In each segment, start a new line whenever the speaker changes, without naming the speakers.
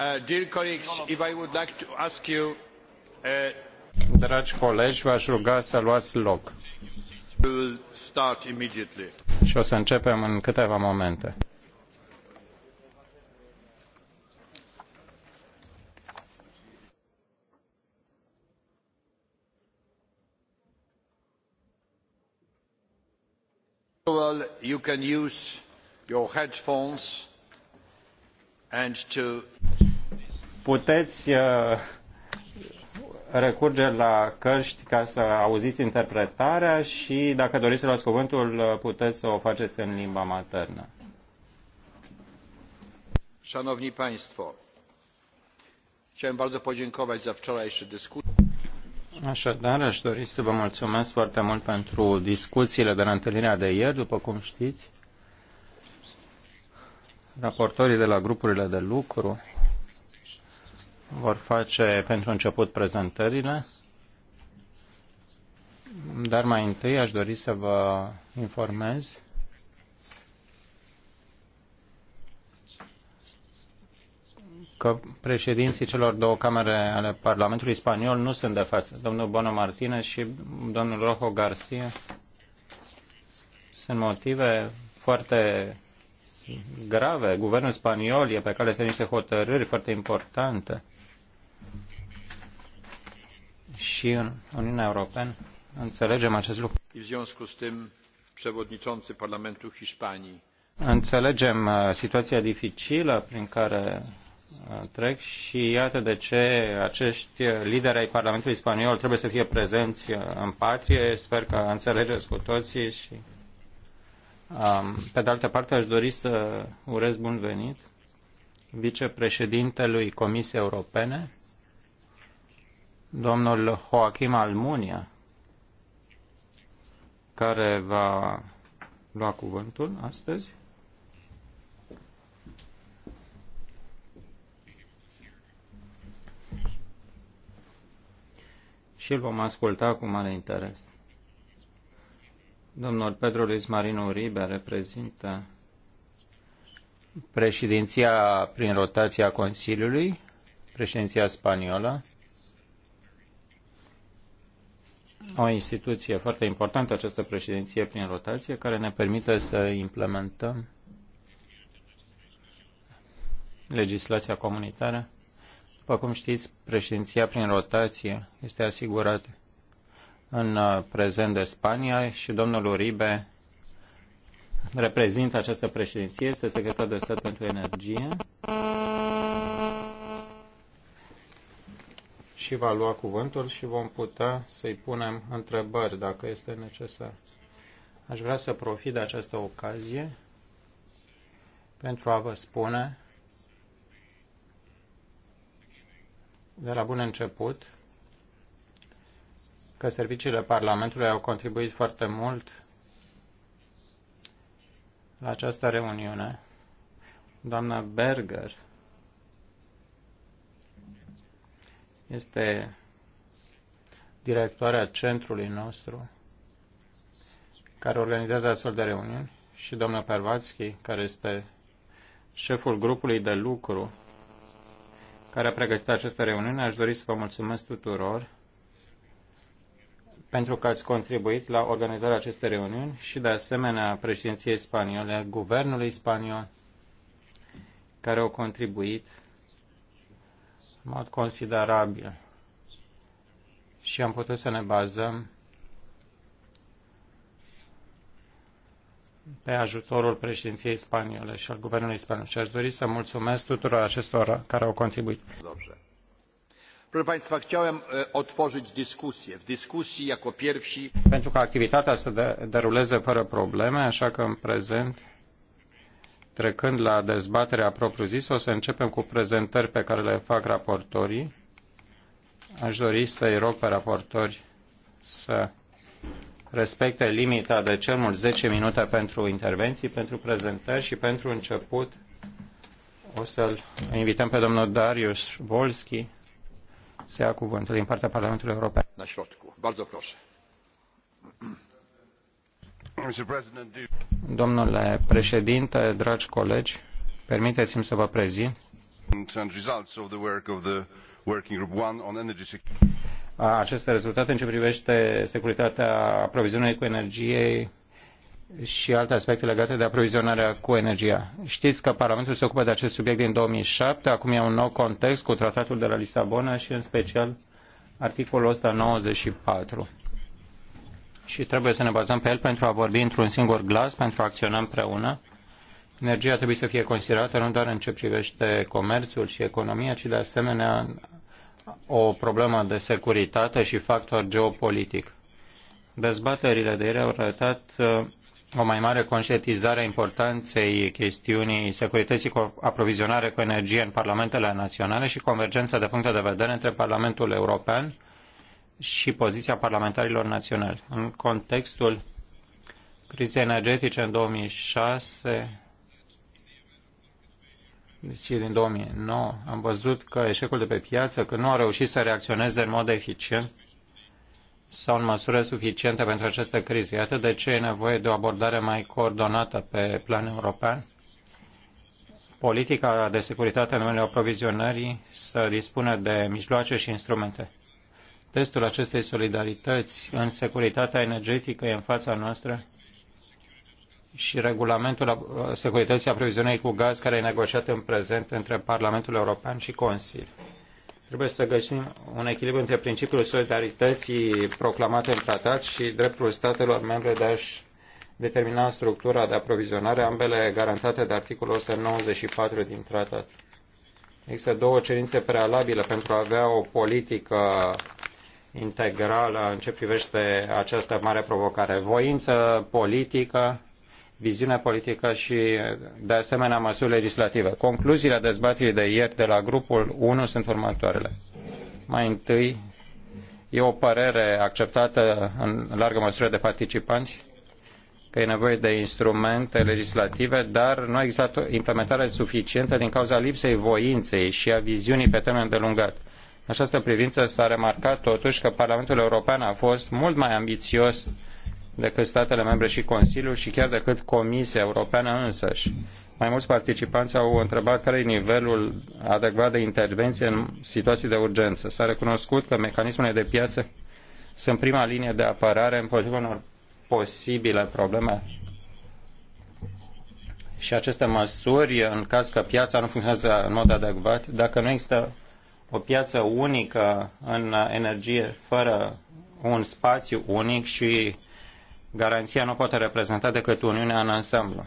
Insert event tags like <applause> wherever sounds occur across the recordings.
Dragi
colegi, v-aș ruga să luați loc. Start Și o să începem în câteva momente.
you can use your headphones and to
puteți uh, recurge la căști ca să auziți interpretarea și dacă doriți să luați cuvântul, uh, puteți să o faceți în limba maternă.
Szanowni Państwo, chciałem bardzo podziękować za wczorajszy dyskusję.
Așadar, aș dori să vă mulțumesc foarte mult pentru discuțiile de la întâlnirea de ieri, după cum știți. Raportorii de la grupurile de lucru vor face pentru început prezentările, dar mai întâi aș dori să vă informez că președinții celor două camere ale Parlamentului Spaniol nu sunt de față. Domnul Bono Martinez și domnul Rojo Garcia sunt motive foarte grave. Guvernul spaniol e pe care sunt niște hotărâri foarte importante și în Uniunea Europeană înțelegem acest lucru. Înțelegem uh, situația dificilă prin care uh, trec și iată de ce acești lideri ai Parlamentului Spaniol trebuie să fie prezenți uh, în patrie. Sper că înțelegeți cu toții și um, pe de altă parte aș dori să urez bun venit vicepreședintelui Comisiei Europene, domnul Joachim Almunia, care va lua cuvântul astăzi. Și îl vom asculta cu mare interes. Domnul Pedro Luis Marino Uribe reprezintă președinția prin rotația Consiliului, președinția spaniolă, o instituție foarte importantă, această președinție prin rotație, care ne permite să implementăm legislația comunitară. După cum știți, președinția prin rotație este asigurată în uh, prezent de Spania și domnul Uribe reprezintă această președinție, este secretar de stat pentru energie și va lua cuvântul și vom putea să-i punem întrebări dacă este necesar. Aș vrea să profit de această ocazie pentru a vă spune de la bun început că serviciile Parlamentului au contribuit foarte mult la această reuniune. Doamna Berger, Este directoarea centrului nostru care organizează astfel de reuniuni și domnul Pervatski, care este șeful grupului de lucru care a pregătit această reuniune. Aș dori să vă mulțumesc tuturor pentru că ați contribuit la organizarea acestei reuniuni și, de asemenea, președinției spaniole, guvernului spaniol, care au contribuit în mod considerabil și am putut să ne bazăm pe ajutorul președinției spaniole și al guvernului spaniol. Și aș dori să mulțumesc tuturor acestor care au contribuit. Dobrze.
Proszę Państwa, chciałem otworzyć dyskusję. W dyskusji
jako pierwsi... Pentru că activitatea se deruleze fără probleme, așa că în prezent Trecând la dezbaterea propriu-zisă, o să începem cu prezentări pe care le fac raportorii. Aș dori să-i rog pe raportori să respecte limita de cel mult 10 minute pentru intervenții, pentru prezentări și pentru început o să-l invităm pe domnul Darius Volski să ia cuvântul din partea Parlamentului European. Domnule președinte, dragi colegi, permiteți-mi să vă prezint aceste rezultate în ce privește securitatea aprovizionării cu energie și alte aspecte legate de aprovizionarea cu energia. Știți că Parlamentul se ocupă de acest subiect din 2007, acum e un nou context cu tratatul de la Lisabona și în special articolul 194 și trebuie să ne bazăm pe el pentru a vorbi într-un singur glas, pentru a acționa împreună. Energia trebuie să fie considerată nu doar în ce privește comerțul și economia, ci de asemenea o problemă de securitate și factor geopolitic. Dezbaterile de ieri au arătat uh, o mai mare conștientizare a importanței chestiunii securității cu aprovizionare cu energie în parlamentele naționale și convergența de puncte de vedere între Parlamentul European și poziția parlamentarilor naționali. În contextul crizei energetice în 2006 deci și din 2009, am văzut că eșecul de pe piață, că nu a reușit să reacționeze în mod eficient sau în măsură suficientă pentru această criză. Iată de ce e nevoie de o abordare mai coordonată pe plan european. Politica de securitate în numele aprovizionării să dispună de mijloace și instrumente Testul acestei solidarități în securitatea energetică e în fața noastră și regulamentul securității aprovizionării cu gaz care e negociat în prezent între Parlamentul European și Consiliu. Trebuie să găsim un echilibru între principiul solidarității proclamat în tratat și dreptul statelor membre de a-și determina structura de aprovizionare, ambele garantate de articolul 194 din tratat. Există două cerințe prealabile pentru a avea o politică integrală în ce privește această mare provocare. Voință politică, viziune politică și, de asemenea, măsuri legislative. Concluziile dezbaterii de ieri de la grupul 1 sunt următoarele. Mai întâi, e o părere acceptată în largă măsură de participanți că e nevoie de instrumente legislative, dar nu a existat o implementare suficientă din cauza lipsei voinței și a viziunii pe termen lungat această privință s-a remarcat totuși că Parlamentul European a fost mult mai ambițios decât statele membre și Consiliul și chiar decât Comisia Europeană însăși. Mai mulți participanți au întrebat care e nivelul adecvat de intervenție în situații de urgență. S-a recunoscut că mecanismele de piață sunt prima linie de apărare împotriva unor posibile probleme și aceste măsuri în caz că piața nu funcționează în mod adecvat, dacă nu există o piață unică în energie fără un spațiu unic și garanția nu poate reprezenta decât Uniunea în ansamblu.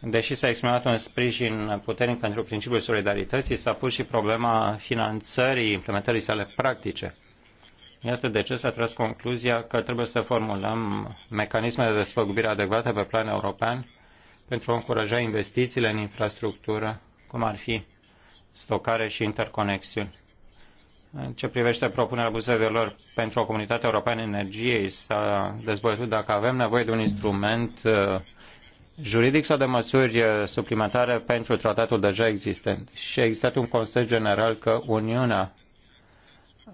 Deși s-a exprimat un sprijin puternic pentru principiul solidarității, s-a pus și problema finanțării implementării sale practice. Iată de ce s-a tras concluzia că trebuie să formulăm mecanisme de desfăgubire adecvate pe plan european pentru a încuraja investițiile în infrastructură, cum ar fi stocare și interconexiuni. În ce privește propunerea buzelor pentru o comunitate europeană a energiei, s-a dezbătut dacă avem nevoie de un instrument uh, juridic sau de măsuri uh, suplimentare pentru tratatul deja existent. Și a existat un consens general că Uniunea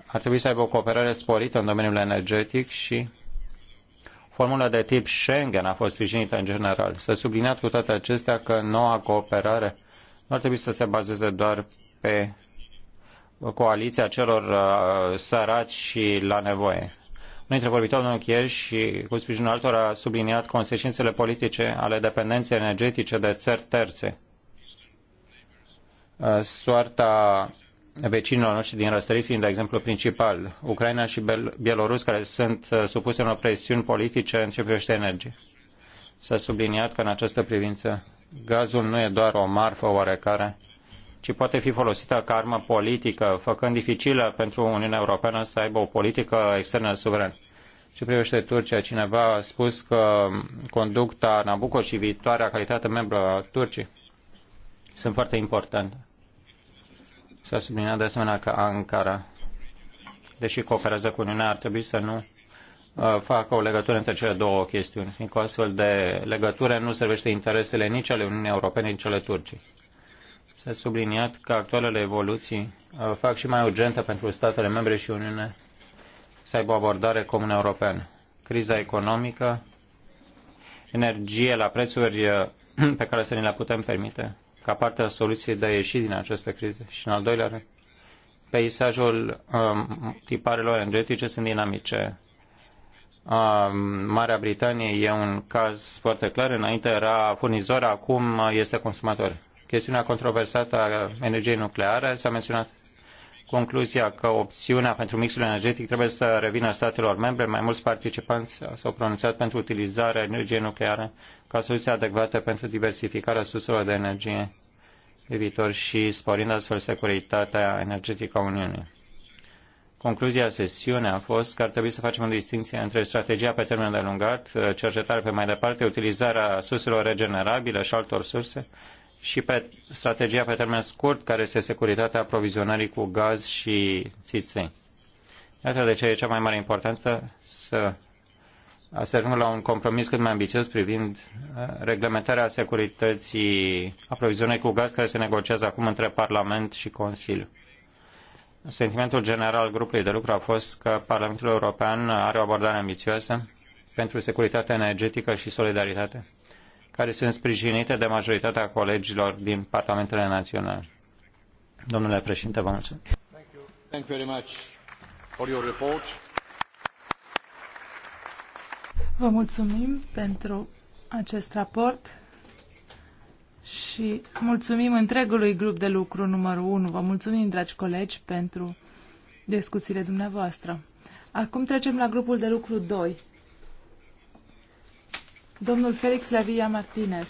ar trebui să aibă o cooperare sporită în domeniul energetic și formula de tip Schengen a fost sprijinită în general. S-a subliniat cu toate acestea că noua cooperare nu ar trebui să se bazeze doar pe coaliția celor uh, săraci și la nevoie. Unul dintre vorbitori, domnul Chier, și cu sprijinul altora a subliniat consecințele politice ale dependenței energetice de țări terțe. Uh, soarta vecinilor noștri din răsărit fiind, de exemplu, principal, Ucraina și Bielorus, care sunt uh, supuse unor presiuni politice în ce privește energie. S-a subliniat că în această privință Gazul nu e doar o marfă oarecare, ci poate fi folosită ca armă politică, făcând dificilă pentru Uniunea Europeană să aibă o politică externă suverană. Ce privește Turcia, cineva a spus că conducta Nabucco și viitoarea calitate membră a Turciei sunt foarte importante. S-a subliniat de asemenea că Ankara, deși cooperează cu Uniunea, ar trebui să nu Uh, facă o legătură între cele două chestiuni, fiindcă o astfel de legătură nu servește interesele nici ale Uniunii Europene, nici ale Turciei. S-a subliniat că actualele evoluții uh, fac și mai urgentă pentru statele membre și Uniune să aibă o abordare comună europeană. Criza economică, energie la prețuri uh, <clears throat> pe care să ne le putem permite, ca parte a soluției de a ieși din această criză. Și în al doilea rând, peisajul um, tiparelor energetice sunt dinamice a Marea Britanie e un caz foarte clar. Înainte era furnizor, acum este consumator. Chestiunea controversată a energiei nucleare s-a menționat concluzia că opțiunea pentru mixul energetic trebuie să revină statelor membre. Mai mulți participanți s-au pronunțat pentru utilizarea energiei nucleare ca soluție adecvată pentru diversificarea surselor de energie pe viitor și sporind astfel securitatea energetică a Uniunii. Concluzia sesiunii a fost că ar trebui să facem o distinție între strategia pe termen de lungat, cercetare pe mai departe, utilizarea surselor regenerabile și altor surse, și pe strategia pe termen scurt, care este securitatea aprovizionării cu gaz și țiței. Iată de ce e cea mai mare importanță să ajungem ajungă la un compromis cât mai ambițios privind uh, reglementarea securității aprovizionării cu gaz care se negociază acum între Parlament și Consiliu. Sentimentul general al grupului de lucru a fost că Parlamentul European are o abordare ambițioasă pentru securitatea energetică și solidaritate, care sunt sprijinite de majoritatea colegilor din Parlamentele Naționale. Domnule președinte, vă mulțumesc.
Vă mulțumim pentru acest raport și mulțumim întregului grup de lucru numărul 1. Vă mulțumim, dragi colegi, pentru discuțiile dumneavoastră. Acum trecem la grupul de lucru 2. Domnul Felix Lavia Martinez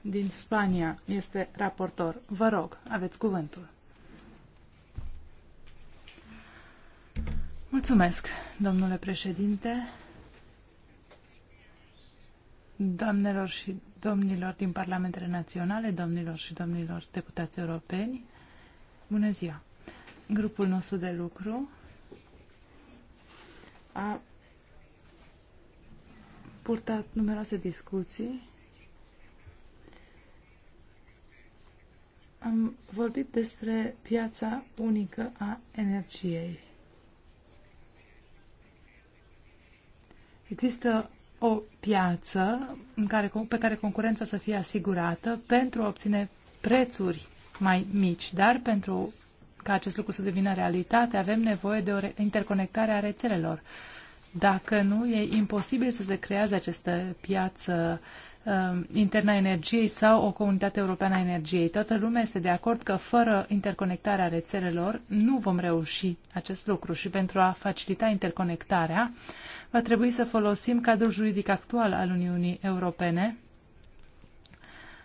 din Spania este raportor. Vă rog, aveți cuvântul. Mulțumesc, domnule președinte, doamnelor și domnilor din Parlamentele Naționale, domnilor și domnilor deputați europeni, bună ziua! Grupul nostru de lucru a purtat numeroase discuții. Am vorbit despre piața unică a energiei. Există o piață în care, pe care concurența să fie asigurată pentru a obține prețuri mai mici, dar pentru ca acest lucru să devină realitate, avem nevoie de o interconectare a rețelelor. Dacă nu, e imposibil să se creeze această piață Um, internă a energiei sau o comunitate europeană a energiei. Toată lumea este de acord că fără interconectarea rețelelor nu vom reuși acest lucru și pentru a facilita interconectarea va trebui să folosim cadrul juridic actual al Uniunii Europene,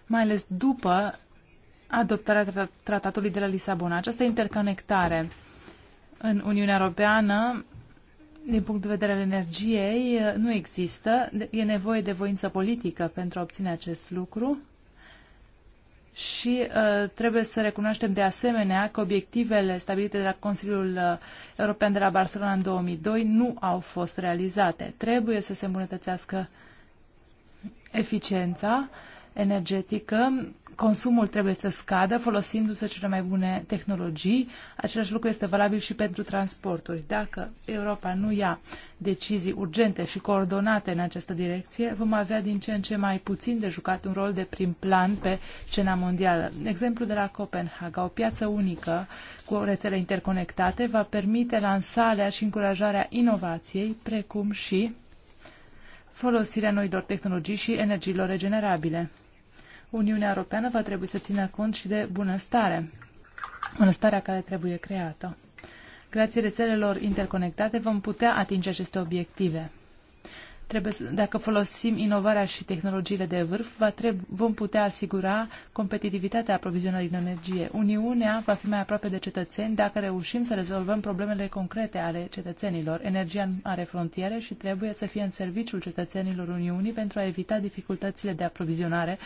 mai ales după adoptarea tratatului de la Lisabona. Această interconectare în Uniunea Europeană din punct de vedere al energiei, nu există. E nevoie de voință politică pentru a obține acest lucru. Și uh, trebuie să recunoaștem de asemenea că obiectivele stabilite de la Consiliul uh, European de la Barcelona în 2002 nu au fost realizate. Trebuie să se îmbunătățească eficiența energetică consumul trebuie să scadă folosindu-se cele mai bune tehnologii. Același lucru este valabil și pentru transporturi. Dacă Europa nu ia decizii urgente și coordonate în această direcție, vom avea din ce în ce mai puțin de jucat un rol de prim plan pe scena mondială. Exemplu de la Copenhaga, o piață unică cu rețele interconectate va permite lansarea și încurajarea inovației, precum și folosirea noilor tehnologii și energiilor regenerabile. Uniunea Europeană va trebui să țină cont și de bunăstare, bunăstarea care trebuie creată. Grație rețelelor interconectate vom putea atinge aceste obiective. Trebuie să, dacă folosim inovarea și tehnologiile de vârf, va treb- vom putea asigura competitivitatea aprovizionării în energie. Uniunea va fi mai aproape de cetățeni dacă reușim să rezolvăm problemele concrete ale cetățenilor. Energia nu are frontiere și trebuie să fie în serviciul cetățenilor Uniunii pentru a evita dificultățile de aprovizionare,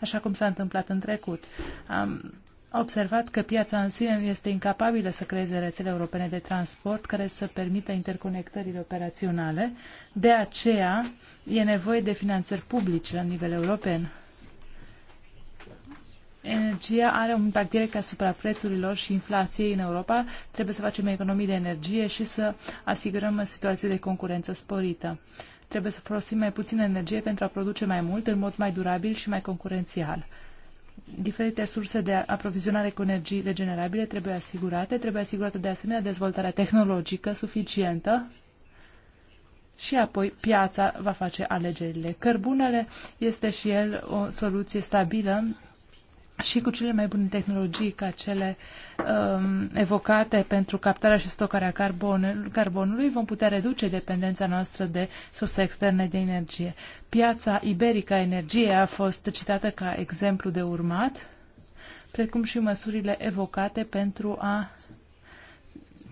așa cum s-a întâmplat în trecut. Am a observat că piața în sine este incapabilă să creeze rețele europene de transport care să permită interconectările operaționale, de aceea e nevoie de finanțări publice la nivel european. Energia are un impact direct asupra prețurilor și inflației în Europa. Trebuie să facem economii de energie și să asigurăm situații de concurență sporită. Trebuie să folosim mai puțină energie pentru a produce mai mult, în mod mai durabil și mai concurențial diferite surse de aprovizionare cu energii regenerabile trebuie asigurate, trebuie asigurată de asemenea dezvoltarea tehnologică suficientă și apoi piața va face alegerile. Cărbunele este și el o soluție stabilă și cu cele mai bune tehnologii ca cele um, evocate pentru captarea și stocarea carbonului, carbonului, vom putea reduce dependența noastră de surse externe de energie. Piața iberică a energiei a fost citată ca exemplu de urmat, precum și măsurile evocate pentru a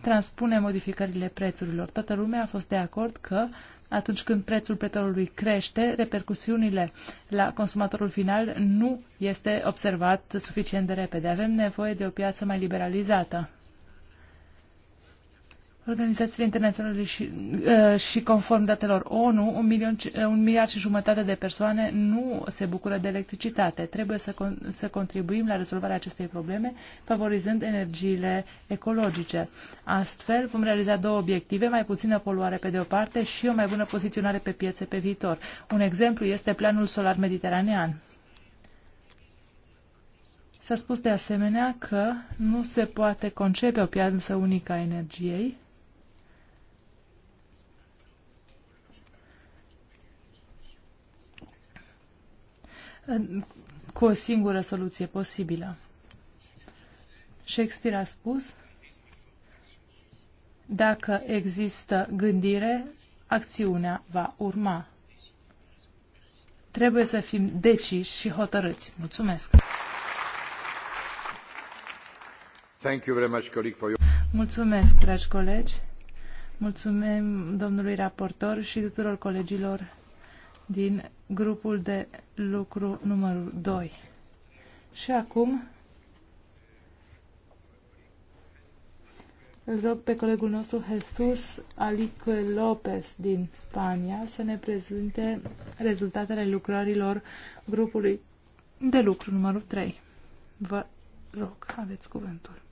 transpune modificările prețurilor. Toată lumea a fost de acord că uh, atunci când prețul petrolului crește, repercusiunile la consumatorul final nu este observat suficient de repede. Avem nevoie de o piață mai liberalizată organizațiile internaționale și, uh, și conform datelor ONU, un, milion, uh, un miliard și jumătate de persoane nu se bucură de electricitate. Trebuie să, con, să contribuim la rezolvarea acestei probleme, favorizând energiile ecologice. Astfel, vom realiza două obiective, mai puțină poluare pe de o parte și o mai bună poziționare pe piețe pe viitor. Un exemplu este planul solar mediteranean. S-a spus de asemenea că nu se poate concepe o piață unică a energiei cu o singură soluție posibilă. Shakespeare a spus, dacă există gândire, acțiunea va urma. Trebuie să fim deciși și hotărâți. Mulțumesc!
Thank you very much, colleague, for your...
Mulțumesc, dragi colegi! Mulțumim domnului raportor și tuturor colegilor din grupul de lucru numărul 2. Și acum îl rog pe colegul nostru Jesus Alique López din Spania să ne prezinte rezultatele lucrărilor grupului de lucru numărul 3. Vă rog, aveți cuvântul.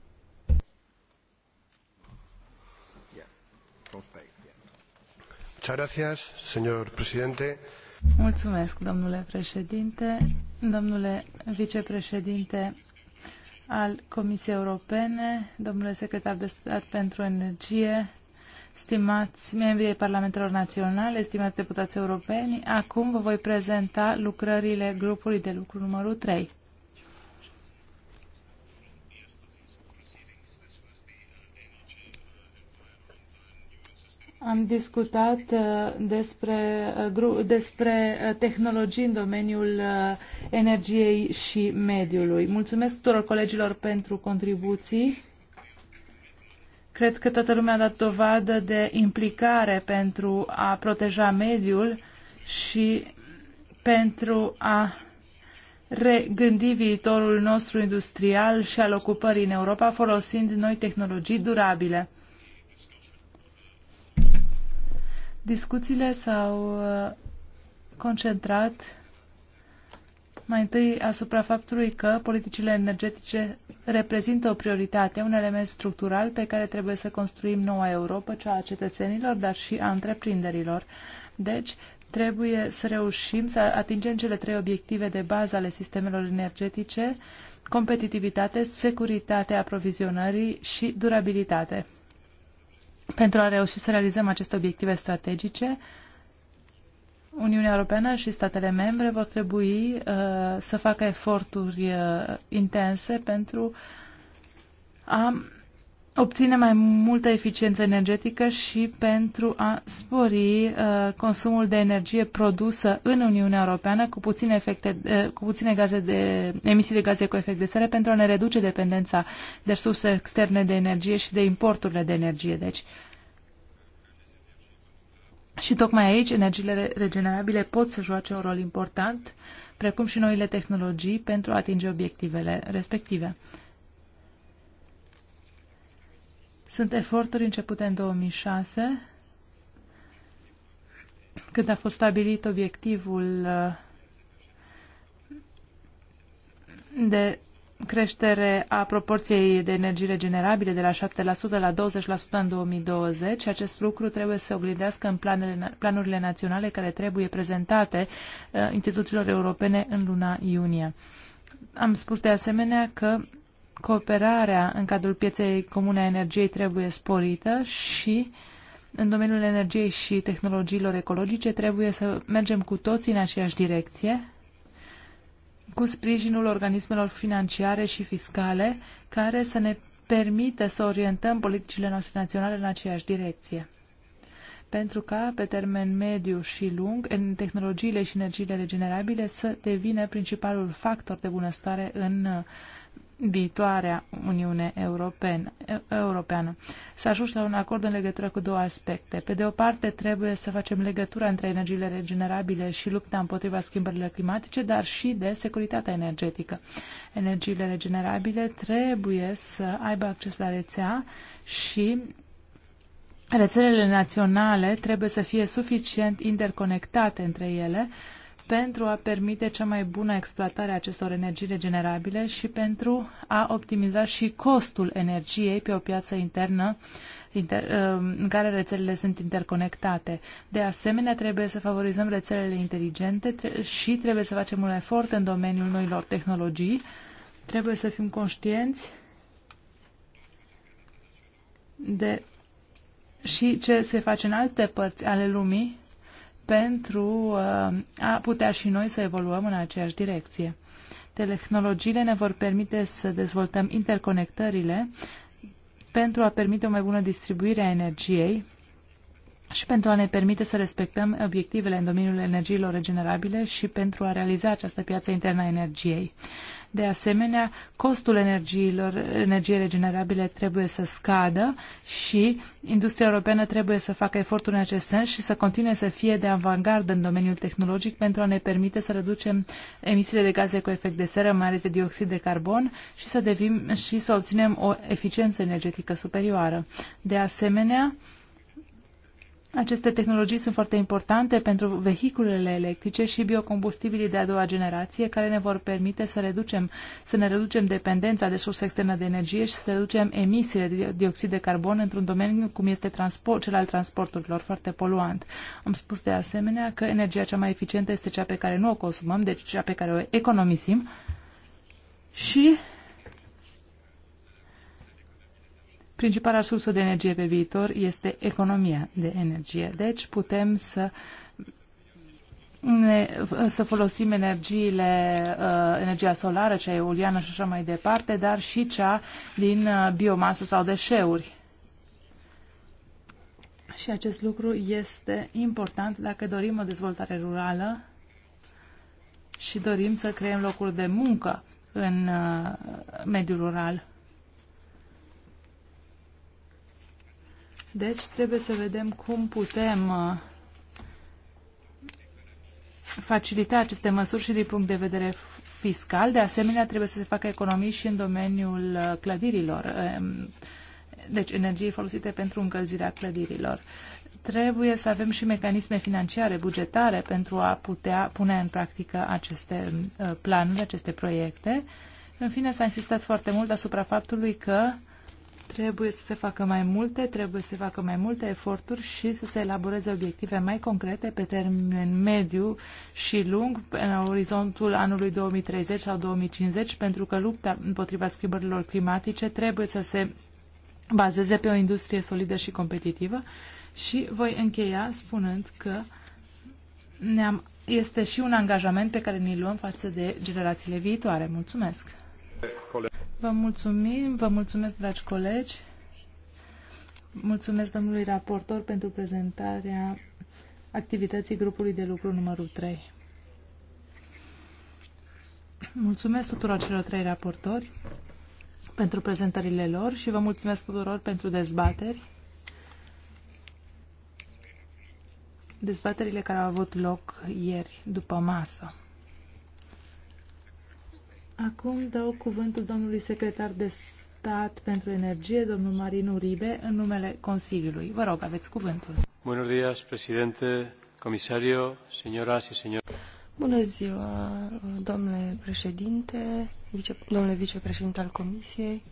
Muchas gracias, señor presidente.
Mulțumesc, domnule președinte, domnule vicepreședinte al Comisiei Europene, domnule secretar de stat pentru energie, stimați membri ai Parlamentelor Naționale, stimați deputați europeni, acum vă voi prezenta lucrările grupului de lucru numărul 3. Am discutat uh, despre, uh, despre uh, tehnologii în domeniul energiei și mediului. Mulțumesc tuturor colegilor pentru contribuții. Cred că toată lumea a dat dovadă de implicare pentru a proteja mediul și pentru a regândi viitorul nostru industrial și al ocupării în Europa folosind noi tehnologii durabile. Discuțiile s-au uh, concentrat mai întâi asupra faptului că politicile energetice reprezintă o prioritate, un element structural pe care trebuie să construim noua Europa, cea a cetățenilor, dar și a întreprinderilor. Deci, trebuie să reușim să atingem cele trei obiective de bază ale sistemelor energetice, competitivitate, securitate aprovizionării și durabilitate. Pentru a reuși să realizăm aceste obiective strategice, Uniunea Europeană și statele membre vor trebui uh, să facă eforturi uh, intense pentru a obține mai multă eficiență energetică și pentru a spori uh, consumul de energie produsă în Uniunea Europeană cu puține, efecte, uh, cu puține gaze de, emisii de gaze cu efect de seră pentru a ne reduce dependența de surse externe de energie și de importurile de energie. Deci, uh, și tocmai aici energiile regenerabile pot să joace un rol important, precum și noile tehnologii pentru a atinge obiectivele respective. Sunt eforturi începute în 2006, când a fost stabilit obiectivul uh, de creștere a proporției de energii regenerabile de la 7% la 20% în 2020 și acest lucru trebuie să oglindească în planele, planurile naționale care trebuie prezentate uh, instituțiilor europene în luna iunie. Am spus de asemenea că cooperarea în cadrul pieței comune a energiei trebuie sporită și în domeniul energiei și tehnologiilor ecologice trebuie să mergem cu toții în aceeași direcție, cu sprijinul organismelor financiare și fiscale care să ne permită să orientăm politicile noastre naționale în aceeași direcție. Pentru ca, pe termen mediu și lung, în tehnologiile și energiile regenerabile să devină principalul factor de bunăstare în viitoarea Uniune Europeană. Europeană. Să ajungi la un acord în legătură cu două aspecte. Pe de o parte, trebuie să facem legătura între energiile regenerabile și lupta împotriva schimbărilor climatice, dar și de securitatea energetică. Energiile regenerabile trebuie să aibă acces la rețea și rețelele naționale trebuie să fie suficient interconectate între ele pentru a permite cea mai bună exploatare a acestor energii regenerabile și pentru a optimiza și costul energiei pe o piață internă inter, uh, în care rețelele sunt interconectate. De asemenea, trebuie să favorizăm rețelele inteligente și trebuie să facem un efort în domeniul noilor tehnologii. Trebuie să fim conștienți de și ce se face în alte părți ale lumii pentru uh, a putea și noi să evoluăm în aceeași direcție. Tehnologiile ne vor permite să dezvoltăm interconectările pentru a permite o mai bună distribuire a energiei și pentru a ne permite să respectăm obiectivele în domeniul energiilor regenerabile și pentru a realiza această piață internă a energiei. De asemenea, costul energiilor, energiei regenerabile trebuie să scadă și industria europeană trebuie să facă eforturi în acest sens și să continue să fie de avangardă în domeniul tehnologic pentru a ne permite să reducem emisiile de gaze cu efect de seră, mai ales de dioxid de carbon și să, devim, și să obținem o eficiență energetică superioară. De asemenea, aceste tehnologii sunt foarte importante pentru vehiculele electrice și biocombustibilii de a doua generație, care ne vor permite să, reducem, să ne reducem dependența de surse externe de energie și să reducem emisiile de dioxid de carbon într-un domeniu cum este transport, cel al transporturilor, foarte poluant. Am spus de asemenea că energia cea mai eficientă este cea pe care nu o consumăm, deci cea pe care o economisim și principala sursă de energie pe viitor este economia de energie. Deci putem să ne, să folosim energiile, uh, energia solară, cea eoliană și așa mai departe, dar și cea din uh, biomasă sau deșeuri. Și acest lucru este important dacă dorim o dezvoltare rurală și dorim să creăm locuri de muncă în uh, mediul rural. Deci trebuie să vedem cum putem uh, facilita aceste măsuri și din punct de vedere fiscal. De asemenea, trebuie să se facă economii și în domeniul uh, clădirilor, um, deci energiei folosite pentru încălzirea clădirilor. Trebuie să avem și mecanisme financiare, bugetare, pentru a putea pune în practică aceste um, uh, planuri, aceste proiecte. În fine, s-a insistat foarte mult asupra faptului că uh, Trebuie să se facă mai multe, trebuie să se facă mai multe eforturi și să se elaboreze obiective mai concrete pe termen mediu și lung, în orizontul anului 2030 sau 2050, pentru că lupta împotriva schimbărilor climatice trebuie să se bazeze pe o industrie solidă și competitivă. Și voi încheia spunând că ne-am, este și un angajament pe care ne l luăm față de generațiile viitoare. Mulțumesc! Vă mulțumim, vă mulțumesc, dragi colegi. Mulțumesc domnului raportor pentru prezentarea activității grupului de lucru numărul 3. Mulțumesc tuturor celor trei raportori pentru prezentările lor și vă mulțumesc tuturor pentru dezbateri. Dezbaterile care au avut loc ieri după masă. Acum dau cuvântul domnului secretar de stat pentru energie, domnul Marin Uribe, în numele Consiliului. Vă rog, aveți cuvântul.
Bună ziua, președinte, comisario, señoras și señor.
Bună ziua,
domnule președinte, vice, domnule vicepreședinte al Comisiei,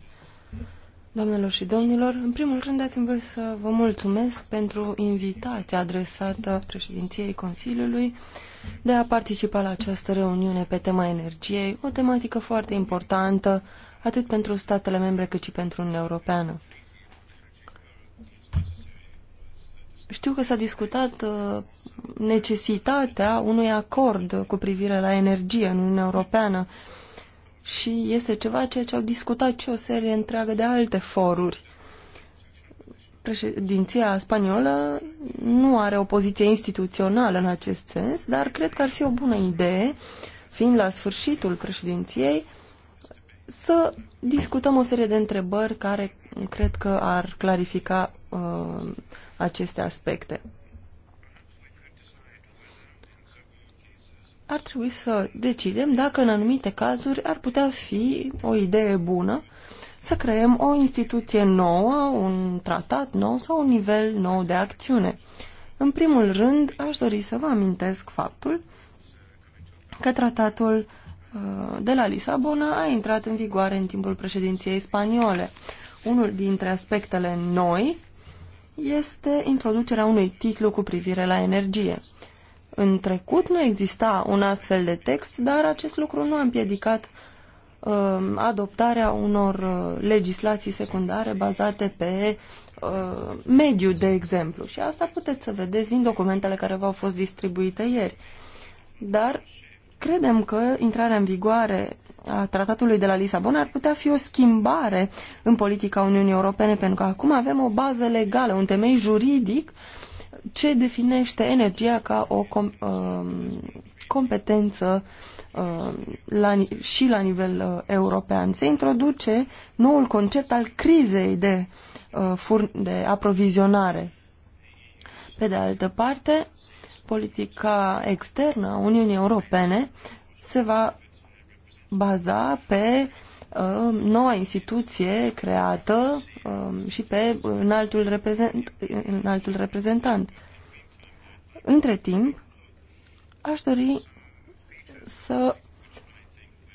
Doamnelor și domnilor, în primul rând dați-mi voi să vă mulțumesc pentru invitația adresată președinției Consiliului de a participa la această reuniune pe tema energiei, o tematică foarte importantă atât pentru statele membre cât și pentru Uniunea Europeană. Știu că s-a discutat uh, necesitatea unui acord cu privire la energie în Uniunea Europeană și este ceva ceea ce au discutat și o serie întreagă de alte foruri. Președinția spaniolă nu are o poziție instituțională în acest sens, dar cred că ar fi o bună idee, fiind la sfârșitul președinției, să discutăm o serie de întrebări care cred că ar clarifica uh, aceste aspecte. ar trebui să decidem dacă în anumite cazuri ar putea fi o idee bună să creăm o instituție nouă, un tratat nou sau un nivel nou de acțiune. În primul rând, aș dori să vă amintesc faptul că tratatul uh, de la Lisabona a intrat în vigoare în timpul președinției spaniole. Unul dintre aspectele noi este introducerea unui titlu cu privire la energie. În trecut nu exista un astfel de text, dar acest lucru nu a împiedicat uh, adoptarea unor uh, legislații secundare bazate pe uh, mediu, de exemplu. Și asta puteți să vedeți din documentele care v-au fost distribuite ieri. Dar credem că intrarea în vigoare a tratatului de la Lisabona ar putea fi o schimbare în politica Uniunii Europene, pentru că acum avem o bază legală, un temei juridic uh, ce definește energia ca o com, uh, competență uh, la, și la nivel uh, european. Se introduce noul concept al crizei de, uh, furn, de aprovizionare. Pe de altă parte, politica externă a Uniunii Europene se va baza pe Um, noua instituție creată um, și pe înaltul, reprezent, înaltul reprezentant. Între timp, aș dori să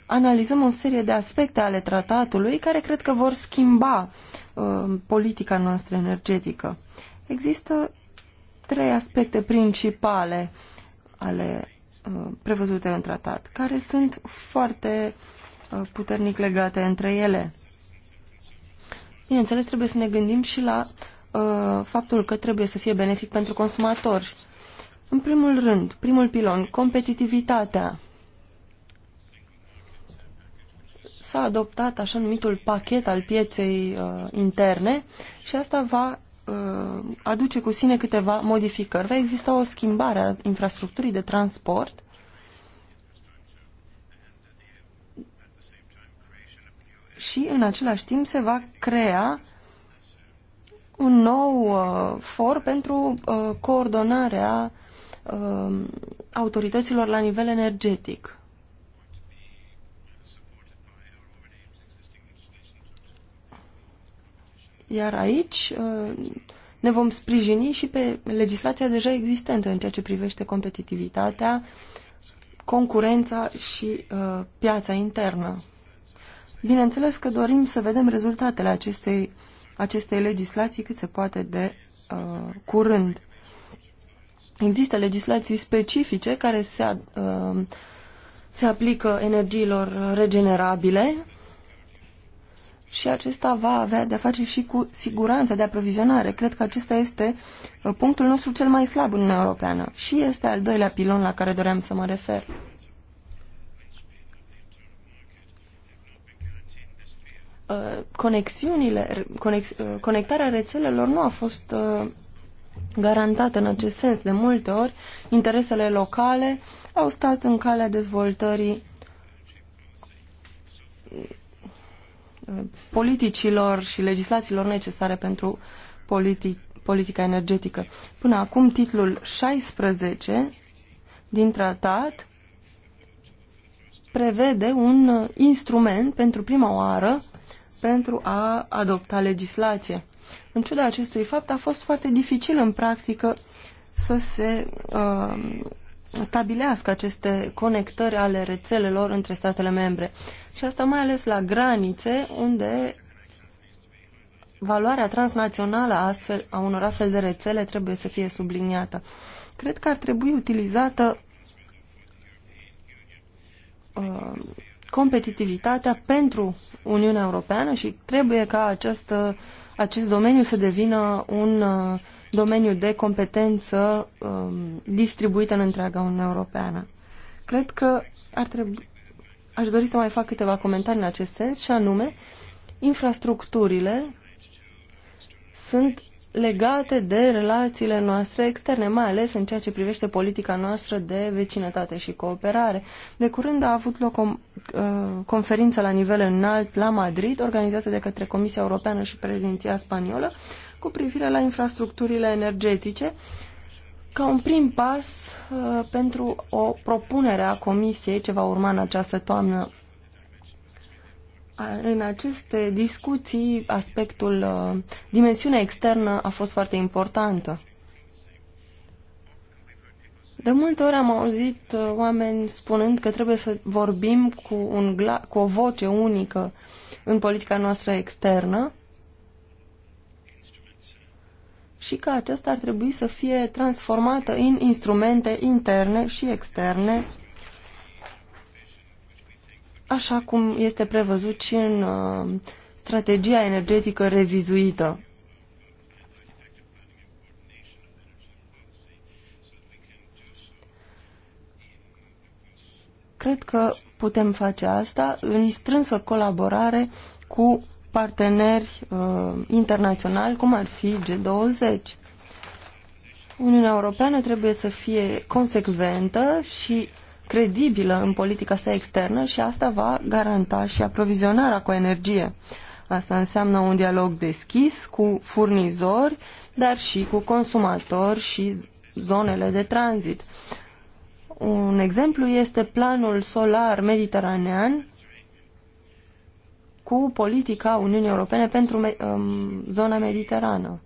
analizăm o serie de aspecte ale tratatului care cred că vor schimba um, politica noastră energetică. Există trei aspecte principale ale prevăzute în tratat, care sunt foarte uh, Uh, puternic legate între ele. Bineînțeles, trebuie să ne gândim și la uh, faptul că trebuie să fie benefic pentru consumatori. În primul rând, primul pilon, competitivitatea. S-a adoptat așa numitul pachet al pieței uh, interne și asta va uh, aduce cu sine câteva modificări. Va exista o schimbare a infrastructurii de transport și în același timp se va crea un nou uh, for pentru uh, coordonarea uh, autorităților la nivel energetic. Iar aici uh, ne vom sprijini și pe legislația deja existentă în ceea ce privește competitivitatea, concurența și uh, piața internă. Bineînțeles că dorim să vedem rezultatele acestei, acestei legislații cât se poate de uh, curând. Există legislații specifice care se, uh, se aplică energiilor regenerabile și acesta va avea de-a face și cu siguranța de aprovizionare. Cred că acesta este uh, punctul nostru cel mai slab în Uniunea Europeană și este al doilea pilon la care doream să mă refer. Uh, conexiunile, conex, uh, conectarea rețelelor nu a fost uh, garantată în acest sens. De multe ori, interesele locale au stat în calea dezvoltării politicilor și legislațiilor necesare pentru politi politica energetică. Până acum, titlul 16 din tratat prevede un instrument pentru prima oară pentru a adopta legislație. În ciuda acestui fapt, a fost foarte dificil în practică să se uh, stabilească aceste conectări ale rețelelor între statele membre. Și asta mai ales la granițe, unde valoarea transnațională a, astfel, a unor astfel de rețele trebuie să fie subliniată. Cred că ar trebui utilizată um, competitivitatea pentru Uniunea Europeană și trebuie ca acest acest domeniu să devină un uh, domeniu de competență um, distribuită în întreaga Uniune Europeană. Cred că ar trebui, aș dori să mai fac câteva comentarii în acest sens și anume, infrastructurile sunt legate de relațiile noastre externe, mai ales în ceea ce privește politica noastră de vecinătate și cooperare. De curând a avut loc o uh, conferință la nivel înalt la Madrid, organizată de către Comisia Europeană și Prezidenția spaniolă, cu privire la infrastructurile energetice, ca un prim pas uh, pentru o propunere a Comisiei ce va urma în această toamnă în aceste discuții, aspectul, uh, dimensiunea externă a fost foarte importantă. De multe ori am auzit uh, oameni spunând că trebuie să vorbim cu, un gla- cu o voce unică în politica noastră externă și că aceasta ar trebui să fie transformată în instrumente interne și externe așa cum este prevăzut și în uh, strategia energetică revizuită. Cred că putem face asta în strânsă colaborare cu parteneri uh, internaționali, cum ar fi G20. Uniunea Europeană trebuie să fie consecventă și credibilă în politica sa externă și asta va garanta și aprovizionarea cu energie. Asta înseamnă un dialog deschis cu furnizori, dar și cu consumatori și zonele de tranzit. Un exemplu este planul solar mediteranean cu politica Uniunii Europene pentru um, zona mediterană.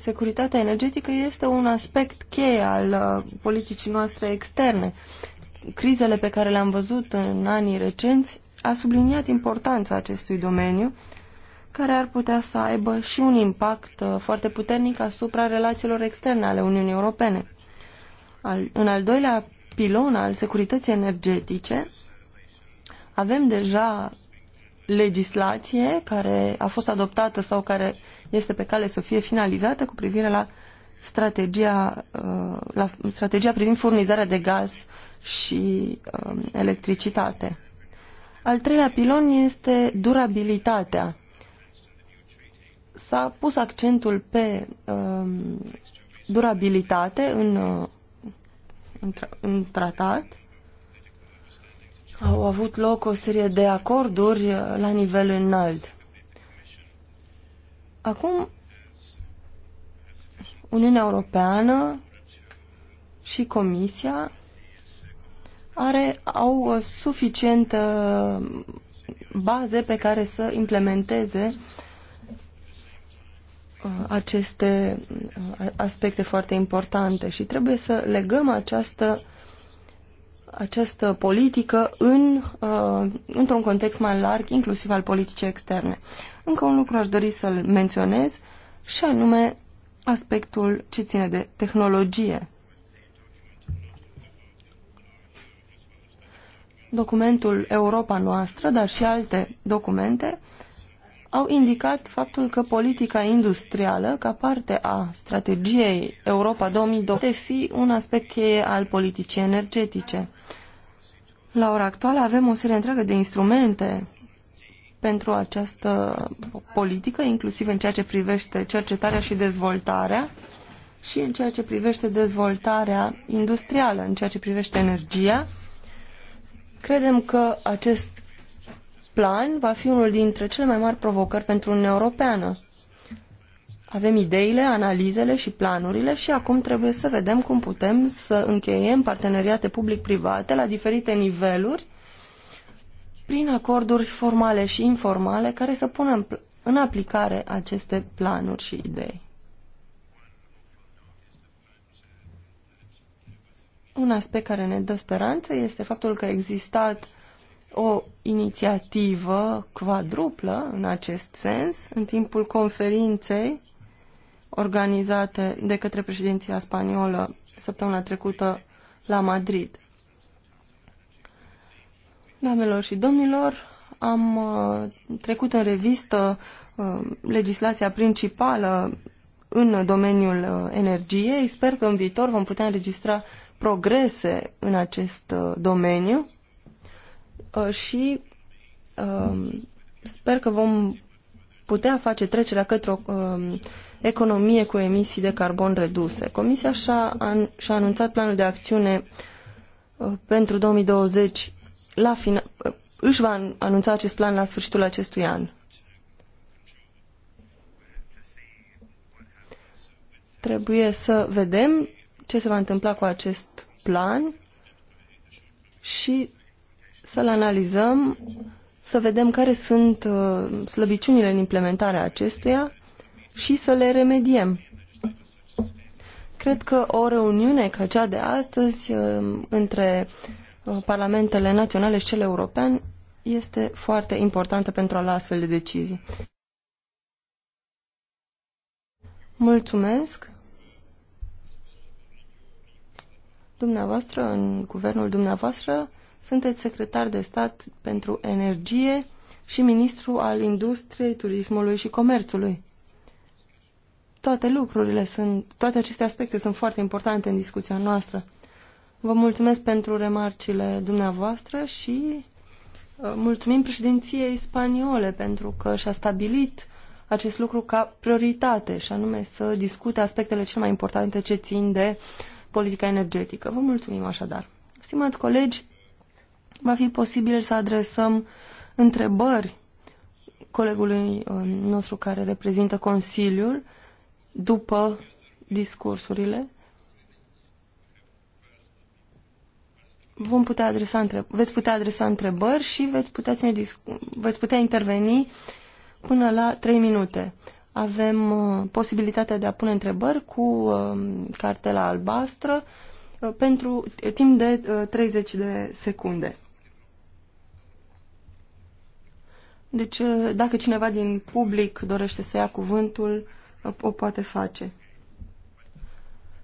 securitatea energetică este un aspect cheie al uh, politicii noastre externe. Crizele pe care le-am văzut în anii recenți a subliniat importanța acestui domeniu, care ar putea să aibă și un impact uh, foarte puternic asupra relațiilor externe ale Uniunii Europene. Al, în al doilea pilon al securității energetice, avem deja legislație care a fost adoptată sau care este pe cale să fie finalizată cu privire la strategia, uh, la strategia privind furnizarea de gaz și um, electricitate. Al treilea pilon este durabilitatea. S-a pus accentul pe um, durabilitate în, uh, în, în tratat au avut loc o serie de acorduri uh, la nivel înalt. Acum, Uniunea Europeană și Comisia are, au uh, suficientă uh, baze pe care să implementeze aceste aspecte foarte importante și trebuie să legăm această această politică în, uh, într-un context mai larg, inclusiv al politicii externe. Încă un lucru aș dori să-l menționez și anume aspectul ce ține de tehnologie. Documentul Europa Noastră, dar și alte documente, au indicat faptul că politica industrială, ca parte a strategiei Europa 2020, poate fi un aspect cheie al politicii energetice. La ora actuală avem o serie întreagă de instrumente pentru această politică, inclusiv în ceea ce privește cercetarea și dezvoltarea și în ceea ce privește dezvoltarea industrială, în ceea ce privește energia. Credem că acest plan va fi unul dintre cele mai mari provocări pentru Uniunea Europeană. Avem ideile, analizele și planurile și acum trebuie să vedem cum putem să încheiem parteneriate public-private la diferite niveluri prin acorduri formale și informale care să pună în aplicare aceste planuri și idei. Un aspect care ne dă speranță este faptul că a existat o inițiativă quadruplă în acest sens în timpul conferinței organizate de către președinția spaniolă săptămâna trecută la Madrid. Doamnelor și domnilor, am uh, trecut în revistă uh, legislația principală în domeniul uh, energiei. Sper că în viitor vom putea înregistra progrese în acest domeniu Uh, și um, sper că vom putea face trecerea către o um, economie cu emisii de carbon reduse. Comisia și-a, an, și-a anunțat planul de acțiune uh, pentru 2020 la final, uh, își va anunța acest plan la sfârșitul acestui an. Trebuie să vedem ce se va întâmpla cu acest plan și să-l analizăm, să vedem care sunt uh, slăbiciunile în implementarea acestuia și să le remediem. Cred că o reuniune ca cea de astăzi uh, între uh, parlamentele naționale și cele europene este foarte importantă pentru a lua astfel de decizii. Mulțumesc! Dumneavoastră, în guvernul dumneavoastră, sunteți secretar de stat pentru energie și ministru al industriei, turismului și comerțului. Toate lucrurile sunt, toate aceste aspecte sunt foarte importante în discuția noastră. Vă mulțumesc pentru remarcile dumneavoastră și uh, mulțumim președinției spaniole pentru că și-a stabilit acest lucru ca prioritate și anume să discute aspectele cele mai importante ce țin de politica energetică. Vă mulțumim așadar. Stimați colegi, va fi posibil să adresăm întrebări colegului uh, nostru care reprezintă Consiliul după discursurile. Vom putea adresa întreb- veți putea adresa întrebări și veți putea, ține veți putea interveni până la 3 minute. Avem uh, posibilitatea de a pune întrebări cu uh, cartela albastră uh, pentru timp de uh, 30 de secunde. Deci, uh, dacă cineva din public dorește să ia cuvântul, uh, o poate face.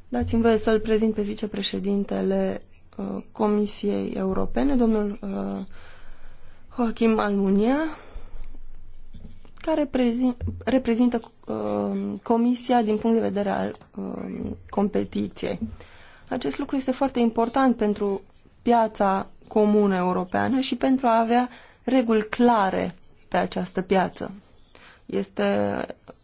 Dați-mi voie să-l prezint pe vicepreședintele uh, Comisiei Europene, domnul Joachim Almunia, care reprezintă Comisia din punct de vedere al competiției. Acest lucru este foarte important pentru piața comună europeană și pentru a avea reguli clare pe această piață. Este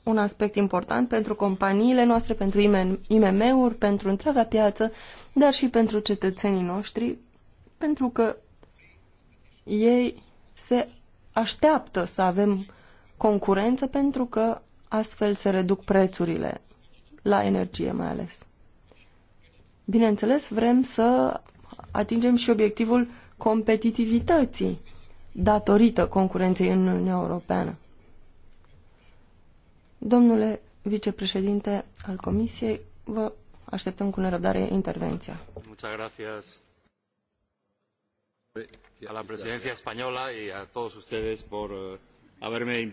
un aspect important pentru companiile noastre, pentru IMM-uri, pentru întreaga piață, dar și pentru cetățenii noștri, pentru că ei se așteaptă să avem concurență pentru că astfel se reduc prețurile la energie mai ales. Bineînțeles, vrem să atingem și obiectivul competitivității datorită concurenței în Uniunea Europeană. Domnule vicepreședinte al Comisiei, vă așteptăm cu nerăbdare intervenția.
Muchas gracias a
la a ustedes por eh, haberme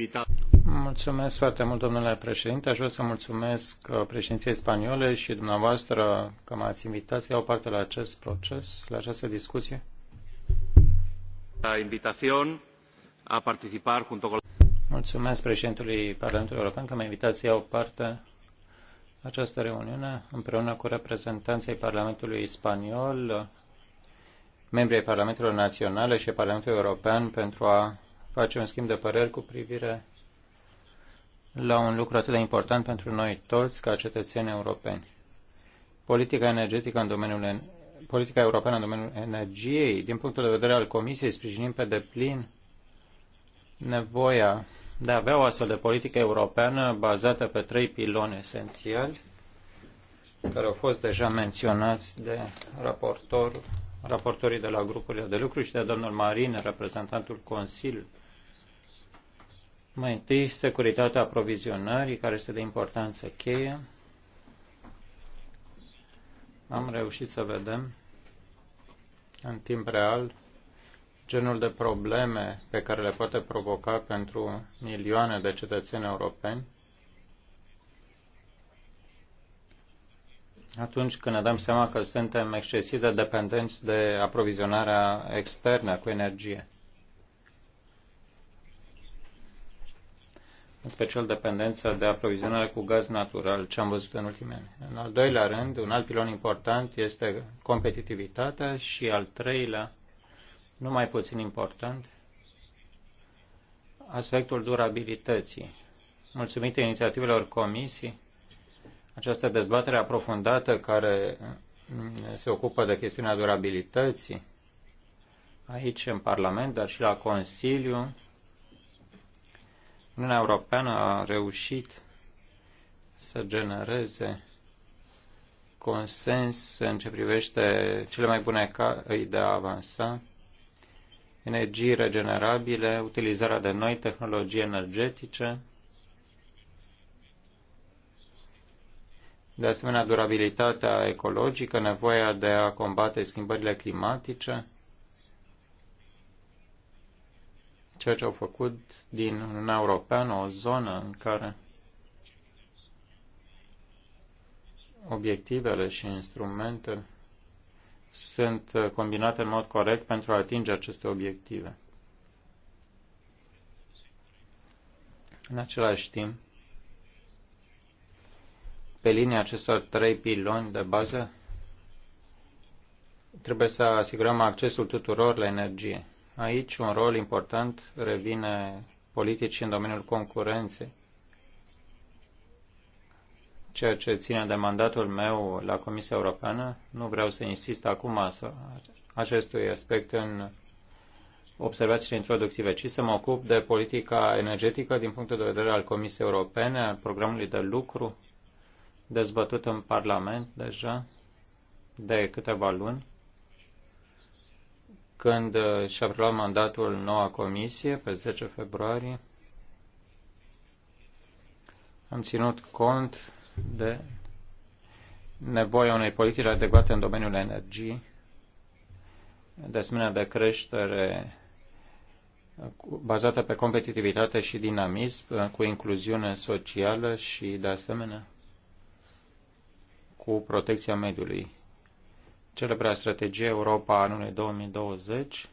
Mulțumesc foarte mult, domnule președinte. Aș vrea să mulțumesc uh, președinției spaniole și dumneavoastră că m-ați invitat să iau parte la acest proces, la această discuție invitación a Mulțumesc președintelui Parlamentului European că m-a invitat să iau parte la această reuniune împreună cu reprezentanții Parlamentului Spaniol, membrii Parlamentului Naționale și Parlamentului European pentru a face un schimb de păreri cu privire la un lucru atât de important pentru noi toți ca cetățeni europeni. Politica energetică în domeniul politica europeană în domeniul energiei, din punctul de vedere al Comisiei, sprijinim pe deplin nevoia de a avea o astfel de politică europeană bazată pe trei piloni esențiali care au fost deja menționați de raportor, raportorii de la grupurile de lucru și de domnul Marin, reprezentantul Consiliului. Mai întâi, securitatea aprovizionării, care este de importanță cheie, am reușit să vedem în timp real genul de probleme pe care le poate provoca pentru milioane de cetățeni europeni atunci când ne dăm seama că suntem excesiv de dependenți de aprovizionarea externă cu energie. în special dependența de aprovizionare cu gaz natural, ce am văzut în ultimii ani. În al doilea rând, un alt pilon important este competitivitatea și al treilea, nu mai puțin important, aspectul durabilității. Mulțumită inițiativelor comisii, această dezbatere aprofundată care se ocupă de chestiunea durabilității aici în Parlament, dar și la Consiliu, Uniunea Europeană a reușit să genereze consens în ce privește cele mai bune căi de a avansa, energii regenerabile, utilizarea de noi tehnologii energetice, de asemenea durabilitatea ecologică, nevoia de a combate schimbările climatice, ceea ce au făcut din Uniunea Europeană o zonă în care obiectivele și instrumentele sunt combinate în mod corect pentru a atinge aceste obiective. În același timp, pe linia acestor trei piloni de bază, trebuie să asigurăm accesul tuturor la energie. Aici un rol important revine politicii în domeniul concurenței, ceea ce ține de mandatul meu la Comisia Europeană. Nu vreau să insist acum asa. acestui aspect în observațiile introductive, ci să mă ocup de politica energetică din punctul de vedere al Comisiei Europene, al programului de lucru dezbătut în Parlament deja de câteva luni când uh, și-a preluat mandatul noua comisie pe 10 februarie. Am ținut cont de nevoia unei politici adecvate în domeniul energiei, de asemenea de creștere bazată pe competitivitate și dinamism, uh, cu incluziune socială și, de asemenea, cu protecția mediului celebra strategie Europa anului 2020,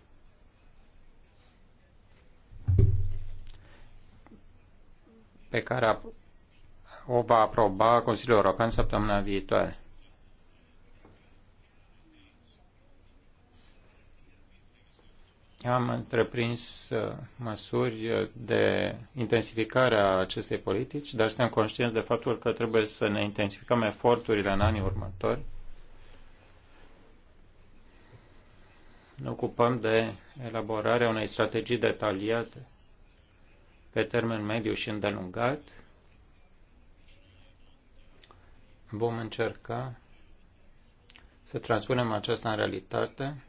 pe care o va aproba Consiliul European săptămâna viitoare. Am întreprins uh, măsuri de intensificare a acestei politici, dar suntem conștienți de faptul că trebuie să ne intensificăm eforturile în anii următori ne ocupăm de elaborarea unei strategii detaliate pe termen mediu și îndelungat. Vom încerca să transpunem aceasta în realitate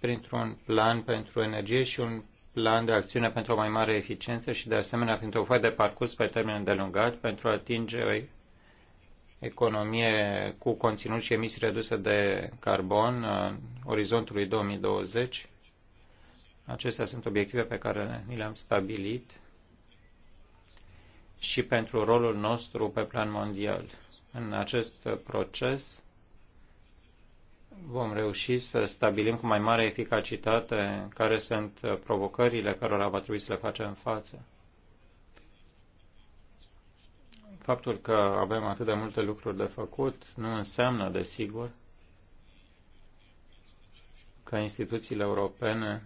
printr-un plan pentru energie și un plan de acțiune pentru o mai mare eficiență și, de asemenea, printr-o foaie de parcurs pe termen îndelungat pentru a atinge economie cu conținut și emisii reduse de carbon uh, orizontului 2020. Acestea sunt obiective pe care ni le-am stabilit și pentru rolul nostru pe plan mondial. În acest proces vom reuși să stabilim cu mai mare eficacitate care sunt provocările cărora va trebui să le facem față Faptul că avem atât de multe lucruri de făcut nu înseamnă, desigur, că instituțiile europene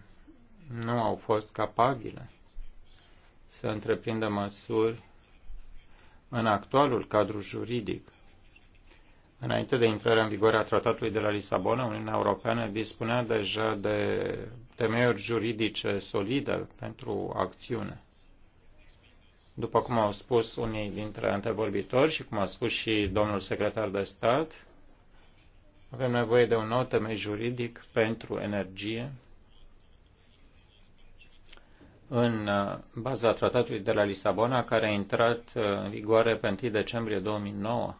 nu au fost capabile să întreprindă măsuri în actualul cadru juridic. Înainte de intrarea în vigoare a Tratatului de la Lisabona, Uniunea Europeană dispunea deja de temeiuri juridice solide pentru acțiune. După cum au spus unii dintre antevorbitori și cum a spus și domnul secretar de stat, avem nevoie de un nou temei juridic pentru energie în uh, baza tratatului de la Lisabona, care a intrat uh, în vigoare pe 1 decembrie 2009.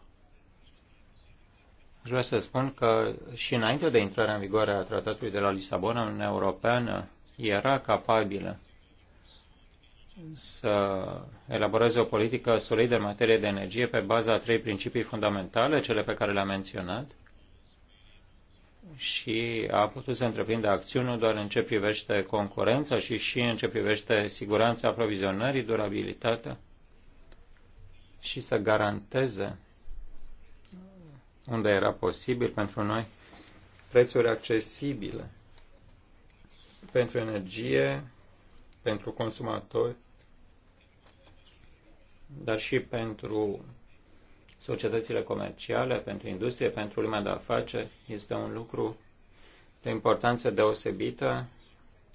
Aș vrea să spun că și înainte de intrarea în vigoare a tratatului de la Lisabona, Uniunea Europeană era capabilă să elaboreze o politică solidă în materie de energie pe baza a trei principii fundamentale, cele pe care le-am menționat, și a putut să întreprindă acțiuni nu doar în ce privește concurența, ci și în ce privește siguranța aprovizionării, durabilitatea și să garanteze unde era posibil pentru noi prețuri accesibile pentru energie, pentru consumatori dar și pentru societățile comerciale, pentru industrie, pentru lumea de afaceri. Este un lucru de importanță deosebită.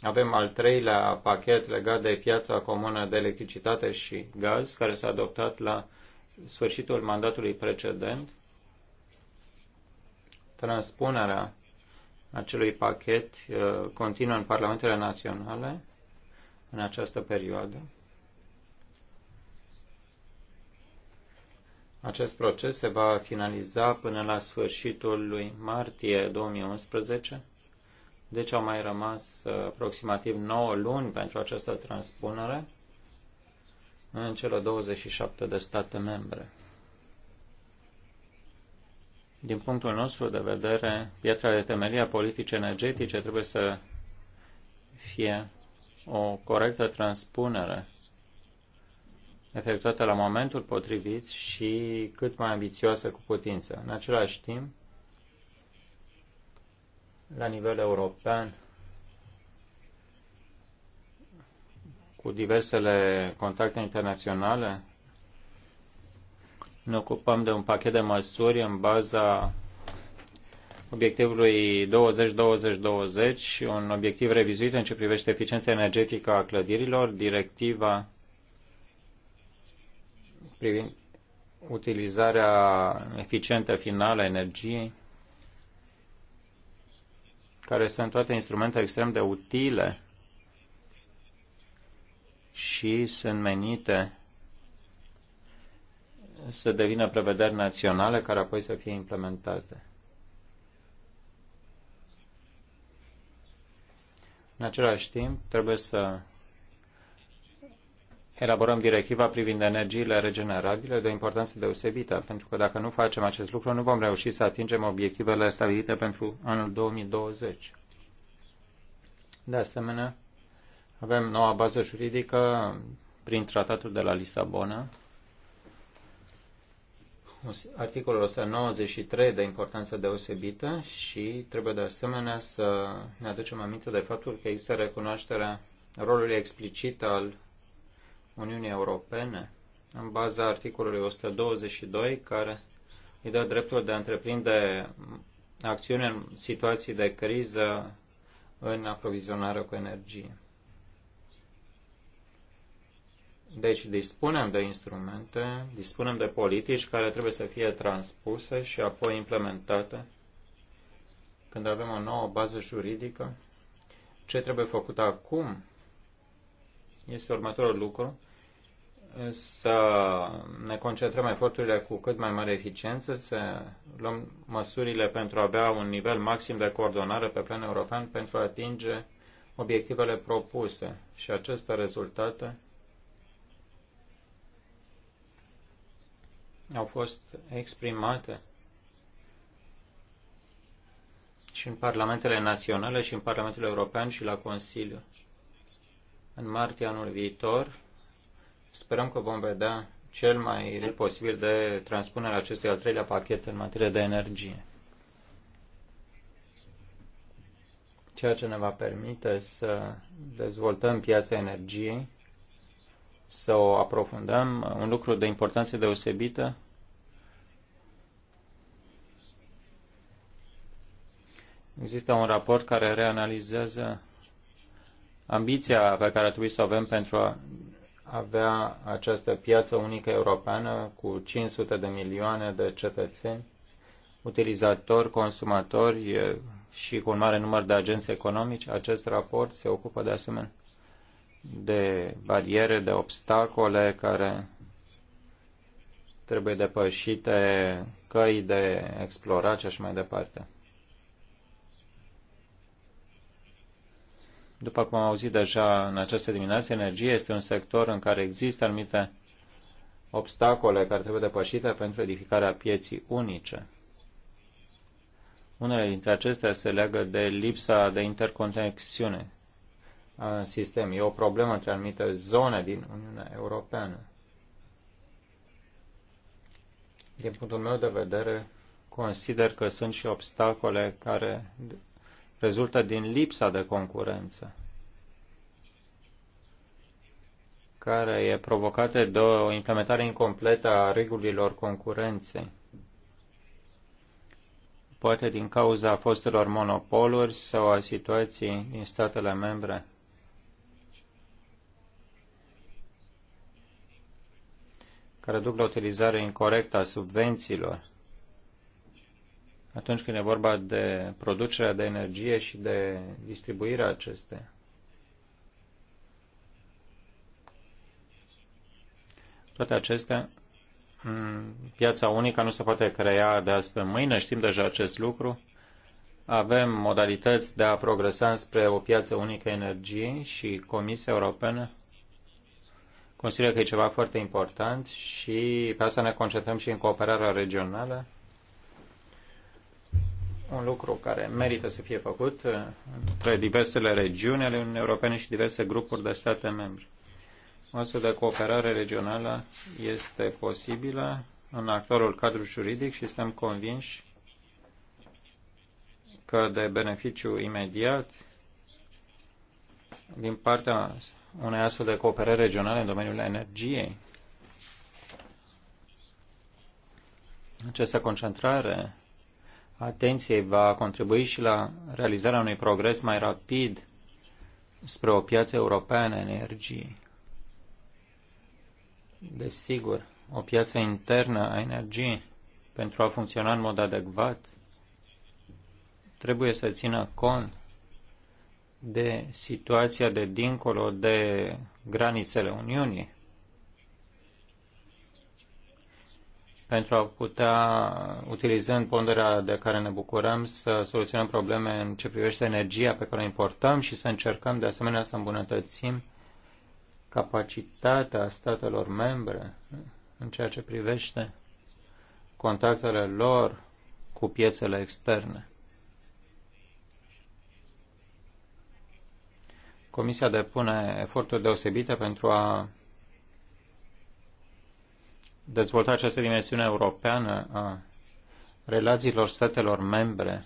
Avem al treilea pachet legat de piața comună de electricitate și gaz, care s-a adoptat la sfârșitul mandatului precedent. Transpunerea acelui pachet uh, continuă în Parlamentele Naționale în această perioadă. Acest proces se va finaliza până la sfârșitul lui martie 2011, deci au mai rămas uh, aproximativ 9 luni pentru această transpunere în cele 27 de state membre. Din punctul nostru de vedere, pietra de temelie a politicii energetice trebuie să fie o corectă transpunere efectuată la momentul potrivit și cât mai ambițioasă cu putință. În același timp, la nivel european, cu diversele contacte internaționale, ne ocupăm de un pachet de măsuri în baza obiectivului 20-20-20, un obiectiv revizuit în ce privește eficiența energetică a clădirilor, directiva privind utilizarea eficientă finală a energiei, care sunt toate instrumente extrem de utile și sunt menite să devină prevederi naționale care apoi să fie implementate. În același timp, trebuie să elaborăm directiva privind energiile regenerabile de o importanță deosebită, pentru că dacă nu facem acest lucru, nu vom reuși să atingem obiectivele stabilite pentru anul 2020. De asemenea, avem noua bază juridică prin tratatul de la Lisabona, articolul 193 de importanță deosebită și trebuie de asemenea să ne aducem aminte de faptul că există recunoașterea rolului explicit al Uniunii Europene în baza articolului 122 care îi dă dreptul de a întreprinde acțiuni în situații de criză în aprovizionarea cu energie. Deci dispunem de instrumente, dispunem de politici care trebuie să fie transpuse și apoi implementate. Când avem o nouă bază juridică, ce trebuie făcut acum este următorul lucru, să ne concentrăm eforturile cu cât mai mare eficiență, să luăm măsurile pentru a avea un nivel maxim de coordonare pe plan european pentru a atinge obiectivele propuse și aceste rezultate au fost exprimate și în parlamentele naționale și în Parlamentul European și la Consiliu. În martie anul viitor sperăm că vom vedea cel mai rapid posibil de transpunerea acestui al treilea pachet în materie de energie. Ceea ce ne va permite să dezvoltăm piața energiei, să o aprofundăm, un lucru de importanță deosebită Există un raport care reanalizează ambiția pe care trebui să o avem pentru a avea această piață unică europeană cu 500 de milioane de cetățeni, utilizatori, consumatori și cu un mare număr de agenți economici. Acest raport se ocupă de asemenea de bariere, de obstacole care trebuie depășite, căi de explorat și așa mai departe. După cum am auzit deja în această dimineață, energia este un sector în care există anumite obstacole care trebuie depășite pentru edificarea pieții unice. Unele dintre acestea se leagă de lipsa de interconexiune în sistem. E o problemă între anumite zone din Uniunea Europeană. Din punctul meu de vedere, consider că sunt și obstacole care rezultă din lipsa de concurență care e provocată de o implementare incompletă a regulilor concurenței. Poate din cauza fostelor monopoluri sau a situației din statele membre. care duc la utilizare incorrectă a subvențiilor atunci când e vorba de producerea de energie și de distribuirea acesteia. Toate acestea, mm, piața unică nu se poate crea de azi pe mâine, știm deja acest lucru. Avem modalități de a progresa spre o piață unică energiei și Comisia Europeană consideră că e ceva foarte important și pe asta ne concentrăm și în cooperarea regională un lucru care merită să fie făcut uh, între diversele regiuni ale Uniunii Europene și diverse grupuri de state membre. O astfel de cooperare regională este posibilă în actualul cadru juridic și suntem convinși că de beneficiu imediat din partea unei astfel de cooperări regionale în domeniul energiei. Această concentrare atenției va contribui și la realizarea unui progres mai rapid spre o piață europeană a energiei. Desigur, o piață internă a energiei, pentru a funcționa în mod adecvat, trebuie să țină cont de situația de dincolo de granițele Uniunii pentru a putea, utilizând ponderea de care ne bucurăm, să soluționăm probleme în ce privește energia pe care o importăm și să încercăm de asemenea să îmbunătățim capacitatea statelor membre în ceea ce privește contactele lor cu piețele externe. Comisia depune eforturi deosebite pentru a dezvolta această dimensiune europeană a relațiilor statelor membre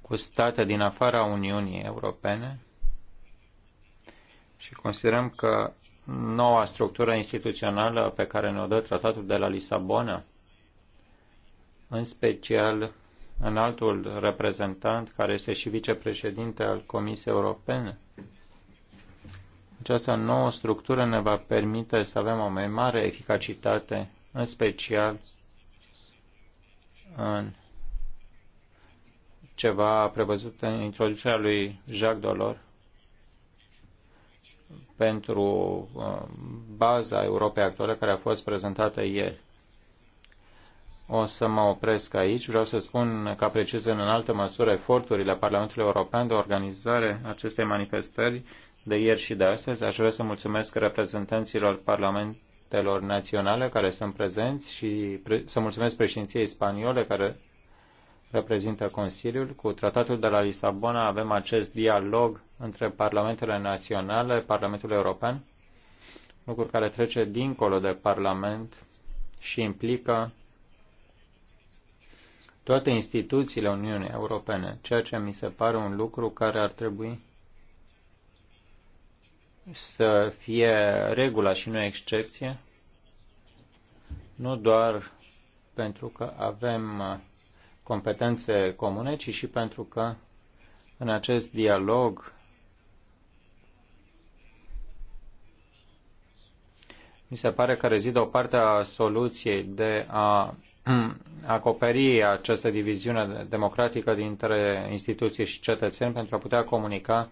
cu state din afara Uniunii Europene și considerăm că noua structură instituțională pe care ne-o dă tratatul de la Lisabona, în special în altul reprezentant care este și vicepreședinte al Comisiei Europene, această nouă structură ne va permite să avem o mai mare eficacitate, în special în ceva prevăzut în introducerea lui Jacques Dolor pentru uh, baza Europei actuale care a fost prezentată ieri. O să mă opresc aici. Vreau să spun că apreciez în înaltă măsură eforturile Parlamentului European de organizare acestei manifestări de ieri și de astăzi. Aș vrea să mulțumesc reprezentanților parlamentelor naționale care sunt prezenți și să mulțumesc președinției spaniole care reprezintă Consiliul. Cu tratatul de la Lisabona avem acest dialog între parlamentele naționale, Parlamentul European, lucru care trece dincolo de Parlament și implică toate instituțiile Uniunii Europene, ceea ce mi se pare un lucru care ar trebui să fie regula și nu excepție, nu doar pentru că avem competențe comune, ci și pentru că în acest dialog mi se pare că rezidă o parte a soluției de a <clears throat> acoperi această diviziune democratică dintre instituții și cetățeni pentru a putea comunica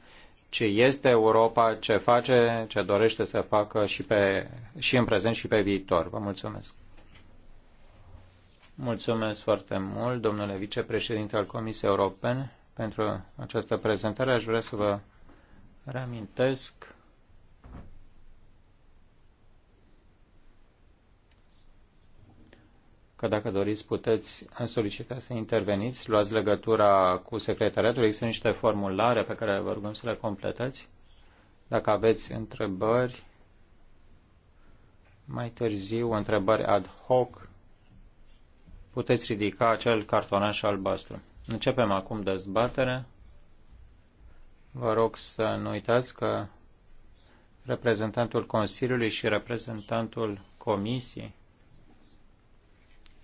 ce este Europa, ce face, ce dorește să facă și, pe, și în prezent și pe viitor. Vă mulțumesc. Mulțumesc foarte mult, domnule vicepreședinte al Comisiei Europene, pentru această prezentare. Aș vrea să vă reamintesc că dacă doriți puteți solicita să interveniți, luați legătura cu secretariatul, există niște formulare pe care vă rugăm să le completați. Dacă aveți întrebări, mai târziu întrebări ad hoc, puteți ridica acel cartonaș albastru. Începem acum dezbaterea. Vă rog să nu uitați că reprezentantul Consiliului și reprezentantul Comisiei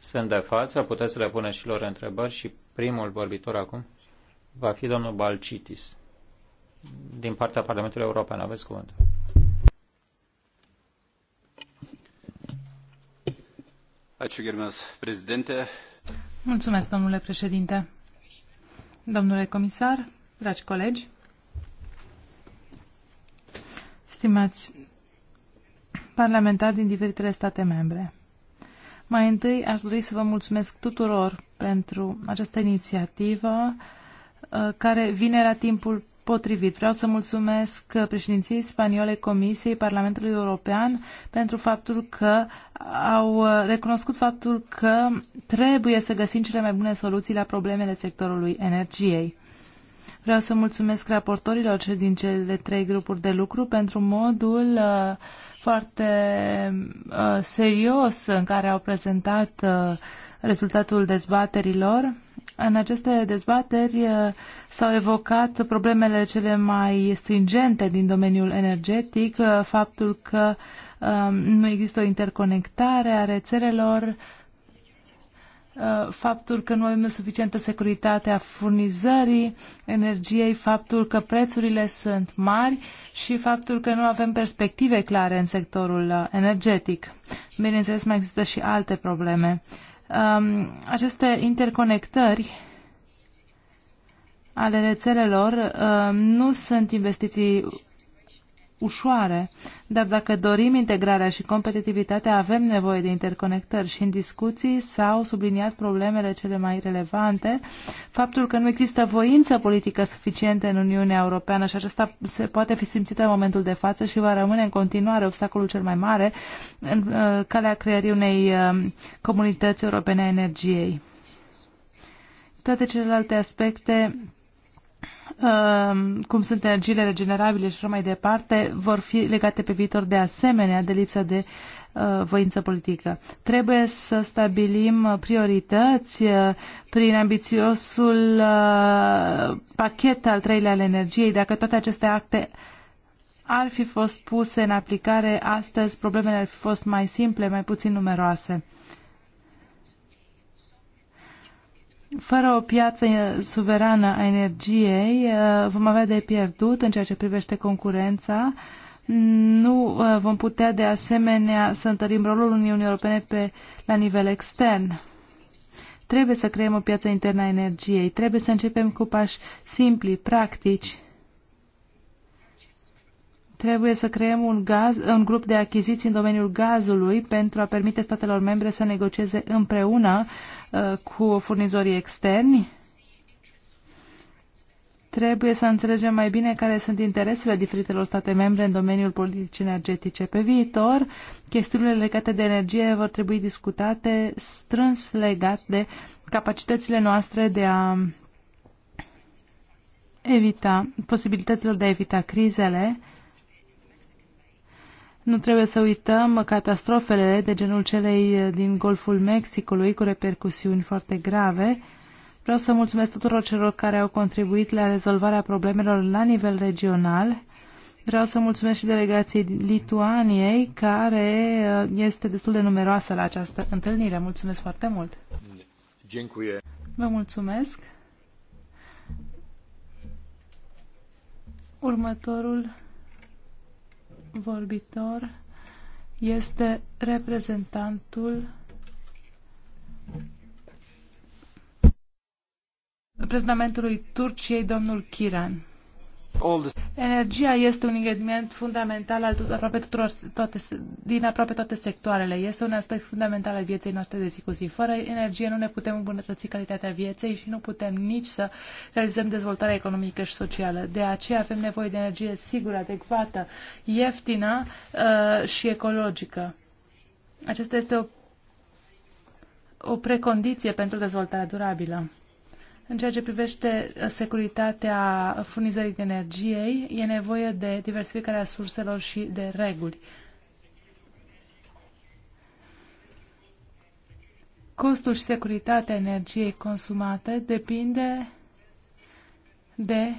sunt de față, puteți să le puneți și lor întrebări și primul vorbitor acum va fi domnul Balcitis din partea Parlamentului European. Aveți cuvânt.
Mulțumesc, domnule președinte. Domnule comisar, dragi colegi, stimați parlamentari din diferitele state membre. Mai întâi aș dori să vă mulțumesc tuturor pentru această inițiativă uh, care vine la timpul potrivit. Vreau să mulțumesc uh, președinției spaniole, Comisiei Parlamentului European pentru faptul că au uh, recunoscut faptul că trebuie să găsim cele mai bune soluții la problemele sectorului energiei. Vreau să mulțumesc raportorilor din cele trei grupuri de lucru pentru modul uh, foarte uh, serios în care au prezentat uh, rezultatul dezbaterilor. În aceste dezbateri uh, s-au evocat problemele cele mai stringente din domeniul energetic, uh, faptul că uh, nu există o interconectare a rețelelor, Uh, faptul că nu avem suficientă securitate a furnizării energiei, faptul că prețurile sunt mari și faptul că nu avem perspective clare în sectorul uh, energetic. Bineînțeles, mai există și alte probleme. Um, aceste interconectări ale rețelelor uh, nu sunt investiții ușoare, dar dacă dorim integrarea și competitivitatea, avem nevoie de interconectări și în discuții s-au subliniat problemele cele mai relevante, faptul că nu există voință politică suficientă în Uniunea Europeană și aceasta se poate fi simțită în momentul de față și va rămâne în continuare obstacolul cel mai mare în uh, calea creării unei uh, comunități europene a energiei. Toate celelalte aspecte Ehm, cum sunt energiile regenerabile și așa mai departe, vor fi legate pe viitor de asemenea de lipsa de eh, voință politică. Trebuie să stabilim priorități eh, prin ambițiosul eh, pachet al treilea al energiei. Dacă toate aceste acte ar fi fost puse în aplicare astăzi, problemele ar fi fost mai simple, mai puțin numeroase. fără o piață suverană a energiei, uh, vom avea de pierdut în ceea ce privește concurența. Nu uh, vom putea de asemenea să întărim rolul Uniunii Europene pe, la nivel extern. Trebuie să creăm o piață internă a energiei, trebuie să începem cu pași simpli, practici, Trebuie să creăm un, gaz, un grup de achiziții în domeniul gazului pentru a permite statelor membre să negocieze împreună uh, cu furnizorii externi. Trebuie să înțelegem mai bine care sunt interesele diferitelor state membre în domeniul politicii energetice. Pe viitor, chestiunile legate de energie vor trebui discutate strâns legat de capacitățile noastre de a evita, posibilităților de a evita crizele, nu trebuie să uităm catastrofele de genul celei din Golful Mexicului cu repercusiuni foarte grave. Vreau să mulțumesc tuturor celor care au contribuit la rezolvarea problemelor la nivel regional. Vreau să mulțumesc și delegației Lituaniei, care uh, este destul de numeroasă la această întâlnire. Mulțumesc foarte mult! Dziękuję. Vă mulțumesc! Următorul vorbitor este reprezentantul Parlamentului Turciei, domnul Kiran. Energia este un ingredient fundamental al aproape tuturor, toate, din aproape toate sectoarele. Este un aspect fundamental al vieții noastre de zi cu zi. Fără energie nu ne putem îmbunătăți calitatea vieții și nu putem nici să realizăm dezvoltarea economică și socială. De aceea avem nevoie de energie sigură, adecvată, ieftină uh, și ecologică. Aceasta este o, o precondiție pentru dezvoltarea durabilă. În ceea ce privește uh, securitatea furnizării de energiei, e nevoie de diversificarea surselor și de reguli. Costul și securitatea energiei consumate depinde de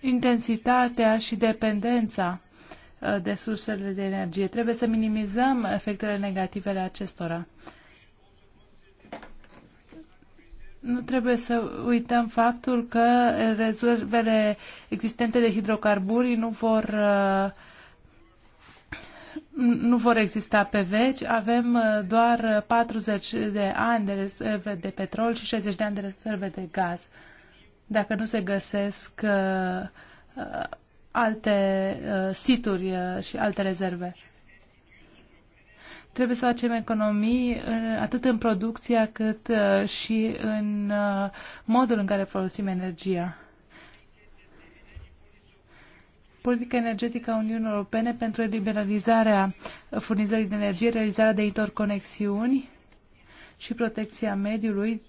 intensitatea și dependența uh, de sursele de energie. Trebuie să minimizăm efectele negative ale acestora. Nu trebuie să uităm faptul că rezervele existente de hidrocarburi nu vor uh, nu vor exista pe veci. Avem uh, doar 40 de ani de rezerve de petrol și 60 de ani de rezerve de gaz. Dacă nu se găsesc uh, alte situri și alte rezerve. Trebuie să facem economii în, atât în producția cât uh, și în uh, modul în care folosim energia. Politica energetică a Uniunii Europene pentru liberalizarea furnizării de energie, realizarea de interconexiuni și protecția mediului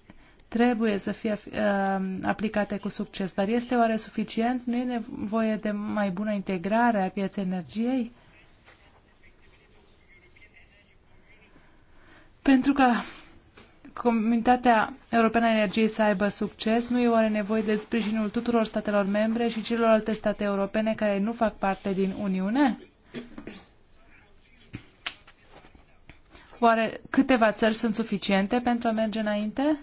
trebuie să fie uh, aplicate cu succes. Dar este oare suficient? Nu e nevoie de mai bună integrare a pieței energiei? Pentru că Comunitatea Europeană a Energiei să aibă succes, nu e oare nevoie de sprijinul tuturor statelor membre și celorlalte state europene care nu fac parte din Uniune? Oare câteva țări sunt suficiente pentru a merge înainte?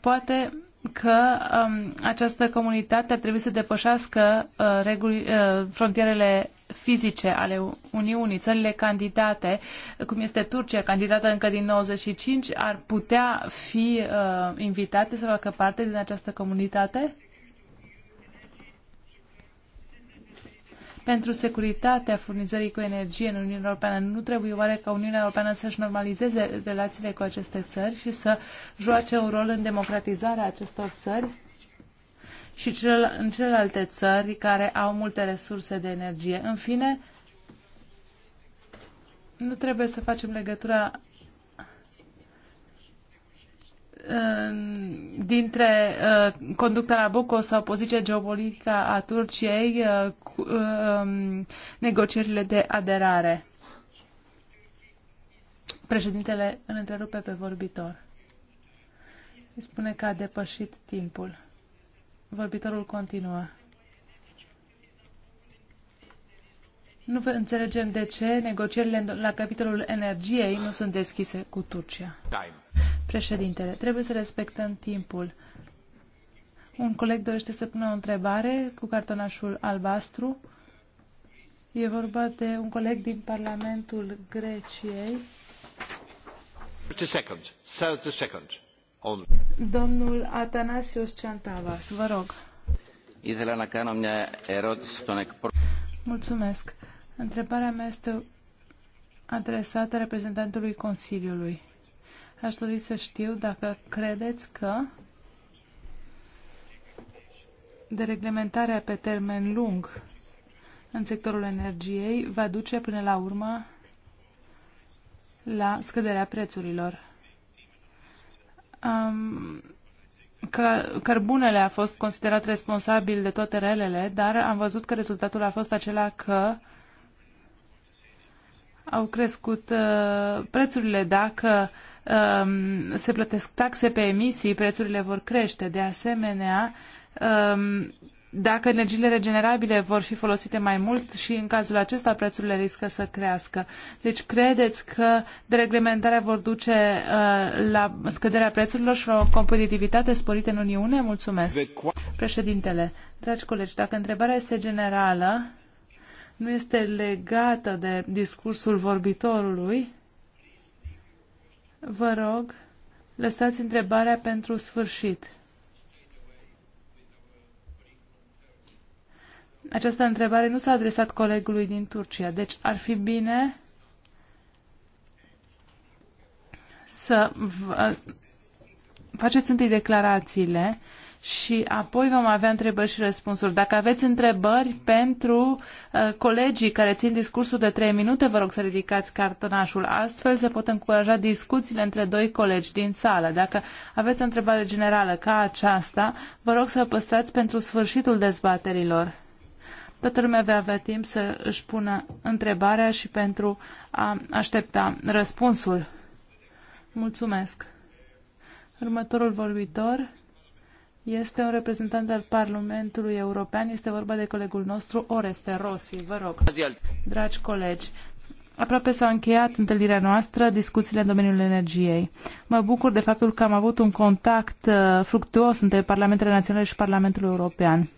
Poate că um, această comunitate ar trebui să depășească uh, reguli, uh, frontierele fizice ale Uniunii, țările candidate, cum este Turcia, candidată încă din 95, ar putea fi uh, invitate să facă parte din această comunitate? Pentru securitatea furnizării cu energie în Uniunea Europeană, nu trebuie oare ca Uniunea Europeană să-și normalizeze relațiile cu aceste țări și să joace un rol în democratizarea acestor țări? și cel, în celelalte țări care au multe resurse de energie. În fine, nu trebuie să facem legătura dintre uh, conducta Nabucco sau poziția geopolitică a Turciei uh, cu uh, negocierile de aderare. Președintele îl întrerupe pe vorbitor. Îi spune că a depășit timpul. Vorbitorul continuă. Nu înțelegem de ce negocierile la capitolul energiei nu sunt deschise cu Turcia. Time. Președintele, trebuie să respectăm timpul. Un coleg dorește să pună o întrebare cu cartonașul albastru. E vorba de un coleg din Parlamentul Greciei.
30 second. 30 second.
Domnul Atanasios Ciantavas, vă rog. Mulțumesc. Întrebarea mea este adresată reprezentantului Consiliului. Aș dori să știu dacă credeți că dereglementarea pe termen lung în sectorul energiei va duce până la urmă la scăderea prețurilor um, că cărbunele a fost considerat responsabil de toate relele, dar am văzut că rezultatul a fost acela că au crescut uh, prețurile. Dacă um, se plătesc taxe pe emisii, prețurile vor crește. De asemenea, um, dacă energiile regenerabile vor fi folosite mai mult și în cazul acesta prețurile riscă să crească. Deci credeți că dereglementarea vor duce uh, la scăderea prețurilor și la o competitivitate sporită în Uniune? Mulțumesc. Președintele, dragi colegi, dacă întrebarea este generală, nu este legată de discursul vorbitorului, vă rog, lăsați întrebarea pentru sfârșit. Această întrebare nu s-a adresat colegului din Turcia, deci ar fi bine să faceți întâi declarațiile și apoi vom avea întrebări și răspunsuri. Dacă aveți întrebări pentru uh, colegii care țin discursul de 3 minute, vă rog să ridicați cartonașul. Astfel se pot încuraja discuțiile între doi colegi din sală. Dacă aveți o întrebare generală ca aceasta, vă rog să o păstrați pentru sfârșitul dezbaterilor toată lumea va avea timp să își pună întrebarea și pentru a aștepta răspunsul. Mulțumesc. Următorul vorbitor este un reprezentant al Parlamentului European. Este vorba de colegul nostru, Oreste Rossi. Vă rog. Dragi colegi, Aproape s-a încheiat întâlnirea noastră, discuțiile în domeniul energiei. Mă bucur de faptul că am avut un contact uh, fructuos între Parlamentele Naționale și Parlamentul European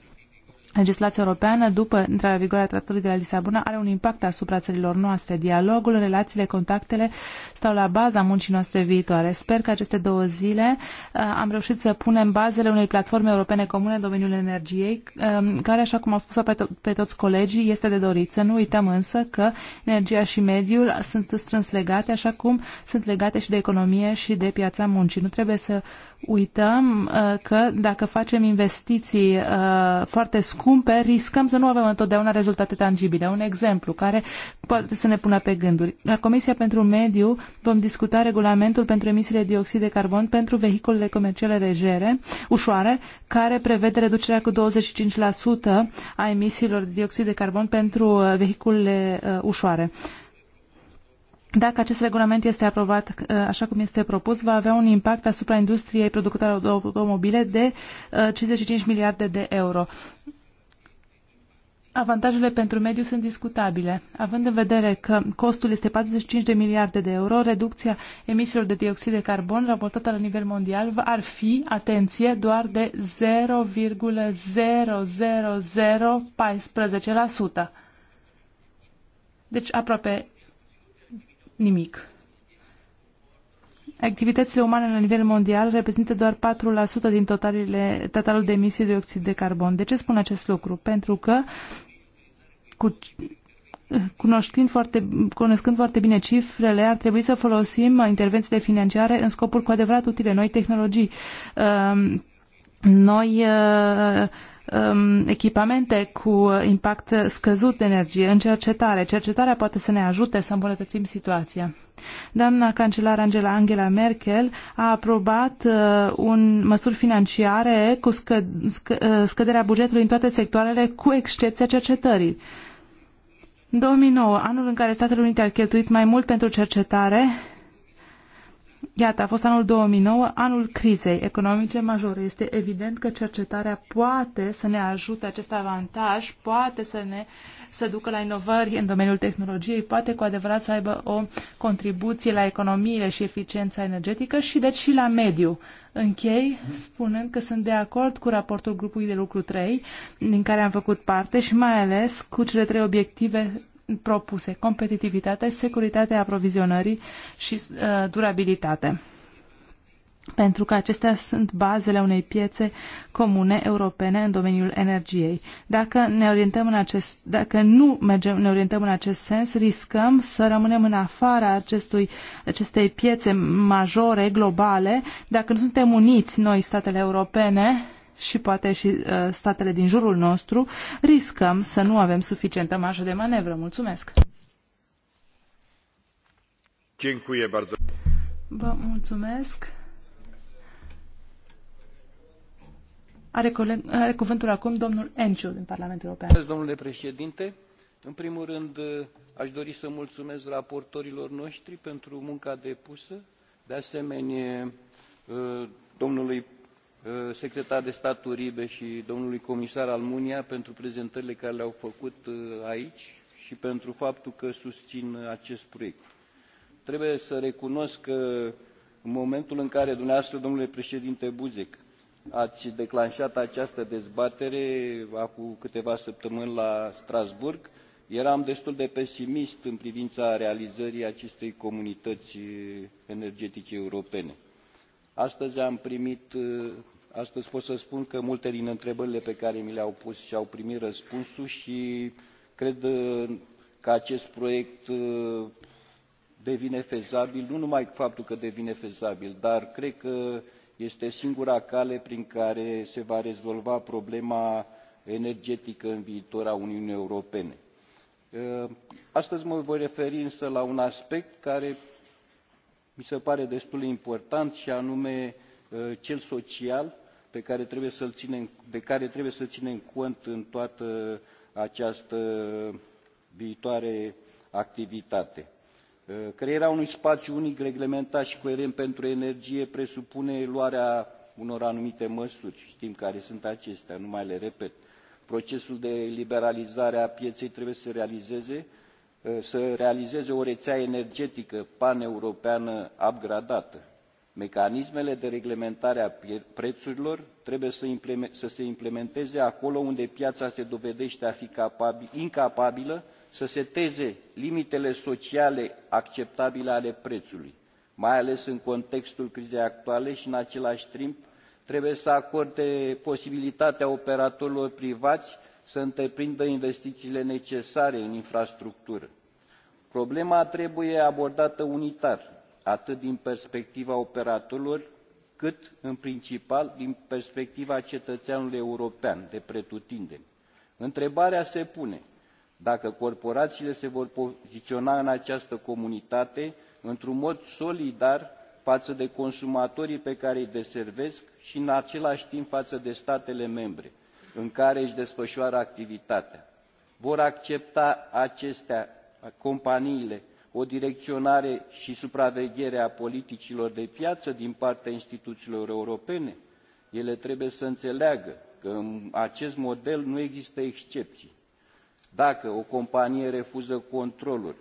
legislația europeană, după intrarea în vigoare a Tratatului de la Lisabona, are un impact asupra țărilor noastre. Dialogul, relațiile, contactele stau la baza muncii noastre viitoare. Sper că aceste două zile uh, am reușit să punem bazele unei platforme europene comune în domeniul energiei, uh, care, așa cum au spus pe, to- pe toți colegii, este de dorit. Să nu uităm însă că energia și mediul sunt strâns legate, așa cum sunt legate și de economie și de piața muncii. Nu trebuie să uităm uh, că dacă facem investiții uh, foarte scumpe, riscăm să nu avem întotdeauna rezultate tangibile. Un exemplu care poate să ne pună pe gânduri. La Comisia pentru Mediu vom discuta regulamentul pentru emisiile de dioxid de carbon pentru vehiculele comerciale legere, ușoare, care prevede reducerea cu 25% a emisiilor de dioxid de carbon pentru uh, vehiculele ușoare. Dacă acest regulament este aprobat uh, așa cum este propus, va avea un impact asupra industriei producătoare de automobile de 55 uh, miliarde de euro. Avantajele pentru mediu sunt discutabile. Având în vedere că costul este 45 de miliarde de euro, reducția emisiilor de dioxid de carbon raportată la nivel mondial ar fi, atenție, doar de 0,00014%. Deci aproape nimic. Activitățile umane la nivel mondial reprezintă doar 4% din totalile, totalul de emisii de oxid de carbon. De ce spun acest lucru? Pentru că cu, cunoscând foarte, cunoscând foarte bine cifrele, ar trebui să folosim intervențiile financiare în scopuri cu adevărat utile, noi tehnologii, ehm, noi ehm, um, echipamente cu impact scăzut de energie, în cercetare. Cercetarea poate să ne ajute să îmbunătățim situația. Doamna cancelar Angela, Angela Merkel a aprobat uh, un măsuri financiare cu scă, scă, uh, scăderea bugetului în toate sectoarele, cu excepția cercetării. În 2009, anul în care Statele Unite au cheltuit mai mult pentru cercetare, Iată, a fost anul 2009, anul crizei economice majore. Este evident că cercetarea poate să ne ajute acest avantaj, poate să ne să ducă la inovări în domeniul tehnologiei, poate cu adevărat să aibă o contribuție la economiile și eficiența energetică și deci și la mediu. Închei spunând că sunt de acord cu raportul grupului de lucru 3, din care am făcut parte și mai ales cu cele trei obiective propuse, competitivitate, securitatea aprovizionării și uh, durabilitate. Pentru că acestea sunt bazele unei piețe comune europene în domeniul energiei. Dacă ne orientăm în acest, dacă nu mergem, ne orientăm în acest sens, riscăm să rămânem în afara acestui, acestei piețe majore, globale, dacă nu suntem uniți noi, statele europene, și poate și uh, statele din jurul nostru, riscăm să nu avem suficientă marjă de manevră. Mulțumesc! Vă mulțumesc! Are, coleg, are cuvântul acum domnul Enciu din Parlamentul European.
Domnule președinte, în primul rând uh, aș dori să mulțumesc raportorilor noștri pentru munca depusă, de asemenea uh, domnului Uh, secretar de stat Uribe și domnului comisar Almunia pentru prezentările care le-au făcut uh, aici și pentru faptul că susțin uh, acest proiect. Trebuie să recunosc că în momentul în care dumneavoastră, domnule președinte Buzek, ați declanșat această dezbatere acum câteva săptămâni la Strasbourg, eram destul de pesimist în privința realizării acestei comunități energetice europene. Astăzi am primit, uh, pot să spun că multe din întrebările pe care mi le-au pus și-au primit răspunsul și cred uh, că acest proiect uh, devine fezabil, nu numai faptul că devine fezabil, dar cred că este singura cale prin care se va rezolva problema energetică în viitor a Uniunii Europene. Astăzi mă voi referi însă la un aspect care mi se pare destul de important și anume ă, cel social pe care trebuie să ținem, de care trebuie să ținem cont în toată această viitoare activitate. Ă, Crearea unui spațiu unic reglementat și coerent pentru energie presupune luarea unor anumite măsuri. Știm care sunt acestea, nu mai le repet. Procesul de liberalizare a pieței trebuie să se realizeze Uh, să realizeze o rețea energetică paneuropeană upgradată. Mecanismele de reglementare a prețurilor trebuie să se implementeze acolo unde piața se dovedește a fi incapabilă să seteze limitele sociale acceptabile ale prețului, mai ales în contextul crizei actuale și în același timp trebuie să acorde posibilitatea operatorilor privați să întreprindă investiiile necesare în infrastructură. problema trebuie abordată unitar atât din perspectiva operatorilor cât în principal din perspectiva cetăeanului european de pretutindeni. întrebarea se pune dacă corporaiile se vor poziiona în această comunitate într un mod solidar faă de consumatorii pe care îi deservesc i în acelai timp faă de statele membre în care îi desfăoară activitatea. Vor accepta acestea companiile o direcționare și supraveghere a politicilor de piață din partea instituțiilor europene? Ele trebuie să înțeleagă că în acest model nu există excepții. Dacă o companie refuză controlul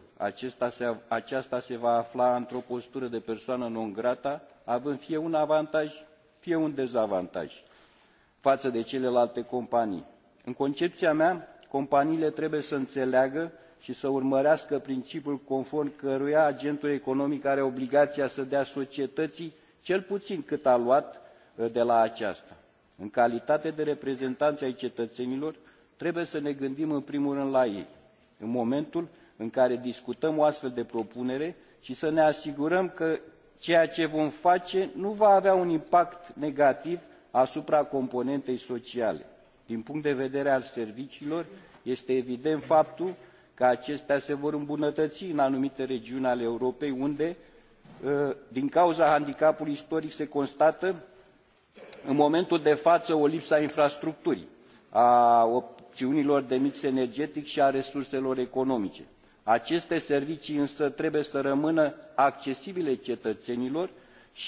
aceasta se va afla într-o postură de persoană non grata, având fie un avantaj, fie un dezavantaj faă de celelalte companii. în concepia mea companiile trebuie să îneleagă i să urmărească principiul conform căruia agentul economic are obligaia să dea societăii cel puin cât a luat uh, de la aceasta. în calitate de reprezentani ai cetăenilor trebuie să ne gândim în primul rând la ei în momentul în care discutăm o astfel de propunere i să ne asigurăm că ceea ce vom face nu va avea un impact negativ asupra componentei sociale. din punct de vedere al serviciilor este evident faptul că acestea se vor îmbunătăi în anumite regiuni ale europei unde ă, din cauza handicapului istoric se constată în momentul de faă o lipsă a infrastructurii a opiunilor de mix energetic i a resurselor economice. aceste servicii însă trebuie să rămână accesibile cetăenilor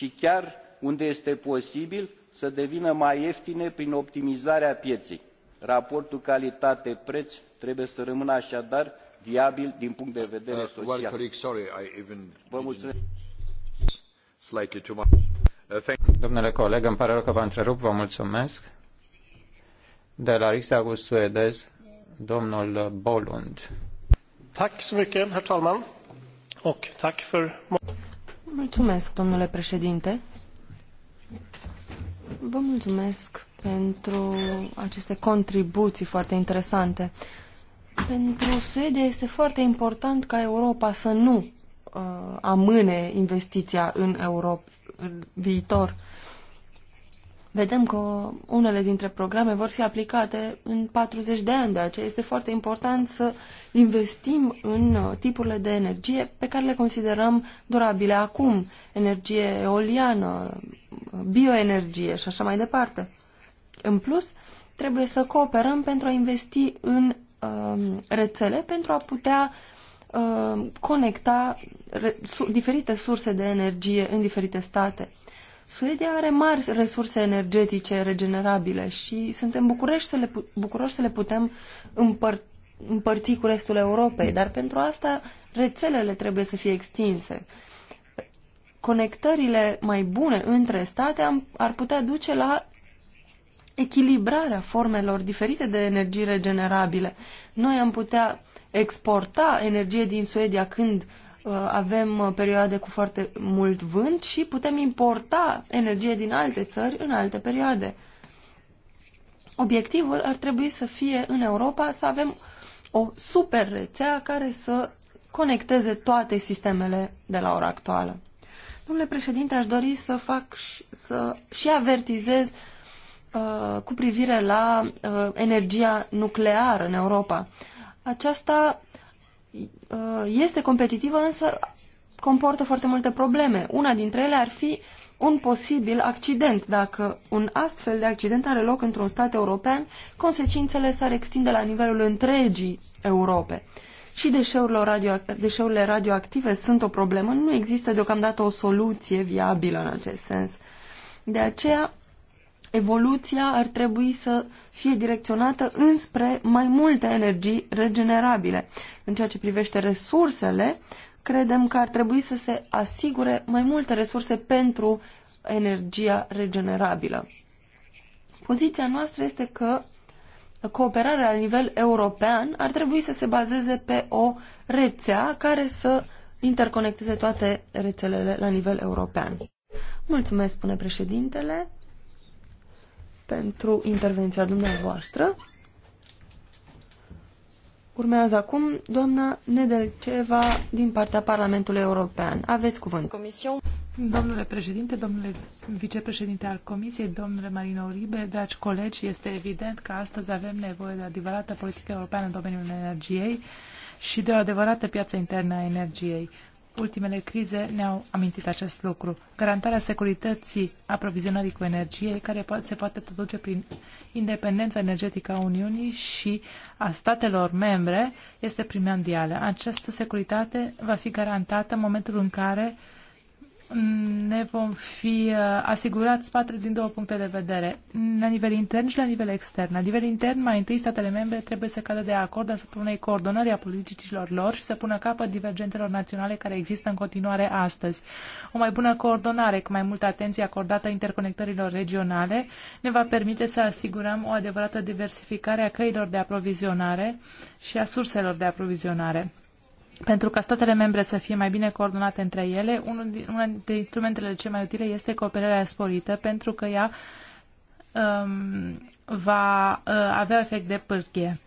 i chiar unde este posibil să devină mai ieftine prin optimizarea pieei. raportul calitate pre trebuie să rămână aadar viabil din punct de vedere uh, social.
Uh, domnule coleg, îmi pare rău că v-am întrerup, vă mulțumesc. De la Riksdagen suedez, domnul Bolund.
Mulțumesc, domnule președinte. Vă mulțumesc pentru aceste contribuții foarte interesante. Pentru Suedia este foarte important ca Europa să nu uh, amâne investiția în Europa în viitor vedem că unele dintre programe vor fi aplicate în 40 de ani, de aceea este foarte important să investim în uh, tipurile de energie pe care le considerăm durabile acum, energie eoliană, bioenergie și așa mai departe. În plus, trebuie să cooperăm pentru a investi în uh, rețele pentru a putea uh, conecta re, su, diferite surse de energie în diferite state Suedia are mari resurse energetice regenerabile și suntem bucuroși să le, bucuroși să le putem împăr- împărți cu restul Europei, dar pentru asta rețelele trebuie să fie extinse. Conectările mai bune între state ar putea duce la echilibrarea formelor diferite de energii regenerabile. Noi am putea exporta energie din Suedia când Uh, avem uh, perioade cu foarte mult vânt și putem importa energie din alte țări în alte perioade. Obiectivul ar trebui să fie în Europa să avem o super rețea care să conecteze toate sistemele de la ora actuală. Domnule președinte, aș dori să fac și, să și avertizez uh, cu privire la uh, energia nucleară în Europa. Aceasta Uh, este competitivă, însă comportă foarte multe probleme. Una dintre ele ar fi un posibil accident. Dacă un astfel de accident are loc într-un stat european, consecințele s-ar extinde la nivelul întregii Europe. Și radio, deșeurile radioactive sunt o problemă, nu există deocamdată o soluție viabilă în acest sens. De aceea evoluția ar trebui să fie direcționată înspre mai multe energii regenerabile. În ceea ce privește resursele, credem că ar trebui să se asigure mai multe resurse pentru energia regenerabilă. Poziția noastră este că cooperarea la nivel european ar trebui să se bazeze pe o rețea care să interconecteze toate rețelele la nivel european. Mulțumesc, spune președintele pentru intervenția dumneavoastră. Urmează acum doamna Nedelceva din partea Parlamentului European. Aveți cuvânt.
Comision. Domnule președinte, domnule vicepreședinte al Comisiei, domnule Marino Uribe, dragi colegi, este evident că astăzi avem nevoie de adevărată politică europeană în domeniul energiei și de o adevărată piață internă a energiei. Ultimele crize ne-au amintit acest lucru. Garantarea securității aprovizionării cu energie, care se poate traduce prin independența energetică a Uniunii și a statelor membre, este primordială. Această securitate va fi garantată în momentul în care uh, ne vom fi uh, asigurați spatele din două puncte de vedere, la nivel intern și la nivel extern. La nivel intern, mai întâi, statele membre trebuie să cadă de acord asupra unei coordonări a politicilor lor și să pună capăt divergențelor naționale care există în continuare astăzi. O mai bună coordonare, cu mai multă atenție acordată interconectărilor regionale, ne va permite să asigurăm o adevărată diversificare a căilor de aprovizionare și a surselor de aprovizionare pentru ca statele membre să fie mai bine coordonate între ele, unul din, una dintre instrumentele cele mai utile este cooperarea sporită, pentru că ea um, va uh, avea efect de pârghie.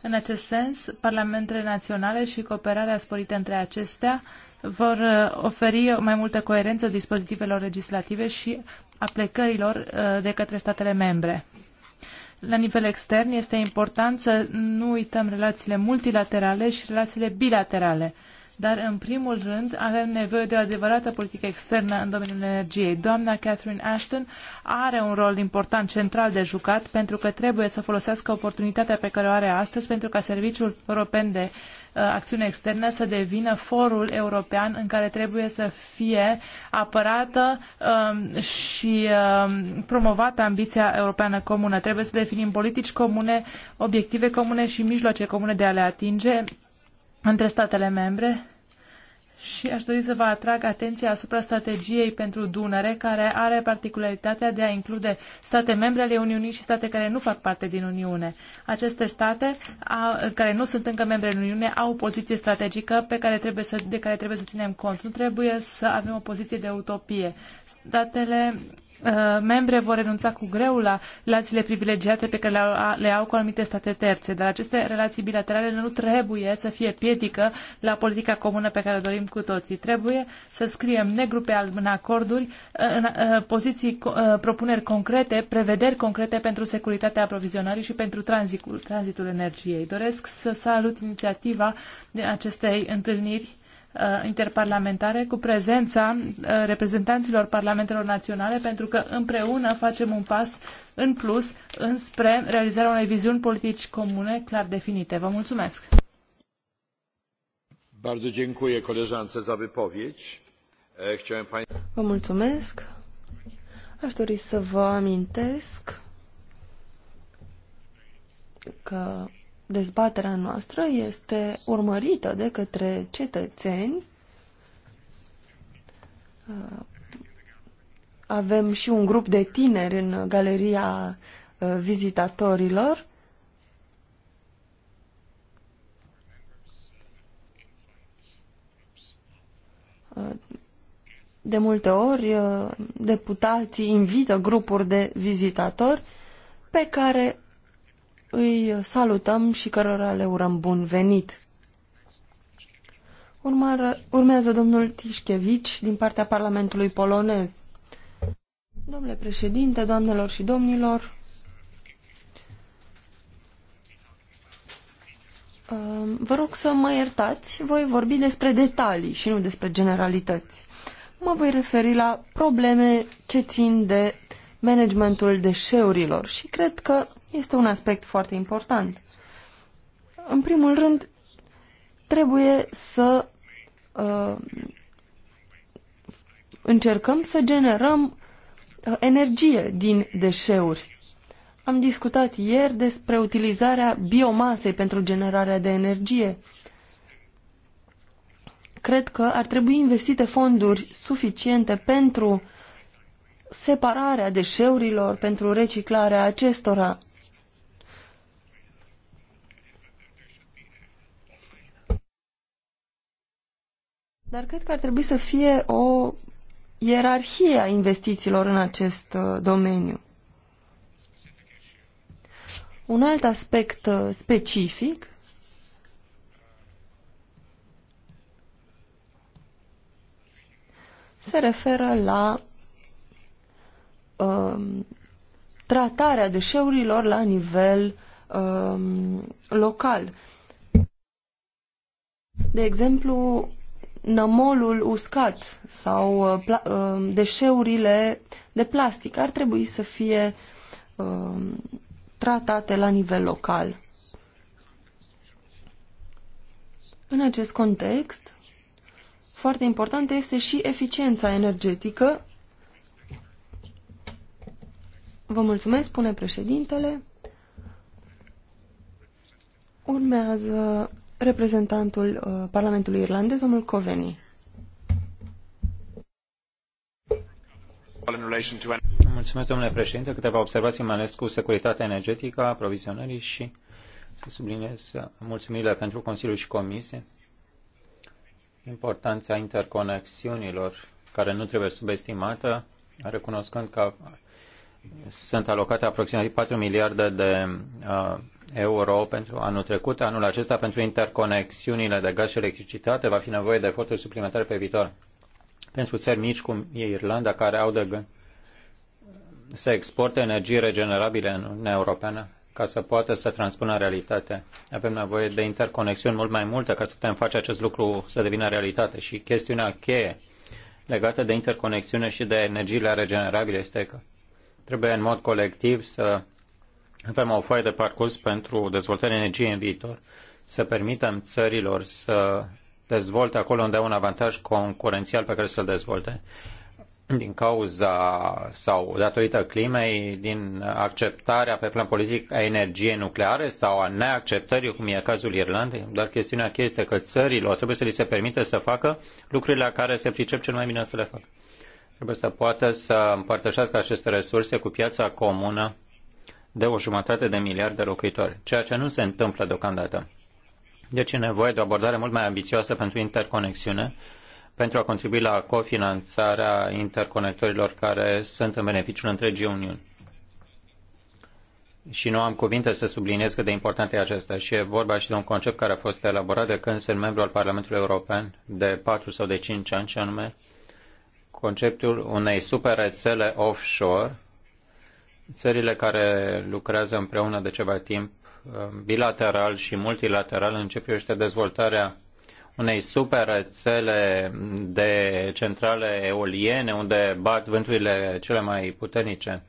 În acest sens, parlamentele naționale și cooperarea sporită între acestea vor uh, oferi mai multă coerență dispozitivelor legislative și aplicărilor uh, de către statele membre la nivel extern, este important să nu uităm relațiile multilaterale și relațiile bilaterale. Dar, în primul rând, avem nevoie de o adevărată politică externă în domeniul energiei. Doamna Catherine Ashton are un rol important, central de jucat, pentru că trebuie să folosească oportunitatea pe care o are astăzi pentru ca Serviciul European de Uh, acțiune externă să devină forul european în care trebuie să fie apărată um, și um, promovată ambiția europeană comună. Trebuie să definim politici comune, obiective comune și mijloace comune de a le atinge între statele membre și aș dori să vă atrag atenția asupra strategiei pentru Dunăre, care are particularitatea de a include state membre ale Uniunii și state care nu fac parte din Uniune. Aceste state a, care nu sunt încă membre în Uniune au o poziție strategică pe care trebuie să, de care trebuie să ținem cont. Nu trebuie să avem o poziție de utopie. Statele Uh, membre vor renunța cu greu la relațiile privilegiate pe care le au cu anumite state terțe, dar aceste relații bilaterale nu trebuie să fie piedică la politica comună pe care o dorim cu toții. Trebuie să scriem negru pe alb în acorduri, uh, în uh, poziții, propuneri concrete, prevederi concrete pentru securitatea aprovizionării și pentru tranzitul, tranzitul energiei. Doresc să salut inițiativa din acestei întâlniri Uh, interparlamentare cu prezența uh, reprezentanților parlamentelor naționale pentru că împreună facem un pas în plus înspre realizarea unei viziuni politici comune clar definite. Vă mulțumesc! Vă mulțumesc. Aș dori
să vă amintesc că dezbaterea noastră este urmărită de către cetățeni. Uh, avem și un grup de tineri în galeria uh, vizitatorilor. Uh, de multe ori, deputații invită grupuri de vizitatori pe care îi salutăm și cărora le urăm bun venit. Urmară, urmează domnul Tișchevici din partea Parlamentului polonez. Domnule președinte, doamnelor și domnilor, um, vă rog să mă iertați, voi vorbi despre detalii și nu despre generalități. Mă voi referi la probleme ce țin de managementul deșeurilor și cred că este un aspect foarte important. În primul rând, trebuie să uh, încercăm să generăm uh, energie din deșeuri. Am discutat ieri despre utilizarea biomasei pentru generarea de energie. Cred că ar trebui investite fonduri suficiente pentru separarea deșeurilor, pentru reciclarea acestora. Dar cred că ar trebui să fie o ierarhie a investițiilor în acest uh, domeniu. Un alt aspect uh, specific se referă la um, tratarea deșeurilor la nivel um, local. De exemplu, nămolul uscat sau uh, uh, deșeurile de plastic ar trebui să fie uh, tratate la nivel local. În acest context, foarte importantă este și eficiența energetică. Vă mulțumesc, spune președintele. Urmează reprezentantul uh, Parlamentului Irlandez, domnul Coveni.
Mulțumesc, domnule președinte. Câteva observații, mai ales cu securitatea energetică, aprovizionării și să subliniez mulțumirile pentru Consiliul și Comisie. Importanța interconexiunilor, care nu trebuie subestimată, recunoscând că sunt alocate aproximativ 4 miliarde de uh, euro pentru anul trecut. Anul acesta pentru interconexiunile de gaz și electricitate va fi nevoie de eforturi suplimentare pe viitor. Pentru țări mici cum e Irlanda, care au de gând să exporte energii regenerabile în Uniunea Europeană ca să poată să transpună în realitate. Avem nevoie de interconexiuni mult mai multe ca să putem face acest lucru să devină realitate. Și chestiunea cheie legată de interconexiune și de energiile regenerabile este că trebuie în mod colectiv să avem o foaie de parcurs pentru dezvoltarea energiei în viitor, să permitem țărilor să dezvolte acolo unde au un avantaj concurențial pe care să-l dezvolte din cauza sau datorită climei, din acceptarea pe plan politic a energiei nucleare sau a neacceptării, cum e cazul Irlandei, dar chestiunea cheie este că țărilor trebuie să li se permite să facă lucrurile la care se pricep cel mai bine să le facă. Trebuie să poată să împărtășească aceste resurse cu piața comună de o jumătate de miliard de locuitori, ceea ce nu se întâmplă deocamdată. Deci e nevoie de o abordare mult mai ambițioasă pentru interconexiune, pentru a contribui la cofinanțarea interconectorilor care sunt în beneficiul întregii Uniuni. Și nu am cuvinte să subliniez cât de important e acesta. Și e vorba și de un concept care a fost elaborat de când sunt membru al Parlamentului European de 4 sau de 5 ani, și anume conceptul unei super rețele offshore Țările care lucrează împreună de ceva timp, uh, bilateral și multilateral, în ce privește dezvoltarea unei super rețele de centrale eoliene unde bat vânturile cele mai puternice.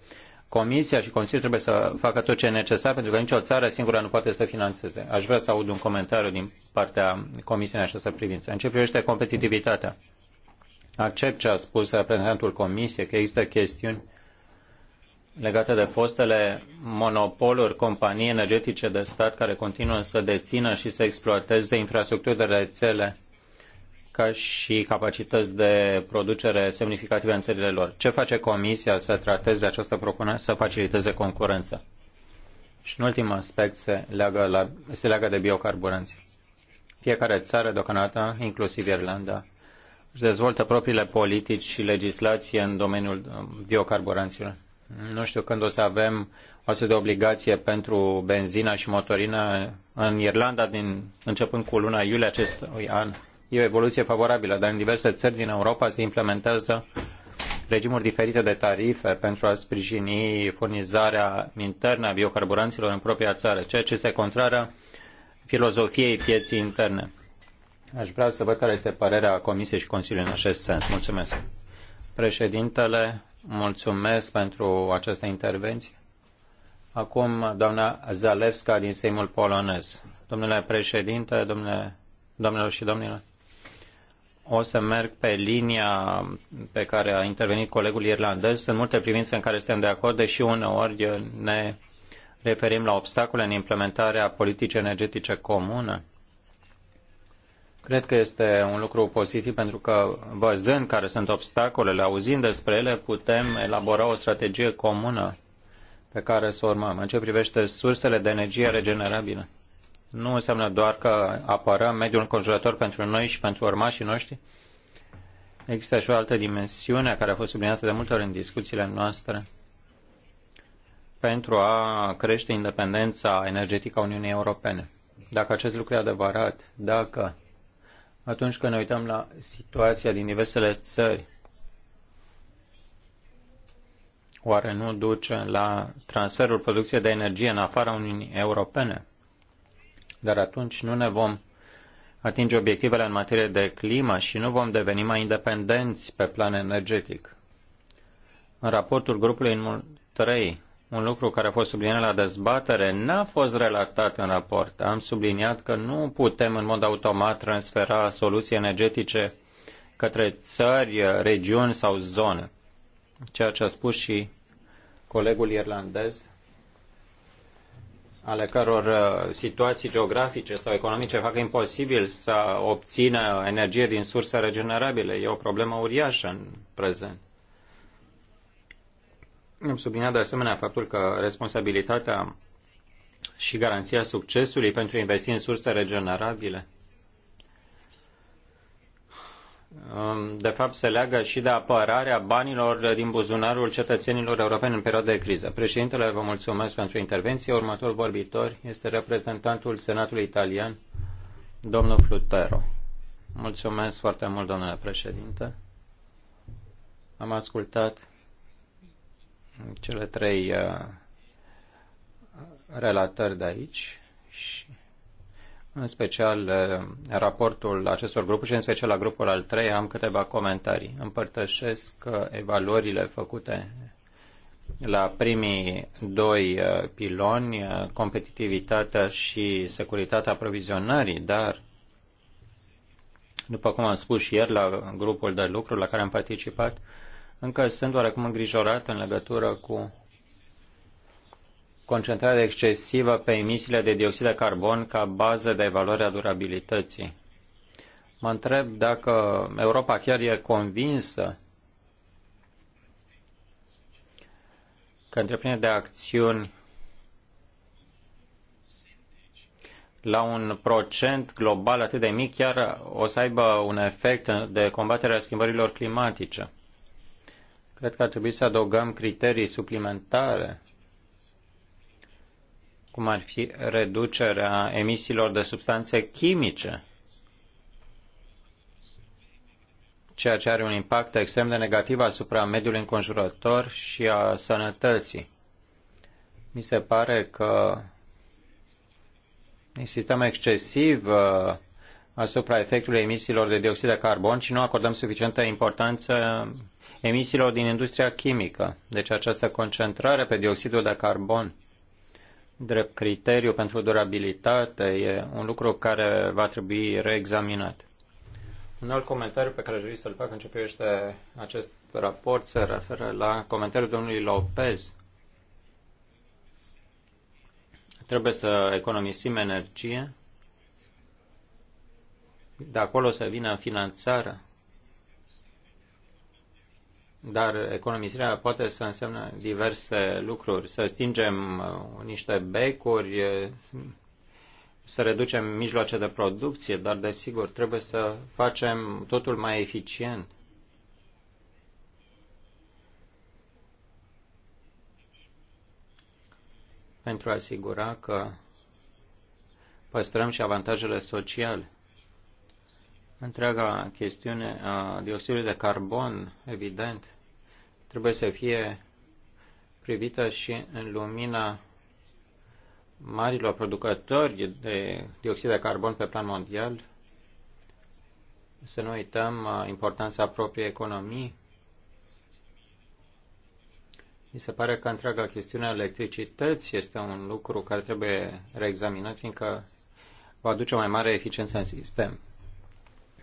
Comisia și Consiliul trebuie să facă tot ce e necesar pentru că nicio țară singură nu poate să financeze. Aș vrea să aud un comentariu din partea Comisiei în această privință. În ce privește competitivitatea? Accept ce a spus reprezentantul Comisiei, că există chestiuni legate de fostele monopoluri, companii energetice de stat care continuă să dețină și să exploateze infrastructuri de rețele ca și capacități de producere semnificative în țările lor. Ce face Comisia să trateze această propunere, să faciliteze concurența? Și un ultim aspect se leagă, la, se leagă de biocarburanți. Fiecare țară deocamdată, inclusiv Irlanda, își dezvoltă propriile politici și legislație în domeniul biocarburanților. Nu știu când o să avem o astfel de obligație pentru benzina și motorină în Irlanda din, începând cu luna iulie acestui an. E o evoluție favorabilă, dar în diverse țări din Europa se implementează regimuri diferite de tarife pentru a sprijini furnizarea internă a biocarburanților în propria țară, ceea ce este contrară filozofiei pieții interne. Aș vrea să văd care este părerea Comisiei și Consiliului în acest sens. Mulțumesc. Președintele, Mulțumesc pentru această intervenție. Acum, doamna Zalewska din Seimul Polonez. Domnule președinte, domnule, domnilor și domnilor, o să merg pe linia pe care a intervenit colegul irlandez. Sunt multe privințe în care suntem de acord, deși uneori ne referim la obstacole în implementarea politicii energetice comune. Cred că este un lucru pozitiv pentru că văzând care sunt obstacolele, auzind despre ele, putem elabora o strategie comună pe care să o urmăm. În ce privește sursele de energie regenerabile, nu înseamnă doar că apărăm mediul înconjurător pentru noi și pentru urmașii noștri. Există și o altă dimensiune care a fost subliniată de multe ori în discuțiile noastre pentru a crește independența energetică a Uniunii Europene. Dacă acest lucru e adevărat, dacă atunci când ne uităm la situația din diversele țări, oare nu duce la transferul producției de energie în afara Uniunii Europene? Dar atunci nu ne vom atinge obiectivele în materie de climă și nu vom deveni mai independenți pe plan energetic. În raportul grupului în 3 un lucru care a fost subliniat la dezbatere n-a fost relatat în raport. Am subliniat că nu putem în mod automat transfera soluții energetice către țări, regiuni sau zone. Ceea ce a spus și colegul irlandez, ale căror uh, situații geografice sau economice fac imposibil să obțină energie din surse regenerabile. E o problemă uriașă în prezent. Am subliniat de asemenea faptul că responsabilitatea și garanția succesului pentru a investi în surse regenerabile um, de fapt se leagă și de apărarea banilor din buzunarul cetățenilor europeni în perioada de criză. Președintele, vă mulțumesc pentru intervenție. Următorul vorbitor este reprezentantul Senatului Italian, domnul Flutero. Mulțumesc foarte mult, domnule președinte. Am ascultat cele trei uh, relatări de aici și în special uh, raportul acestor grupuri și în special la grupul al treia am câteva comentarii. Împărtășesc uh, evaluările făcute la primii doi piloni, competitivitatea și securitatea aprovizionării, dar după cum am spus și ieri la grupul de lucru la care am participat, încă sunt oarecum îngrijorat în legătură cu concentrarea excesivă pe emisiile de dioxid de carbon ca bază de evaluare a durabilității. Mă întreb dacă Europa chiar e convinsă că întreprinde de acțiuni la un procent global atât de mic chiar o să aibă un efect de combatere a schimbărilor climatice. Cred că ar trebui să adăugăm criterii suplimentare, cum ar fi reducerea emisiilor de substanțe chimice, ceea ce are un impact extrem de negativ asupra mediului înconjurător și a sănătății. Mi se pare că insistăm excesiv uh, asupra efectului emisiilor de dioxid de carbon ci nu acordăm suficientă importanță emisiilor din industria chimică. Deci această concentrare pe dioxidul de carbon drept criteriu pentru durabilitate e un lucru care va trebui reexaminat. Un alt comentariu pe care aș vrea să-l fac în ce privește acest raport se referă la comentariul domnului Lopez. Trebuie să economisim energie de acolo să vină finanțarea. Dar economisirea poate să însemne diverse lucruri. Să stingem uh, niște becuri, uh, să reducem mijloace de producție, dar desigur trebuie să facem totul mai eficient. pentru a asigura că păstrăm și avantajele sociale. Întreaga chestiune a dioxidului de carbon, evident, trebuie să fie privită și în lumina marilor producători de dioxid de carbon pe plan mondial. Să nu uităm uh, importanța propriei economii. Mi se pare că întreaga chestiune a electricității este un lucru care trebuie reexaminat, fiindcă va aduce o mai mare eficiență în sistem.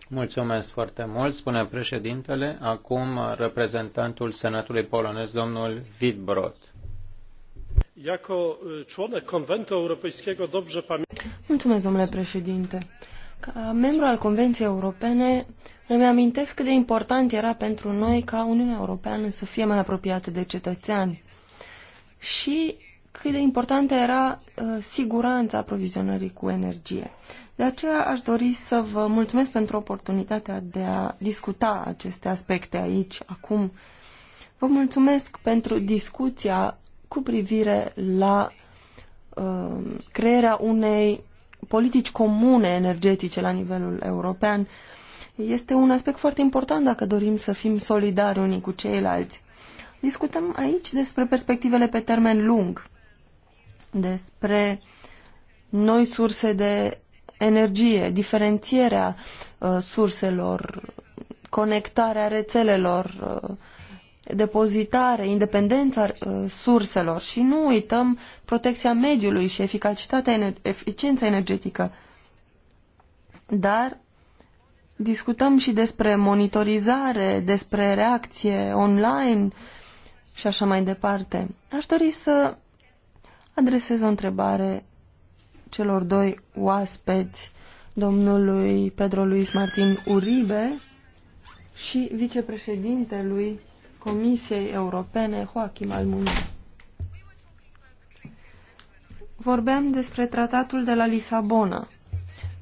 Mulțumesc foarte mult, spune președintele. Acum reprezentantul Senatului polonez, domnul Vidbrot.
Mulțumesc, domnule președinte. Ca membru al Convenției Europene, îmi amintesc cât de important era pentru noi ca Uniunea Europeană să fie mai apropiată de cetățeani și cât de importantă era uh, siguranța aprovizionării cu energie. De aceea aș dori să vă mulțumesc pentru oportunitatea de a discuta aceste aspecte aici, acum. Vă mulțumesc pentru discuția cu privire la uh, crearea unei politici comune energetice la nivelul european. Este un aspect foarte important dacă dorim să fim solidari unii cu ceilalți. Discutăm aici despre perspectivele pe termen lung, despre noi surse de energie, diferențierea uh, surselor, conectarea rețelelor, uh, depozitare, independența uh, surselor și nu uităm protecția mediului și eficacitatea, ener- eficiența energetică. Dar discutăm și despre monitorizare, despre reacție online și așa mai departe. Aș dori să adresez o întrebare celor doi oaspeți, domnului Pedro Luis Martin Uribe și vicepreședintelui Comisiei Europene, Joachim Almunia. Vorbeam despre tratatul de la Lisabona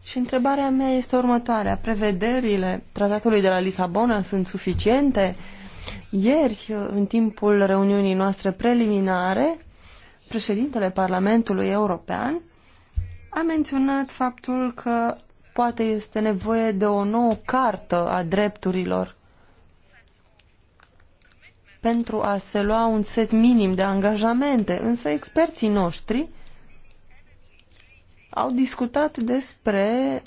și întrebarea mea este următoarea. Prevederile tratatului de la Lisabona sunt suficiente? Ieri, în timpul reuniunii noastre preliminare, președintele Parlamentului European a menționat faptul că poate este nevoie de o nouă cartă a drepturilor pentru a se lua un set minim de angajamente, însă experții noștri au discutat despre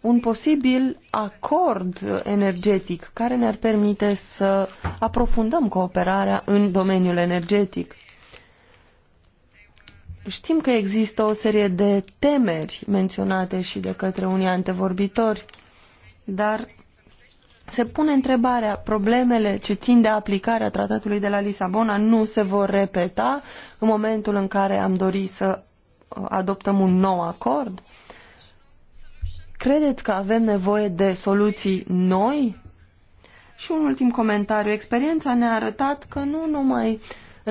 un posibil acord energetic care ne-ar permite să aprofundăm cooperarea în domeniul energetic. Știm că există o serie de temeri menționate și de către unii antevorbitori, dar se pune întrebarea, problemele ce țin de aplicarea tratatului de la Lisabona nu se vor repeta în momentul în care am dori să adoptăm un nou acord? Credeți că avem nevoie de soluții noi? Și un ultim comentariu. Experiența ne-a arătat că nu numai uh,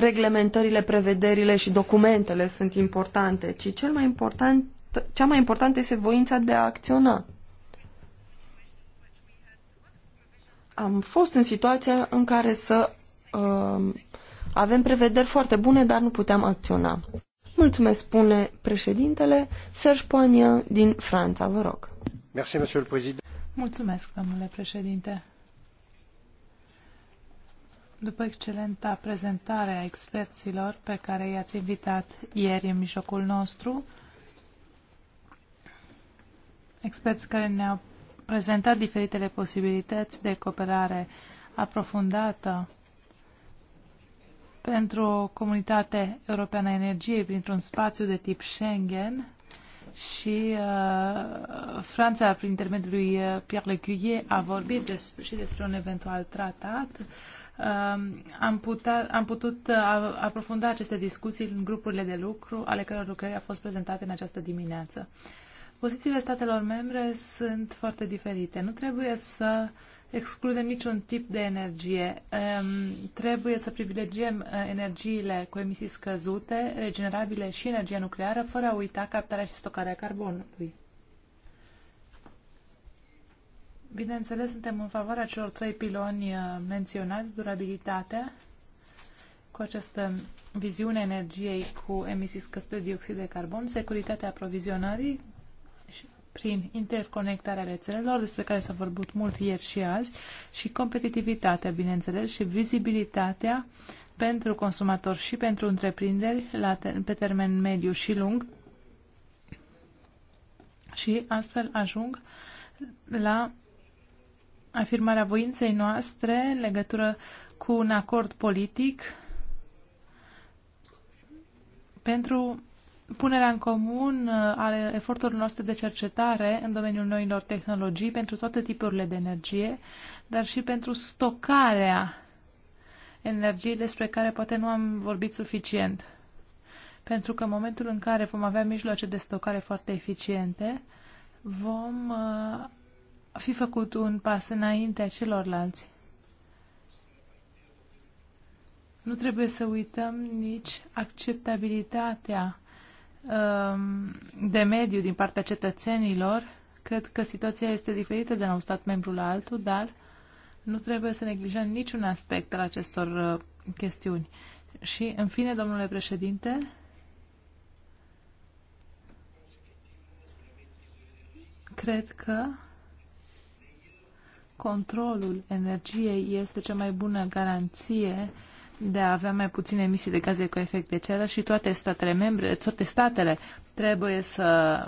reglementările, prevederile și documentele sunt importante, ci cel mai important, cea mai importantă este voința de a acționa. Am fost în situația în care să uh, avem prevederi foarte bune, dar nu puteam acționa. Mulțumesc, spune președintele Serge Poignan din Franța, vă rog. Merci,
Mulțumesc, domnule președinte. După excelenta prezentare a experților pe care i-ați invitat ieri în mijlocul nostru, experți care ne-au prezentat diferitele posibilități de cooperare aprofundată pentru o comunitate europeană a energiei printr-un spațiu de tip Schengen și uh, Franța, prin intermediul lui uh, Pierre Lecuyer, a vorbit des- și despre un eventual tratat uh, Um, am, putea, am putut uh, aprofunda aceste discuții în grupurile de lucru ale căror lucrări au fost prezentate în această dimineață. Pozițiile statelor membre sunt foarte diferite. Nu trebuie să excludem niciun tip de energie. Um, trebuie să privilegiem uh, energiile cu emisii scăzute, regenerabile și energia nucleară, fără a uita captarea și stocarea carbonului. Bineînțeles, suntem în favoarea celor trei piloni uh, menționați, durabilitatea, cu această viziune energiei cu emisii scăzute de dioxid de carbon, securitatea aprovizionării prin interconectarea rețelelor, despre care s-a vorbit mult ieri și azi, și competitivitatea, bineînțeles, și vizibilitatea pentru consumatori și pentru întreprinderi la ter- pe termen mediu și lung. Și astfel ajung la afirmarea voinței noastre în legătură cu un acord politic pentru punerea în comun uh, ale eforturilor noastre de cercetare în domeniul noilor tehnologii pentru toate tipurile de energie, dar și pentru stocarea energiei despre care poate nu am vorbit suficient. Pentru că în momentul în care vom avea mijloace de stocare foarte eficiente, vom uh, fi făcut un pas înaintea celorlalți. Nu trebuie să uităm nici acceptabilitatea um, de mediu din partea cetățenilor. Cred că situația este diferită de la un stat membru la altul, dar nu trebuie să neglijăm niciun aspect al acestor uh, chestiuni. Și, în fine, domnule președinte, cred că controlul energiei este cea mai bună garanție de a avea mai puține emisii de gaze cu efect de seră și toate statele membre, toate statele trebuie să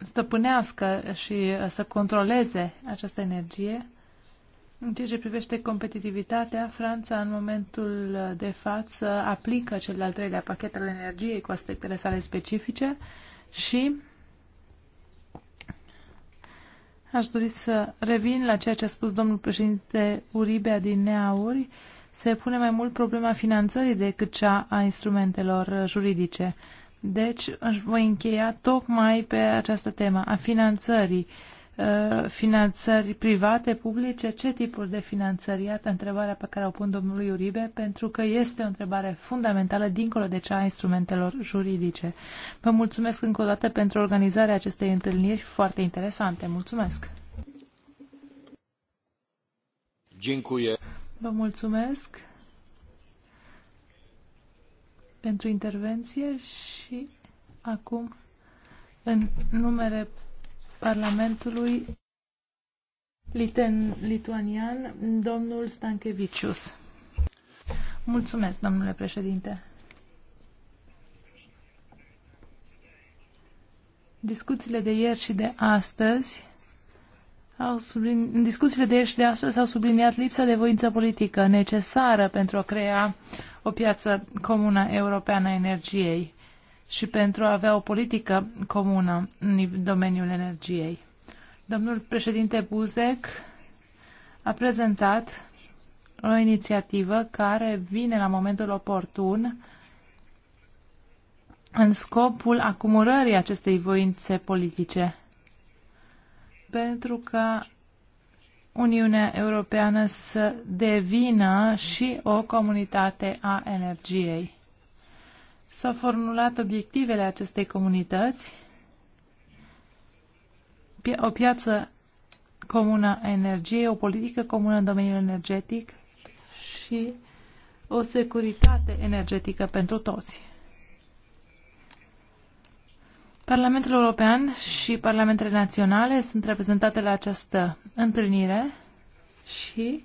stăpânească și să controleze această energie. În ceea ce privește competitivitatea, Franța în momentul de față aplică cel de-al treilea pachet al energiei cu aspectele sale specifice și Aș dori să revin la ceea ce a spus domnul președinte Uribea din Neauri. Se pune mai mult problema finanțării decât cea a instrumentelor juridice. Deci, își voi încheia tocmai pe această temă a finanțării. Uh, Uh, finanțări private, publice, ce tipuri de finanțări? Iată întrebarea pe care o pun domnului Uribe, pentru că este o întrebare fundamentală dincolo de cea a instrumentelor juridice. Vă mulțumesc încă o dată pentru organizarea acestei întâlniri foarte interesante. Mulțumesc! Dziękuję. Vă mulțumesc pentru intervenție și acum în numere Parlamentului Liten, lituanian, domnul Stankevicius. Mulțumesc, domnule președinte. Discuțiile de ieri și de astăzi au sublin... În discuțiile de ieri și de astăzi au subliniat lipsa de voință politică necesară pentru a crea o piață comună europeană a energiei și pentru a avea o politică comună în domeniul energiei. Domnul președinte Buzek a prezentat o inițiativă care vine la momentul oportun în scopul acumulării acestei voințe politice. Pentru că Uniunea Europeană să devină și o comunitate a energiei. S-au formulat obiectivele acestei comunități, o piață comună a energiei, o politică comună în domeniul energetic și o securitate energetică pentru toți. Parlamentul European și Parlamentele Naționale sunt reprezentate la această întâlnire și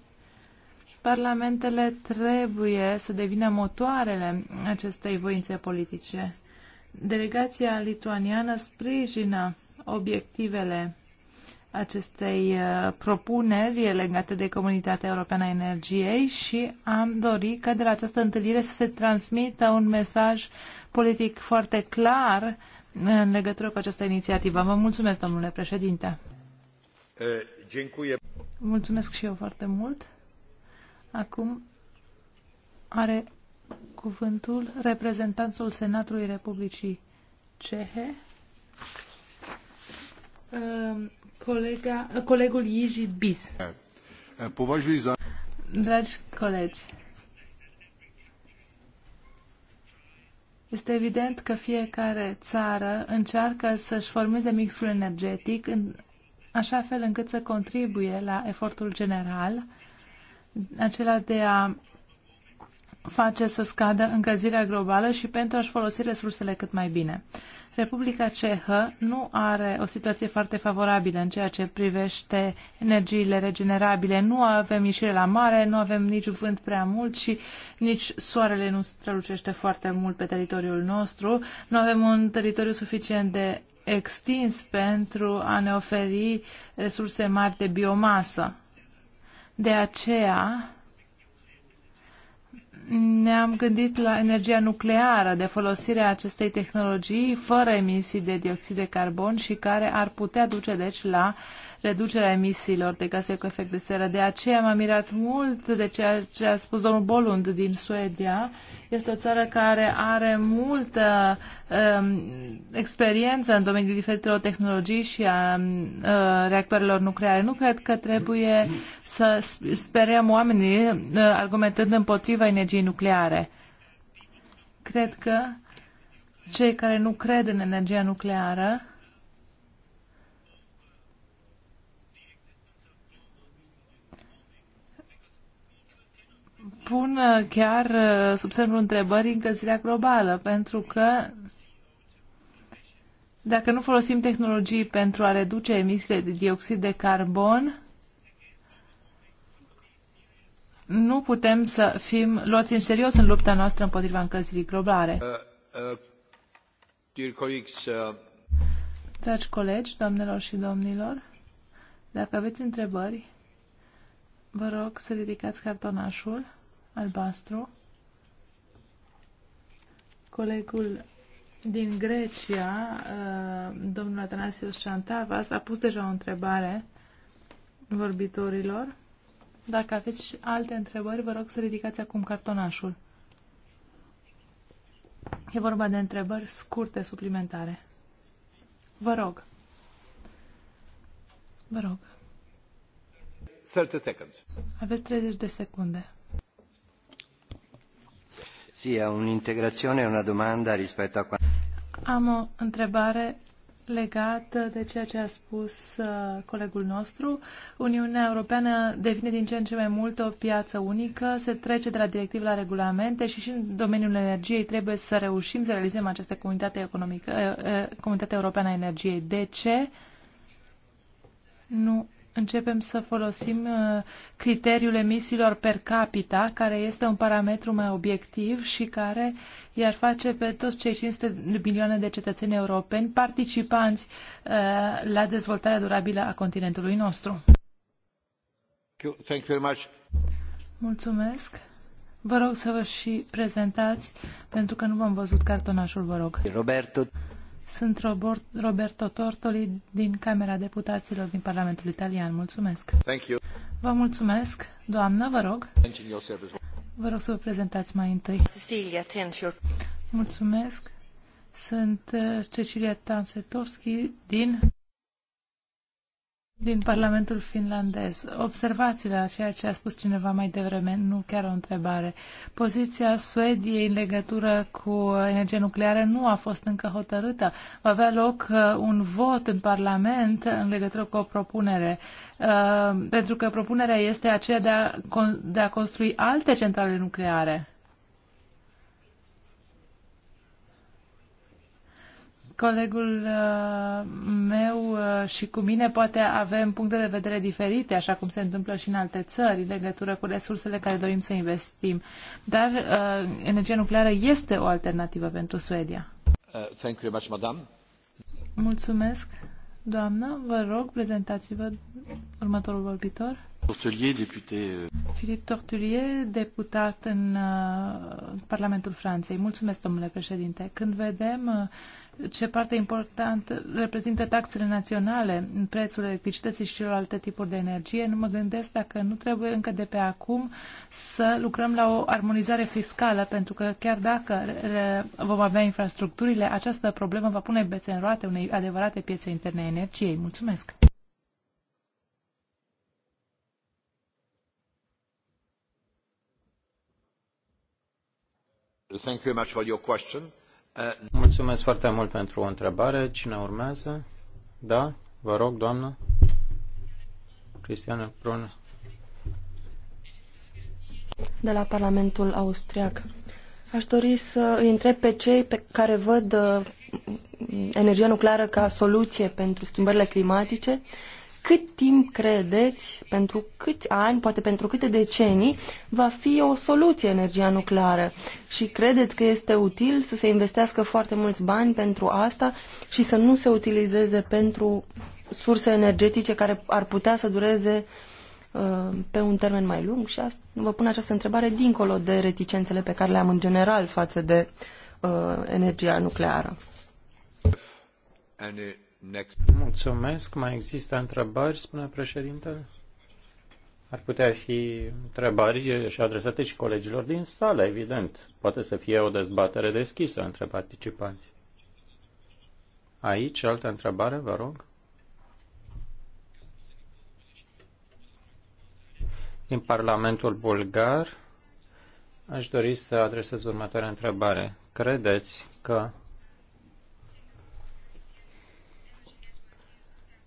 Parlamentele trebuie să devină motoarele acestei voințe politice. Delegația lituaniană sprijină obiectivele acestei uh, propuneri legate de Comunitatea Europeană a Energiei și am dorit ca de la această întâlnire să se transmită un mesaj politic foarte clar în legătură cu această inițiativă. Vă mulțumesc, domnule președinte.
Eh,
mulțumesc și eu foarte mult. Acum are cuvântul reprezentantul Senatului Republicii Cehe, um, colega, colegul Iji Bis. Dragi colegi, este evident că fiecare țară încearcă să-și formeze mixul energetic în așa fel încât să contribuie la efortul general acela de a face să scadă încălzirea globală și pentru a-și folosi resursele cât mai bine. Republica Cehă nu are o situație foarte favorabilă în ceea ce privește energiile regenerabile. Nu avem ieșire la mare, nu avem nici vânt prea mult și nici soarele nu strălucește foarte mult pe teritoriul nostru. Nu avem un teritoriu suficient de extins pentru a ne oferi resurse mari de biomasă. De aceea ne-am gândit la energia nucleară, de folosirea acestei tehnologii fără emisii de dioxid de carbon și care ar putea duce deci la uh, reducerea emisiilor de gaze cu efect de seră. De aceea m-am mirat mult de ceea ce a spus domnul Bolund din Suedia. Este o țară care are multă um, experiență în domeniul diferitelor tehnologii și a um, uh, reactoarelor nucleare. Nu cred că trebuie să sperăm oamenii uh, argumentând împotriva energiei nucleare. Cred că cei care nu cred în energia nucleară pun uh, chiar uh, sub semnul întrebării încălzirea globală, pentru că dacă nu folosim tehnologii pentru a reduce emisiile de dioxid de carbon, nu putem să fim luați în serios în lupta noastră împotriva încălzirii globale.
Uh, uh, uh
Dragi colegi, doamnelor și domnilor, dacă aveți întrebări, vă rog să ridicați cartonașul albastru. Colegul din Grecia, uh, domnul Atanasios Chantavas, a pus deja o întrebare vorbitorilor. Dacă aveți și alte întrebări, vă rog să ridicați acum cartonașul. E vorba de întrebări scurte, suplimentare. Vă rog. Vă rog.
30 seconds.
Aveți 30 de secunde. Am o întrebare legată de ceea ce a spus uh, colegul nostru. Uniunea Europeană devine din ce în ce mai mult o piață unică, se trece de la directivă la regulamente și și în domeniul energiei trebuie să reușim să realizăm această comunitate, economică, uh, uh, comunitate europeană a energiei. De ce nu începem să folosim uh, criteriul emisiilor per capita, care este un parametru mai obiectiv și care i-ar face pe toți cei 500 milioane de cetățeni europeni participanți uh, la dezvoltarea durabilă a continentului nostru.
Thank you very much.
Mulțumesc. Vă rog să vă și prezentați, pentru că nu v-am văzut cartonașul, vă rog. Roberto. Sunt Roberto Tortoli din Camera Deputaților din Parlamentul Italian. Mulțumesc. Thank you. Vă mulțumesc. Doamnă, vă rog. Vă rog să vă prezentați mai întâi. Cecilia Tenfior. Mulțumesc. Sunt uh, Cecilia Tansetovski din din Parlamentul finlandez. Observați la ceea ce a spus cineva mai devreme, nu chiar o întrebare. Poziția Suediei în legătură cu energia nucleară nu a fost încă hotărâtă. Va avea loc uh, un vot în Parlament în legătură cu o propunere. Uh, pentru că propunerea este aceea de a, de a construi alte centrale nucleare. colegul uh, meu uh, și cu mine poate avem puncte de vedere diferite, așa cum se întâmplă și în alte țări, în legătură cu resursele care dorim să investim. Dar uh, energia nucleară este o alternativă pentru Suedia.
thank you very much, madam.
Mulțumesc. Doamnă, vă rog, prezentați-vă următorul vorbitor.
Tortelier, deputé...
Euh. Tortelier, deputat în uh, Parlamentul Franței. Mulțumesc, domnule președinte. Când vedem uh, ce parte importantă reprezintă taxele naționale în prețul electricității și celorlalte tipuri de energie, nu mă gândesc dacă nu trebuie încă de pe acum să lucrăm la o armonizare fiscală, pentru că chiar dacă vom avea infrastructurile, această problemă va pune bețe în roate unei adevărate piețe interne a energiei. Mulțumesc!
Uh, Mulțumesc foarte mult pentru o întrebare. Cine urmează? Da? Vă rog, doamnă. Cristiana Prună.
De la Parlamentul Austriac. Aș dori să îi întreb pe cei pe care văd uh, energia nucleară ca soluție pentru schimbările climatice cât timp credeți, pentru câți ani, poate pentru câte decenii, va fi o soluție energia nucleară? Și credeți că este util să se investească foarte mulți bani pentru asta și să nu se utilizeze pentru surse energetice care ar putea să dureze uh, pe un termen mai lung și asta, vă pun această întrebare dincolo de reticențele pe care le am în general față de uh, energia nucleară.
And it Next. Mulțumesc. Mai există întrebări, spune președintele? Ar putea fi întrebări și adresate și colegilor din sală, evident. Poate să fie o dezbatere deschisă între participanți. Aici, altă întrebare, vă rog. Din Parlamentul Bulgar, aș dori să adresez următoarea întrebare. Credeți că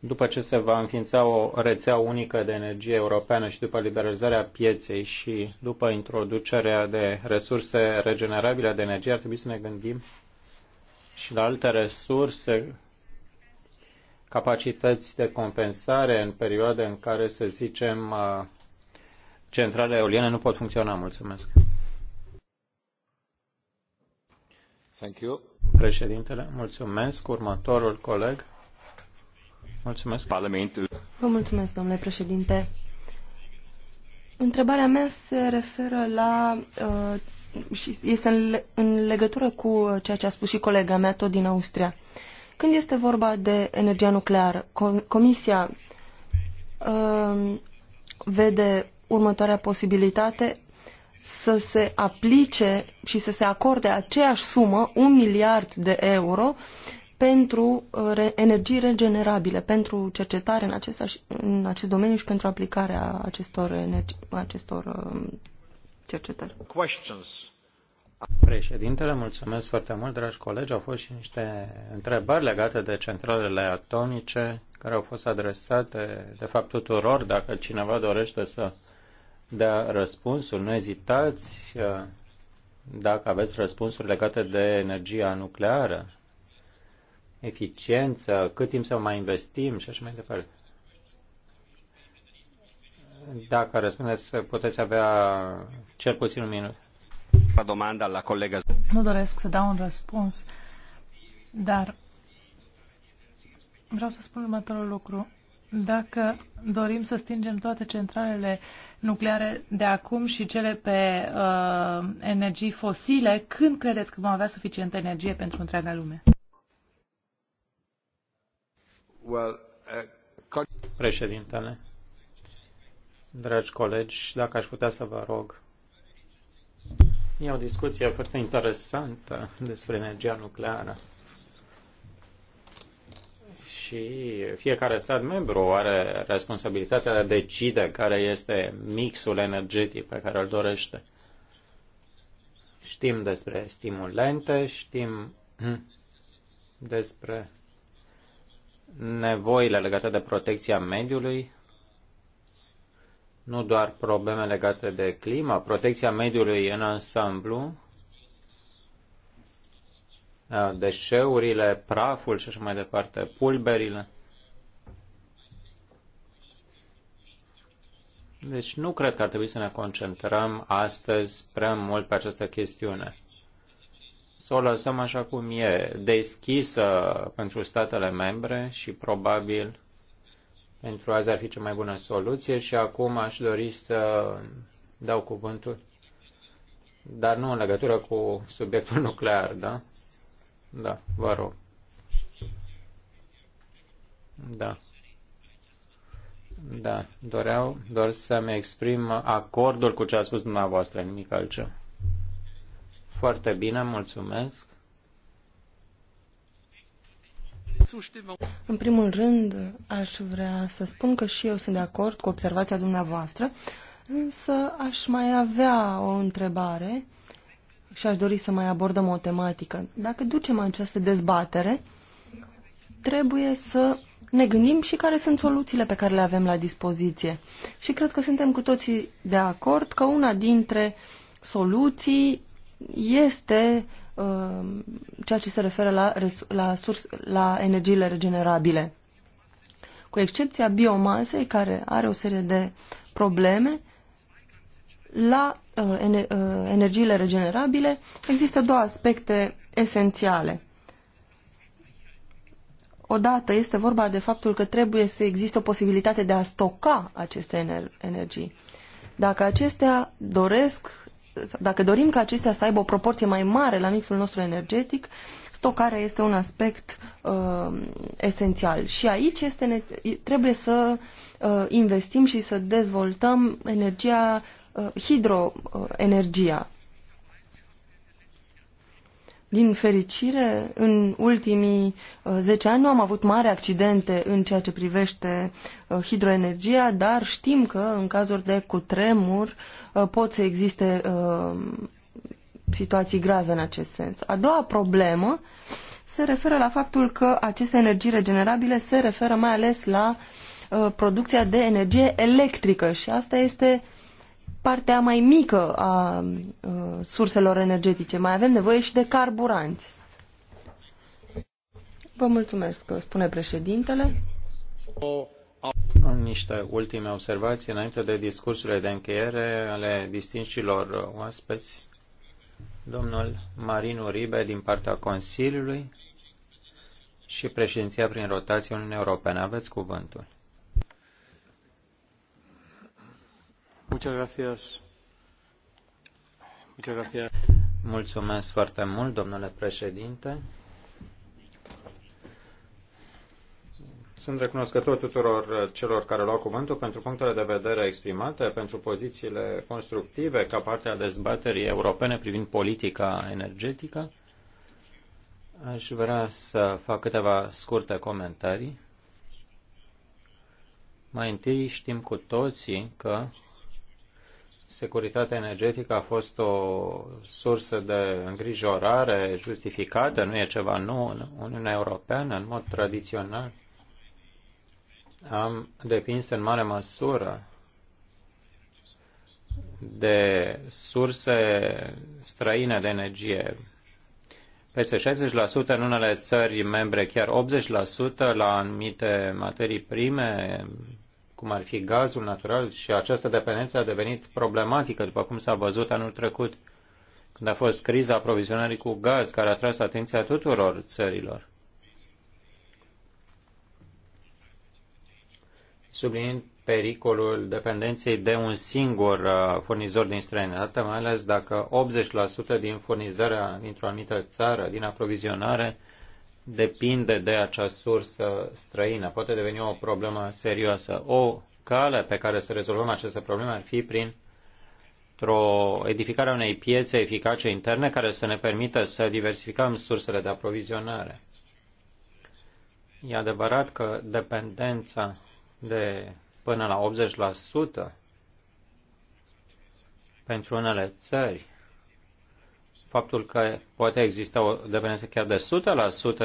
după ce se va înființa o rețea unică de energie europeană și după liberalizarea pieței și după introducerea de resurse regenerabile de energie, ar trebui să ne gândim și la alte resurse, capacități de compensare în perioade în care, să zicem, centralele eoliene nu pot funcționa. Mulțumesc. Thank you. Președintele, mulțumesc. Următorul coleg. Mulțumesc. Parlamentul.
Vă mulțumesc, domnule președinte. Întrebarea mea se referă la uh, și este în, legătură cu ceea ce a spus și colega mea tot din Austria. Când este vorba de energia nucleară, Comisia uh, vede următoarea posibilitate să se aplice și să se acorde aceeași sumă, un miliard de euro, pentru uh, energii regenerabile, pentru cercetare în acest, în acest domeniu și pentru aplicarea acestor, acestor um, cercetări.
Questions. Președintele, mulțumesc foarte mult, dragi colegi. Au fost și niște întrebări legate de centralele atomice care au fost adresate, de fapt, tuturor. Dacă cineva dorește să dea răspunsul, nu ezitați. Dacă aveți răspunsuri legate de energia nucleară, eficiență, cât timp să mai investim și așa mai departe. Dacă răspundeți, puteți avea cel puțin un minut. la colega.
Nu doresc să dau un răspuns, dar vreau să spun următorul lucru. Dacă dorim să stingem toate centralele nucleare de acum și cele pe uh, energii fosile, când credeți că vom avea suficientă energie pentru întreaga lume?
Uh, Președintele, dragi colegi, dacă aș putea să vă rog, e o discuție foarte interesantă despre energia nucleară. Și fiecare stat membru are responsabilitatea de a decide care este mixul energetic pe care îl dorește. Știm despre stimulente, știm <clears throat> despre nevoile legate de protecția mediului, nu doar probleme legate de climă, protecția mediului în ansamblu, da, deșeurile, praful și așa mai departe, pulberile. Deci nu cred că ar trebui să ne concentrăm astăzi prea mult pe această chestiune să o lăsăm așa cum e, deschisă pentru statele membre și probabil pentru azi ar fi cea mai bună soluție și acum aș dori să dau cuvântul, dar nu în legătură cu subiectul <laughs> nuclear, da? Da, vă rog. Da. Da, doreau doar să-mi exprim acordul cu ce a spus dumneavoastră, nimic altceva. Foarte bine, mulțumesc.
În primul rând, aș vrea să spun că și eu sunt de acord cu observația dumneavoastră, însă aș mai avea o întrebare și aș dori să mai abordăm o tematică. Dacă ducem această dezbatere, trebuie să ne gândim și care sunt soluțiile pe care le avem la dispoziție. Și cred că suntem cu toții de acord că una dintre soluții este uh, ceea ce se referă la, la, surs, la energiile regenerabile. Cu excepția biomasei, care are o serie de probleme, la uh, ener, uh, energiile regenerabile există două aspecte esențiale. Odată este vorba de faptul că trebuie să existe o posibilitate de a stoca aceste ener energii. Dacă acestea doresc dacă dorim ca acestea să aibă o proporție mai mare la mixul nostru energetic, stocarea este un aspect uh, esențial. Și aici este, trebuie să uh, investim și să dezvoltăm energia, uh, hidroenergia. Uh, din fericire, în ultimii 10 uh, ani nu am avut mari accidente în ceea ce privește uh, hidroenergia, dar știm că în cazuri de cutremur uh, pot să existe situații grave în acest sens. A doua problemă se referă la faptul că aceste energii regenerabile se referă mai ales la producția de energie electrică și asta este uh, partea mai mică a surselor energetice. Mai avem nevoie și de carburanți. Vă mulțumesc, spune președintele.
Niște ultime observații înainte de discursurile de încheiere ale distinșilor oaspeți. Domnul Marinu Ribe din partea Consiliului și președinția prin rotație Uniunii Europene. Aveți cuvântul. Mulțumesc foarte mult, domnule președinte. Sunt recunoscător tuturor celor care luau cuvântul pentru punctele de vedere exprimate, pentru pozițiile constructive ca parte a dezbaterii europene privind politica energetică. Aș vrea să fac câteva scurte comentarii. Mai întâi știm cu toții că securitatea energetică a fost o sursă de îngrijorare justificată, nu e ceva nou în Uniunea Europeană, în mod tradițional. Am depins în mare măsură de surse străine de energie. Peste 60% în unele țări membre, chiar 80% la anumite materii prime, cum ar fi gazul natural și această dependență a devenit problematică, după cum s-a văzut anul trecut, când a fost criza aprovizionării cu gaz, care a tras atenția tuturor țărilor. Subliniind pericolul dependenței de un singur uh, furnizor din străinătate, mai ales dacă 80% din furnizarea dintr-o anumită țară, din aprovizionare, depinde de acea sursă străină. Poate deveni o problemă serioasă. O cale pe care să rezolvăm aceste probleme ar fi prin o edificare a unei piețe eficace interne care să ne permită să diversificăm sursele de aprovizionare. E adevărat că dependența de până la 80% pentru unele țări faptul că poate exista o dependență chiar de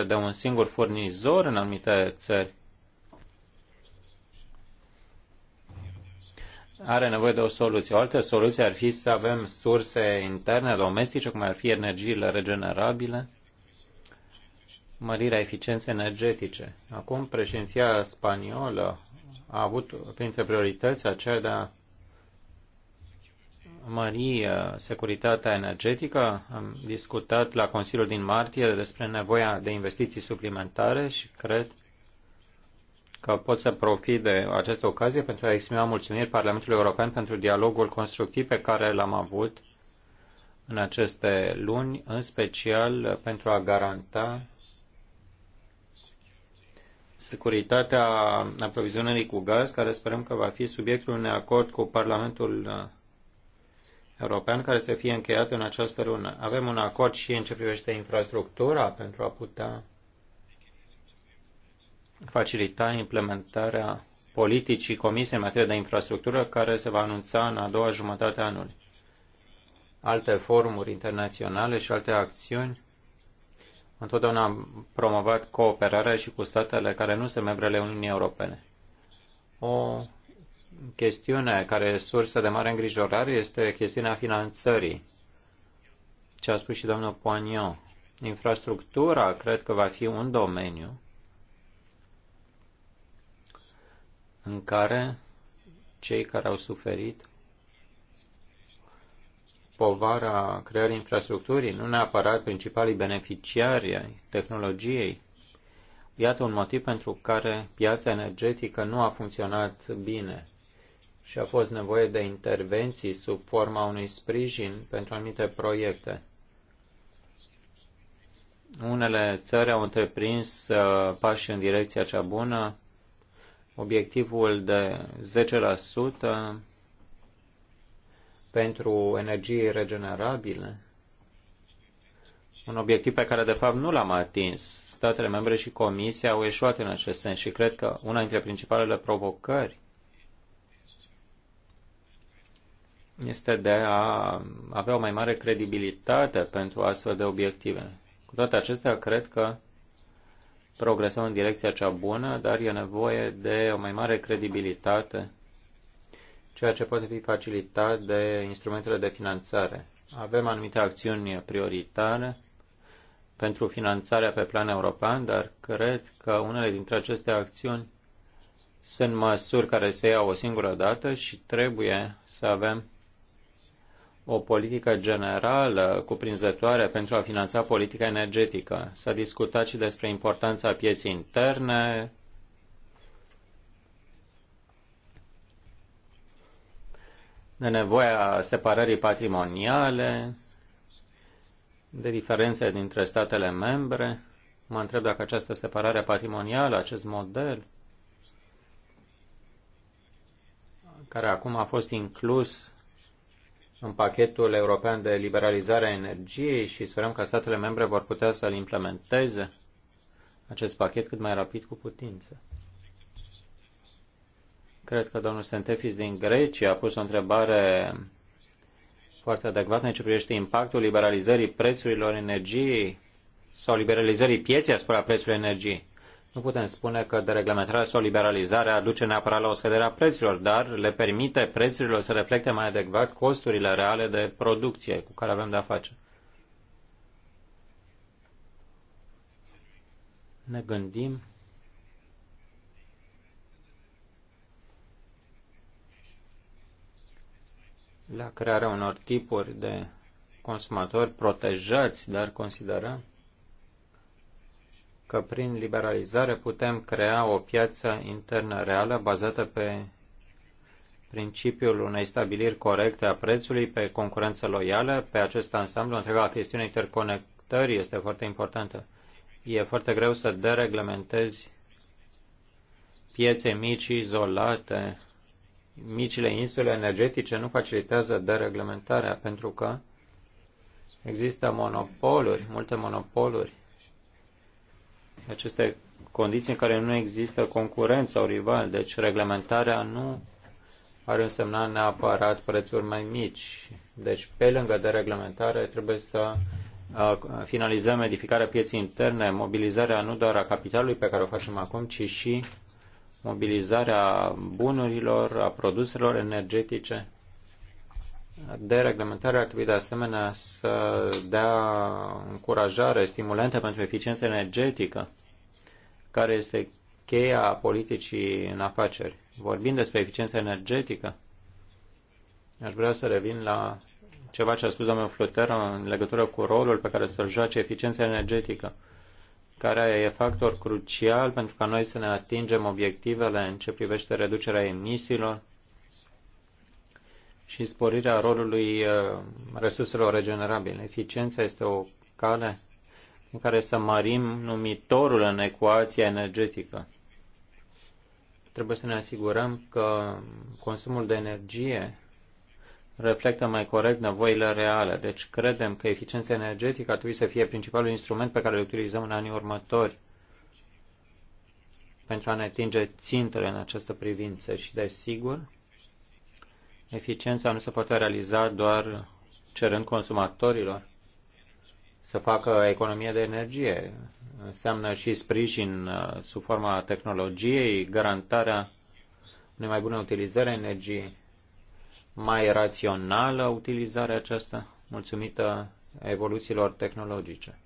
100% de un singur furnizor în anumite țări. Are nevoie de o soluție. O altă soluție ar fi să avem surse interne, domestice, cum ar fi energiile regenerabile, mărirea eficienței energetice. Acum, președinția spaniolă a avut printre priorități aceea de a mări uh, securitatea energetică. Am discutat la Consiliul din martie despre nevoia de investiții suplimentare și cred că pot să profit de această ocazie pentru a exprima mulțumiri Parlamentului European pentru dialogul constructiv pe care l-am avut în aceste luni, în special pentru a garanta securitatea aprovizionării cu gaz, care sperăm că va fi subiectul unui acord cu Parlamentul uh, european care să fie încheiat în această lună. Avem un acord și în ce privește infrastructura pentru a putea facilita implementarea politicii Comisiei în materie de infrastructură care se va anunța în a doua jumătate a anului. Alte forumuri internaționale și alte acțiuni întotdeauna am promovat cooperarea și cu statele care nu sunt membrele Uniunii Europene. O chestiune care e sursă de mare îngrijorare este chestiunea finanțării. Ce a spus și domnul Poignon. Infrastructura cred că va fi un domeniu în care cei care au suferit povara creării infrastructurii, nu neapărat principalii beneficiari ai tehnologiei. Iată un motiv pentru care piața energetică nu a funcționat bine și a fost nevoie de intervenții sub forma unui sprijin pentru anumite proiecte. Unele țări au întreprins uh, pași în direcția cea bună. Obiectivul de 10% pentru energii regenerabile, un obiectiv pe care de fapt nu l-am atins. Statele membre și Comisia au eșuat în acest sens și cred că una dintre principalele provocări este de a avea o mai mare credibilitate pentru astfel de obiective. Cu toate acestea, cred că progresăm în direcția cea bună, dar e nevoie de o mai mare credibilitate, ceea ce poate fi facilitat de instrumentele de finanțare. Avem anumite acțiuni prioritare pentru finanțarea pe plan european, dar cred că unele dintre aceste acțiuni sunt măsuri care se iau o singură dată și trebuie să avem o politică generală cuprinzătoare pentru a finanța politica energetică. S-a discutat și despre importanța pieței interne, de nevoia separării patrimoniale, de diferențe dintre statele membre. Mă întreb dacă această separare patrimonială, acest model, care acum a fost inclus în pachetul european de liberalizare a energiei și sperăm că statele membre vor putea să-l implementeze acest pachet cât mai rapid cu putință. Cred că domnul Sentefis din Grecia a pus o întrebare foarte adecvată în ce privește impactul liberalizării prețurilor energiei sau liberalizării pieței asupra prețului energiei. Nu putem spune că dereglementarea sau liberalizarea aduce neapărat la o scădere a prețurilor, dar le permite prețurilor să reflecte mai adecvat costurile reale de producție cu care avem de-a face. Ne gândim la crearea unor tipuri de consumatori protejați, dar considerăm că prin liberalizare putem crea o piață internă reală bazată pe principiul unei stabiliri corecte a prețului, pe concurență loială. Pe acest ansamblu, întreaga chestiune interconectării este foarte importantă. E foarte greu să dereglementezi piețe mici, izolate. Micile insule energetice nu facilitează dereglementarea pentru că există monopoluri, multe monopoluri aceste condiții în care nu există concurență sau rival, deci reglementarea nu ar însemna neapărat prețuri mai mici. Deci, pe lângă de reglementare, trebuie să finalizăm edificarea pieții interne, mobilizarea nu doar a capitalului pe care o facem acum, ci și mobilizarea bunurilor, a produselor energetice de reglementare ar trebui de asemenea să dea încurajare, stimulente pentru eficiență energetică, care este cheia politicii în afaceri. Vorbind despre eficiență energetică, aș vrea să revin la ceva ce a spus domnul Fluter în legătură cu rolul pe care să-l joace eficiența energetică, care e factor crucial pentru ca noi să ne atingem obiectivele în ce privește reducerea emisiilor, și sporirea rolului uh, resurselor regenerabile. Eficiența este o cale în care să mărim numitorul în ecuația energetică. Trebuie să ne asigurăm că consumul de energie reflectă mai corect nevoile reale. Deci credem că eficiența energetică ar trebui să fie principalul instrument pe care îl utilizăm în anii următori pentru a ne atinge țintele în această privință și, desigur, Eficiența nu se poate realiza doar cerând consumatorilor să facă economie de energie. Înseamnă și sprijin uh, sub forma tehnologiei, garantarea unei mai bune utilizări a energiei, mai rațională utilizarea aceasta, mulțumită evoluțiilor tehnologice.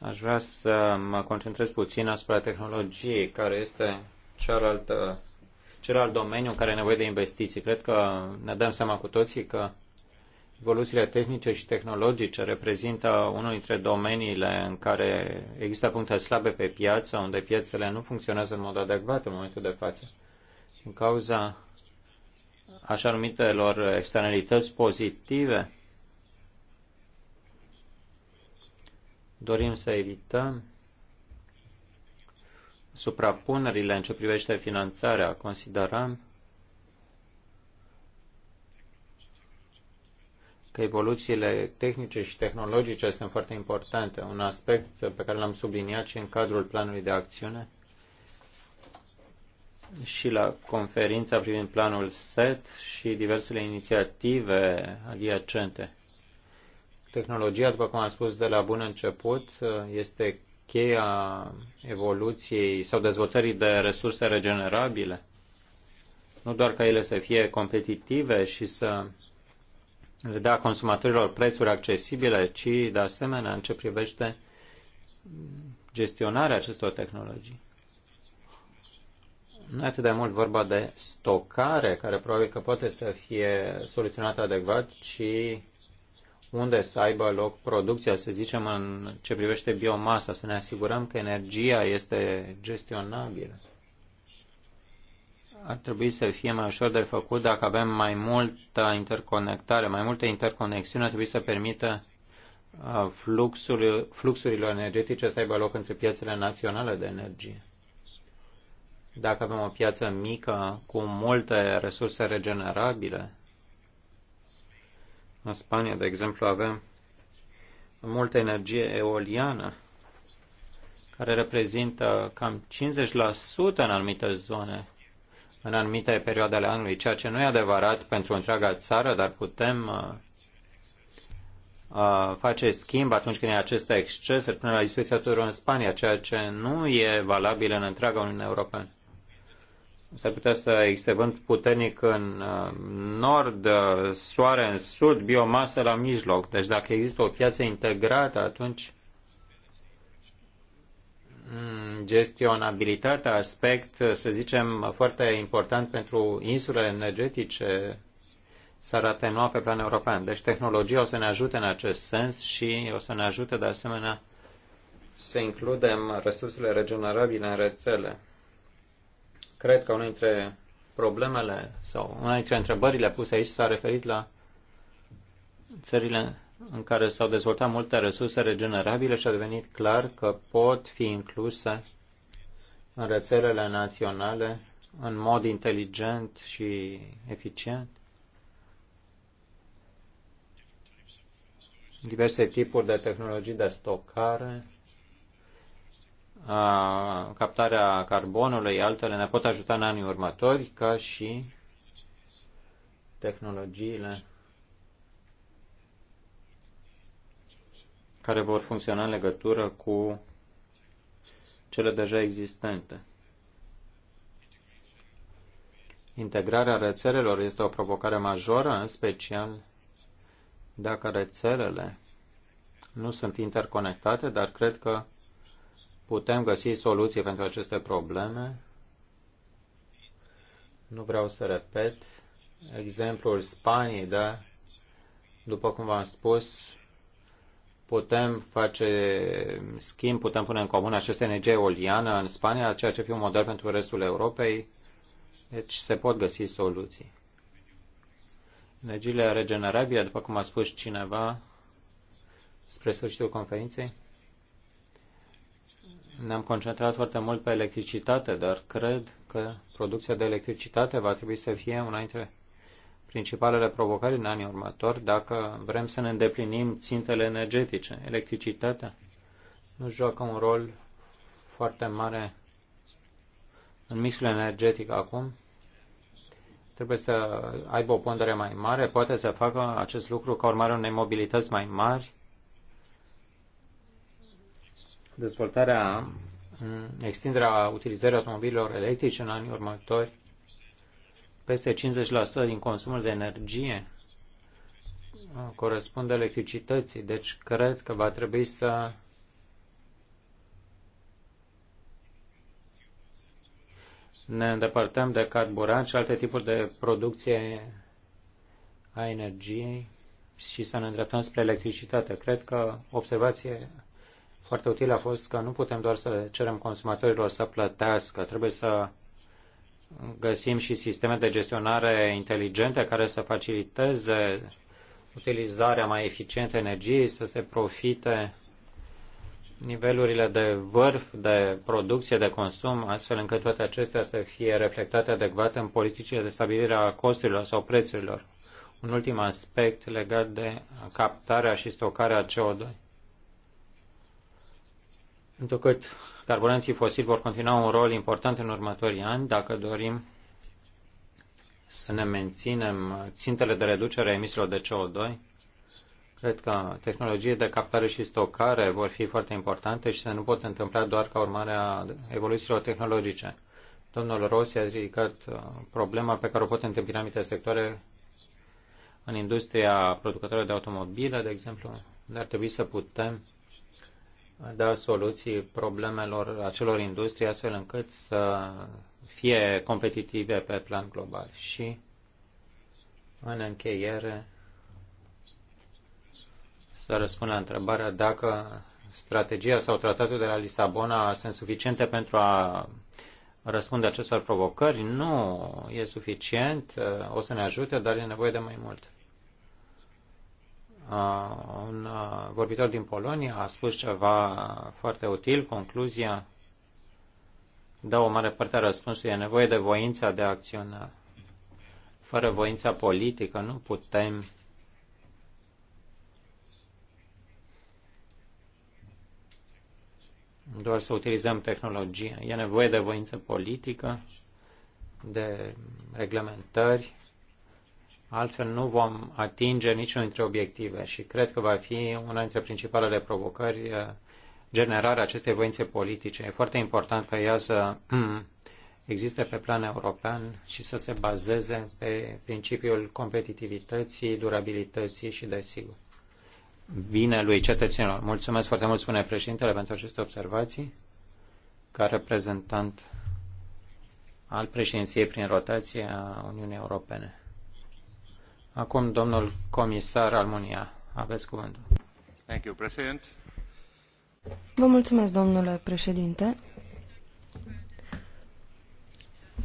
Aș vrea să mă concentrez puțin asupra tehnologiei, care este cealaltă, celălalt domeniu care are nevoie de investiții. Cred că ne dăm seama cu toții că evoluțiile tehnice și tehnologice reprezintă unul dintre domeniile în care există puncte slabe pe piață, unde piețele nu funcționează în mod adecvat în momentul de față. Din cauza așa numitelor externalități pozitive, Dorim să evităm suprapunerile în ce privește finanțarea. Considerăm că evoluțiile tehnice și tehnologice sunt foarte importante. Un aspect pe care l-am subliniat și în cadrul planului de acțiune și la conferința privind planul SET și diversele inițiative adiacente. Tehnologia, după cum am spus de la bun început, este cheia evoluției sau dezvoltării de resurse regenerabile. Nu doar ca ele să fie competitive și să le dea consumatorilor prețuri accesibile, ci de asemenea în ce privește gestionarea acestor tehnologii. Nu e atât de mult vorba de stocare, care probabil că poate să fie soluționată adecvat, ci unde să aibă loc producția, să zicem, în ce privește biomasa, să ne asigurăm că energia este gestionabilă. Ar trebui să fie mai ușor de făcut dacă avem mai multă interconectare, mai multă interconexiune, ar trebui să permită uh, fluxul, fluxurilor energetice să aibă loc între piațele naționale de energie. Dacă avem o piață mică cu multe resurse regenerabile, în Spania, de exemplu, avem multă energie eoliană, care reprezintă cam 50% în anumite zone, în anumite perioade ale anului, ceea ce nu e adevărat pentru întreaga țară, dar putem uh, uh, face schimb atunci când e acest exces, până la dispoziția tuturor în Spania, ceea ce nu e valabil în întreaga Uniune Europeană. S-ar putea să existe vânt puternic în uh, nord, uh, soare în sud, biomasă la mijloc. Deci dacă există o piață integrată, atunci mm, gestionabilitatea, aspect, să zicem, foarte important pentru insulele energetice s-ar atenua pe plan european. Deci tehnologia o să ne ajute în acest sens și o să ne ajute de asemenea să includem resursele regenerabile în rețele. Cred că una dintre problemele sau una dintre întrebările puse aici s-a referit la țările în care s-au dezvoltat multe resurse regenerabile și a devenit clar că pot fi incluse în rețelele naționale în mod inteligent și eficient? Diverse tipuri de tehnologii de stocare, captarea carbonului, altele ne pot ajuta în anii următori, ca și tehnologiile care vor funcționa în legătură cu cele deja existente. Integrarea rețelelor este o provocare majoră, în special dacă rețelele nu sunt interconectate, dar cred că putem găsi soluții pentru aceste probleme. Nu vreau să repet exemplul Spaniei, dar, după cum v-am spus, putem face schimb, putem pune în comun această energie eoliană în Spania, ceea ce fi un model pentru restul Europei, deci se pot găsi soluții. Energiile regenerabile, după cum a spus cineva spre sfârșitul conferinței, ne-am concentrat foarte mult pe electricitate, dar cred că producția de electricitate va trebui să fie una dintre principalele provocări în anii următori dacă vrem să ne îndeplinim țintele energetice. Electricitatea nu joacă un rol foarte mare în mixul energetic acum. Trebuie să aibă o pondere mai mare, poate să facă acest lucru ca urmare unei mobilități mai mari, dezvoltarea, mm, extinderea utilizării automobililor electrice în anii următori, peste 50% din consumul de energie uh, corespunde electricității, deci cred că va trebui să ne îndepărtăm de carburant și alte tipuri de producție a energiei și să ne îndreptăm spre electricitate. Cred că observație foarte util a fost că nu putem doar să cerem consumatorilor să plătească, trebuie să găsim și sisteme de gestionare inteligente care să faciliteze utilizarea mai eficientă energiei, să se profite nivelurile de vârf, de producție, de consum, astfel încât toate acestea să fie reflectate adecvat în politicile de stabilire a costurilor sau prețurilor. Un ultim aspect legat de captarea și stocarea CO2 întrucât carburanții fosili vor continua un rol important în următorii ani dacă dorim să ne menținem țintele de reducere a emisiilor de CO2. Cred că tehnologie de captare și stocare vor fi foarte importante și se nu pot întâmpla doar ca urmare a evoluțiilor tehnologice. Domnul Rossi a ridicat uh, problema pe care o pot întâmpina anumite sectoare în industria producătorilor de automobile, de exemplu, dar ar trebui să putem da soluții problemelor acelor industrii astfel încât să fie competitive pe plan global. Și în încheiere să răspund la întrebarea dacă strategia sau tratatul de la Lisabona sunt suficiente pentru a răspunde acestor provocări. Nu e suficient, o să ne ajute, dar e nevoie de mai mult un vorbitor din Polonia a spus ceva foarte util, concluzia dă o mare parte a răspunsului, e nevoie de voința de a acționa. Fără voința politică nu putem doar să utilizăm tehnologia. E nevoie de voință politică, de reglementări, Altfel nu vom atinge niciunul dintre obiective și cred că va fi una dintre principalele provocări eh, generarea acestei voințe politice. E foarte important ca ea să <clears throat> existe pe plan european și să se bazeze pe principiul competitivității, durabilității și, desigur, binelui cetățenilor. Mulțumesc foarte mult, spune președintele, pentru aceste observații. Ca reprezentant al președinției prin rotație a Uniunii Europene. Acum, domnul comisar Almunia, aveți cuvântul. Thank you, President.
Vă mulțumesc, domnule președinte.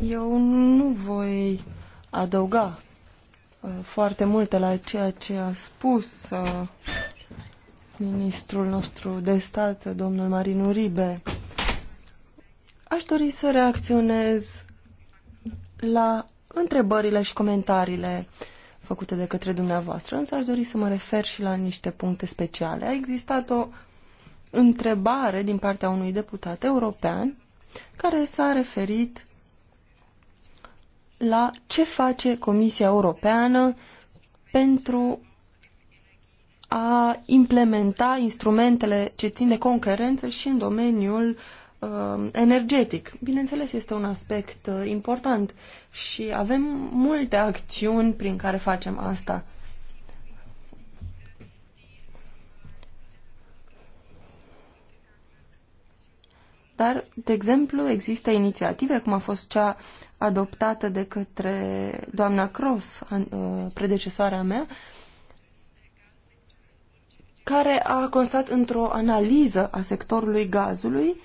Eu nu voi adăuga uh, foarte multe la ceea ce a spus uh, ministrul nostru de stat, domnul Marinu Ribe. Aș dori să reacționez la întrebările și comentariile uh, făcute de către dumneavoastră, însă aș dori să mă refer și la niște puncte speciale. A existat o întrebare din partea unui deputat european care s-a referit la ce face Comisia Europeană pentru a implementa instrumentele ce țin de concurență și în domeniul Um, energetic. Bineînțeles, este un aspect uh, important și avem multe acțiuni prin care facem asta. Dar, de exemplu, există inițiative, cum a fost cea adoptată de către doamna Cross, uh, predecesoarea mea, care a constat într-o analiză a sectorului gazului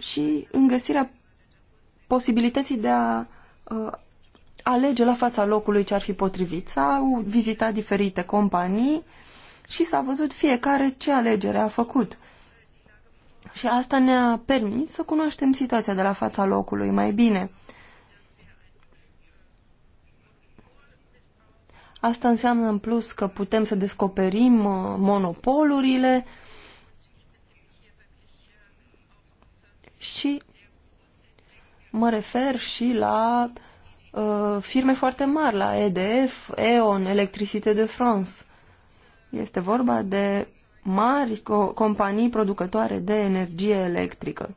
și în găsirea posibilității de a uh, alege la fața locului ce ar fi potrivit. S-au vizitat diferite companii și s-a văzut fiecare ce alegere a făcut. Și asta ne-a permis să cunoaștem situația de la fața locului mai bine. Asta înseamnă în plus că putem să descoperim uh, monopolurile, și mă refer și la uh, firme foarte mari, la EDF, E.ON, Electricité de France. Este vorba de mari co companii producătoare de energie electrică.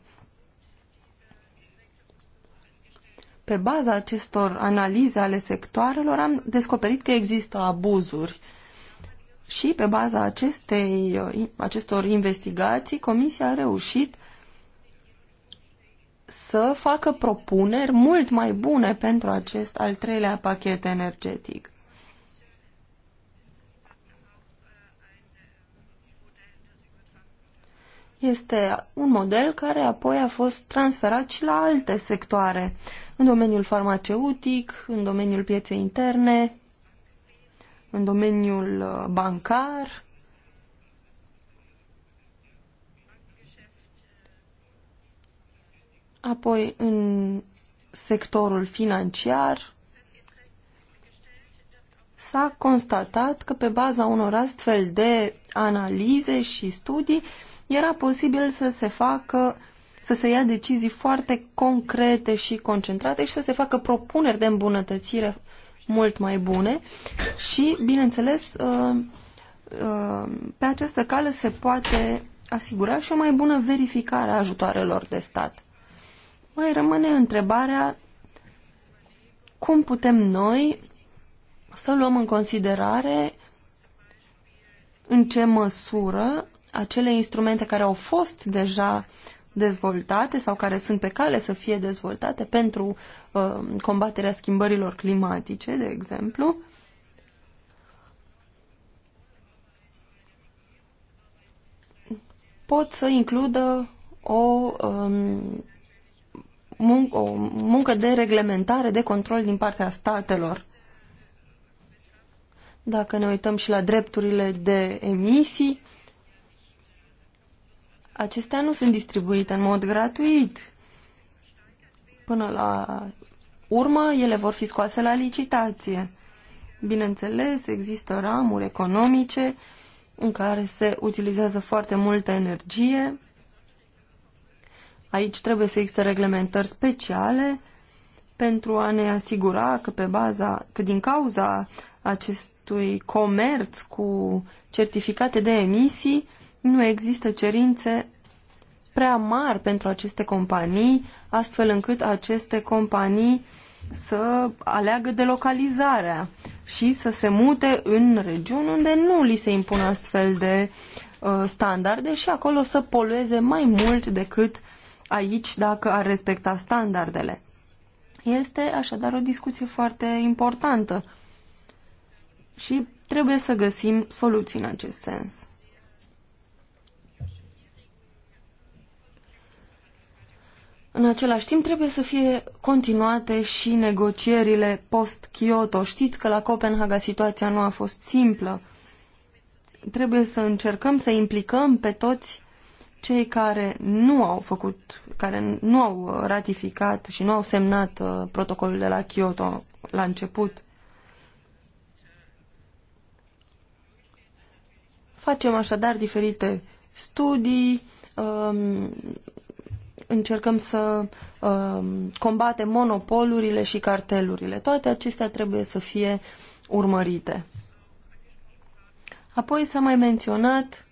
Pe baza acestor analize ale sectoarelor am descoperit că există abuzuri și pe baza acestei, uh, acestor investigații Comisia a reușit să facă propuneri mult mai bune pentru acest al treilea pachet energetic. Este un model care apoi a fost transferat și la alte sectoare, în domeniul farmaceutic, în domeniul pieței interne, în domeniul uh, bancar, Apoi, în sectorul financiar, s-a constatat că pe baza unor astfel de analize și studii era posibil să se facă să se ia decizii foarte concrete și concentrate și să se facă propuneri de îmbunătățire mult mai bune și, bineînțeles, ă, ă, pe această cale se poate asigura și o mai bună verificare a ajutoarelor de stat mai rămâne întrebarea cum putem noi să luăm în considerare în ce măsură acele instrumente care au fost deja dezvoltate sau care sunt pe cale să fie dezvoltate pentru uh, combaterea schimbărilor climatice, de exemplu, pot să includă o um, mun o muncă de reglementare, de control din partea statelor. Dacă ne uităm și la drepturile de emisii, acestea nu sunt distribuite în mod gratuit. Până la urmă, ele vor fi scoase la licitație. Bineînțeles, există ramuri economice în care se utilizează foarte multă energie Aici trebuie să existe reglementări speciale pentru a ne asigura că pe baza, că din cauza acestui comerț cu certificate de emisii nu există cerințe prea mari pentru aceste companii, astfel încât aceste companii să aleagă de localizarea și să se mute în regiuni unde nu li se impun astfel de uh, standarde și acolo să polueze mai mult decât aici dacă ar respecta standardele. Este așadar o discuție foarte importantă și trebuie să găsim soluții în acest sens. În același timp, trebuie să fie continuate și negocierile post-Kyoto. Știți că la Copenhaga situația nu a fost simplă. Trebuie să încercăm să implicăm pe toți cei care nu au făcut, care nu au uh, ratificat și nu au semnat uh, protocolul de la Kyoto la început. Facem așadar diferite studii, um, încercăm să um, combatem monopolurile și cartelurile. Toate acestea trebuie să fie urmărite. Apoi s-a mai menționat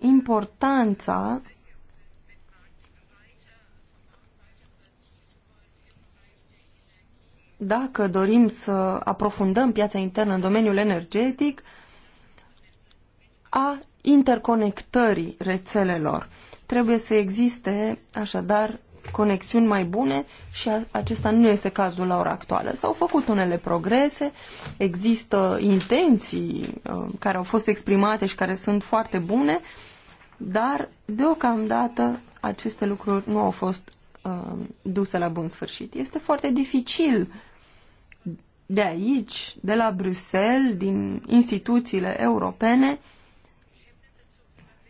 importanța dacă dorim să aprofundăm piața internă în domeniul energetic, a interconectării rețelelor. Trebuie să existe, așadar, conexiuni mai bune și acesta nu este cazul la ora actuală. S-au făcut unele progrese, există intenții um, care au fost exprimate și care sunt foarte bune, dar deocamdată aceste lucruri nu au fost um, duse la bun sfârșit. Este foarte dificil de aici, de la Bruxelles, din instituțiile europene,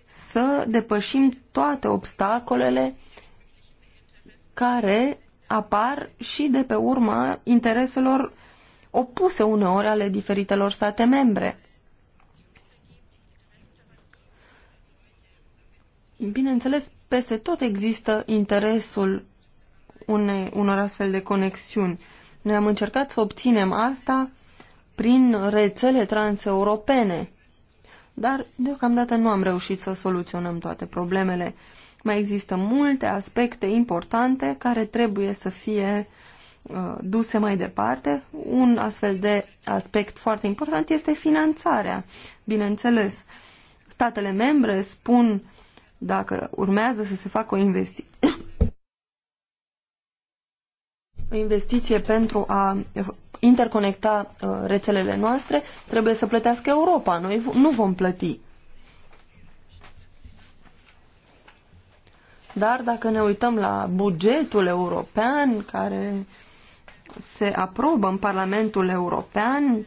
să depășim toate obstacolele care apar și de pe urma intereselor opuse uneori ale diferitelor state membre. Bineînțeles, peste tot există interesul une, unor astfel de conexiuni. Noi am încercat să obținem asta prin rețele transeuropene, dar deocamdată nu am reușit să soluționăm toate problemele. Mai există multe aspecte importante care trebuie să fie uh, duse mai departe. Un astfel de aspect foarte important este finanțarea. Bineînțeles, statele membre spun dacă urmează să se facă o investiție <coughs> o investiție pentru a uh, interconecta uh, rețelele noastre, trebuie să plătească Europa. Noi nu vom plăti. Dar dacă ne uităm la bugetul european care se aprobă în Parlamentul European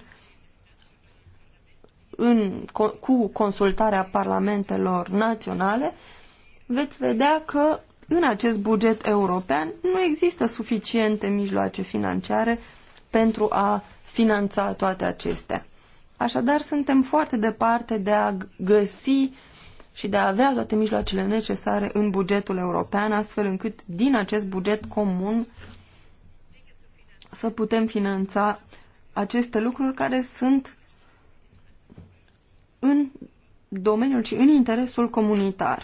în, cu consultarea parlamentelor naționale, veți vedea că în acest buget european nu există suficiente mijloace financiare pentru a finanța toate acestea. Așadar, suntem foarte departe de a găsi și de a avea toate mijloacele necesare în bugetul european, astfel încât din acest buget comun să putem finanța aceste lucruri care sunt în domeniul și în interesul comunitar.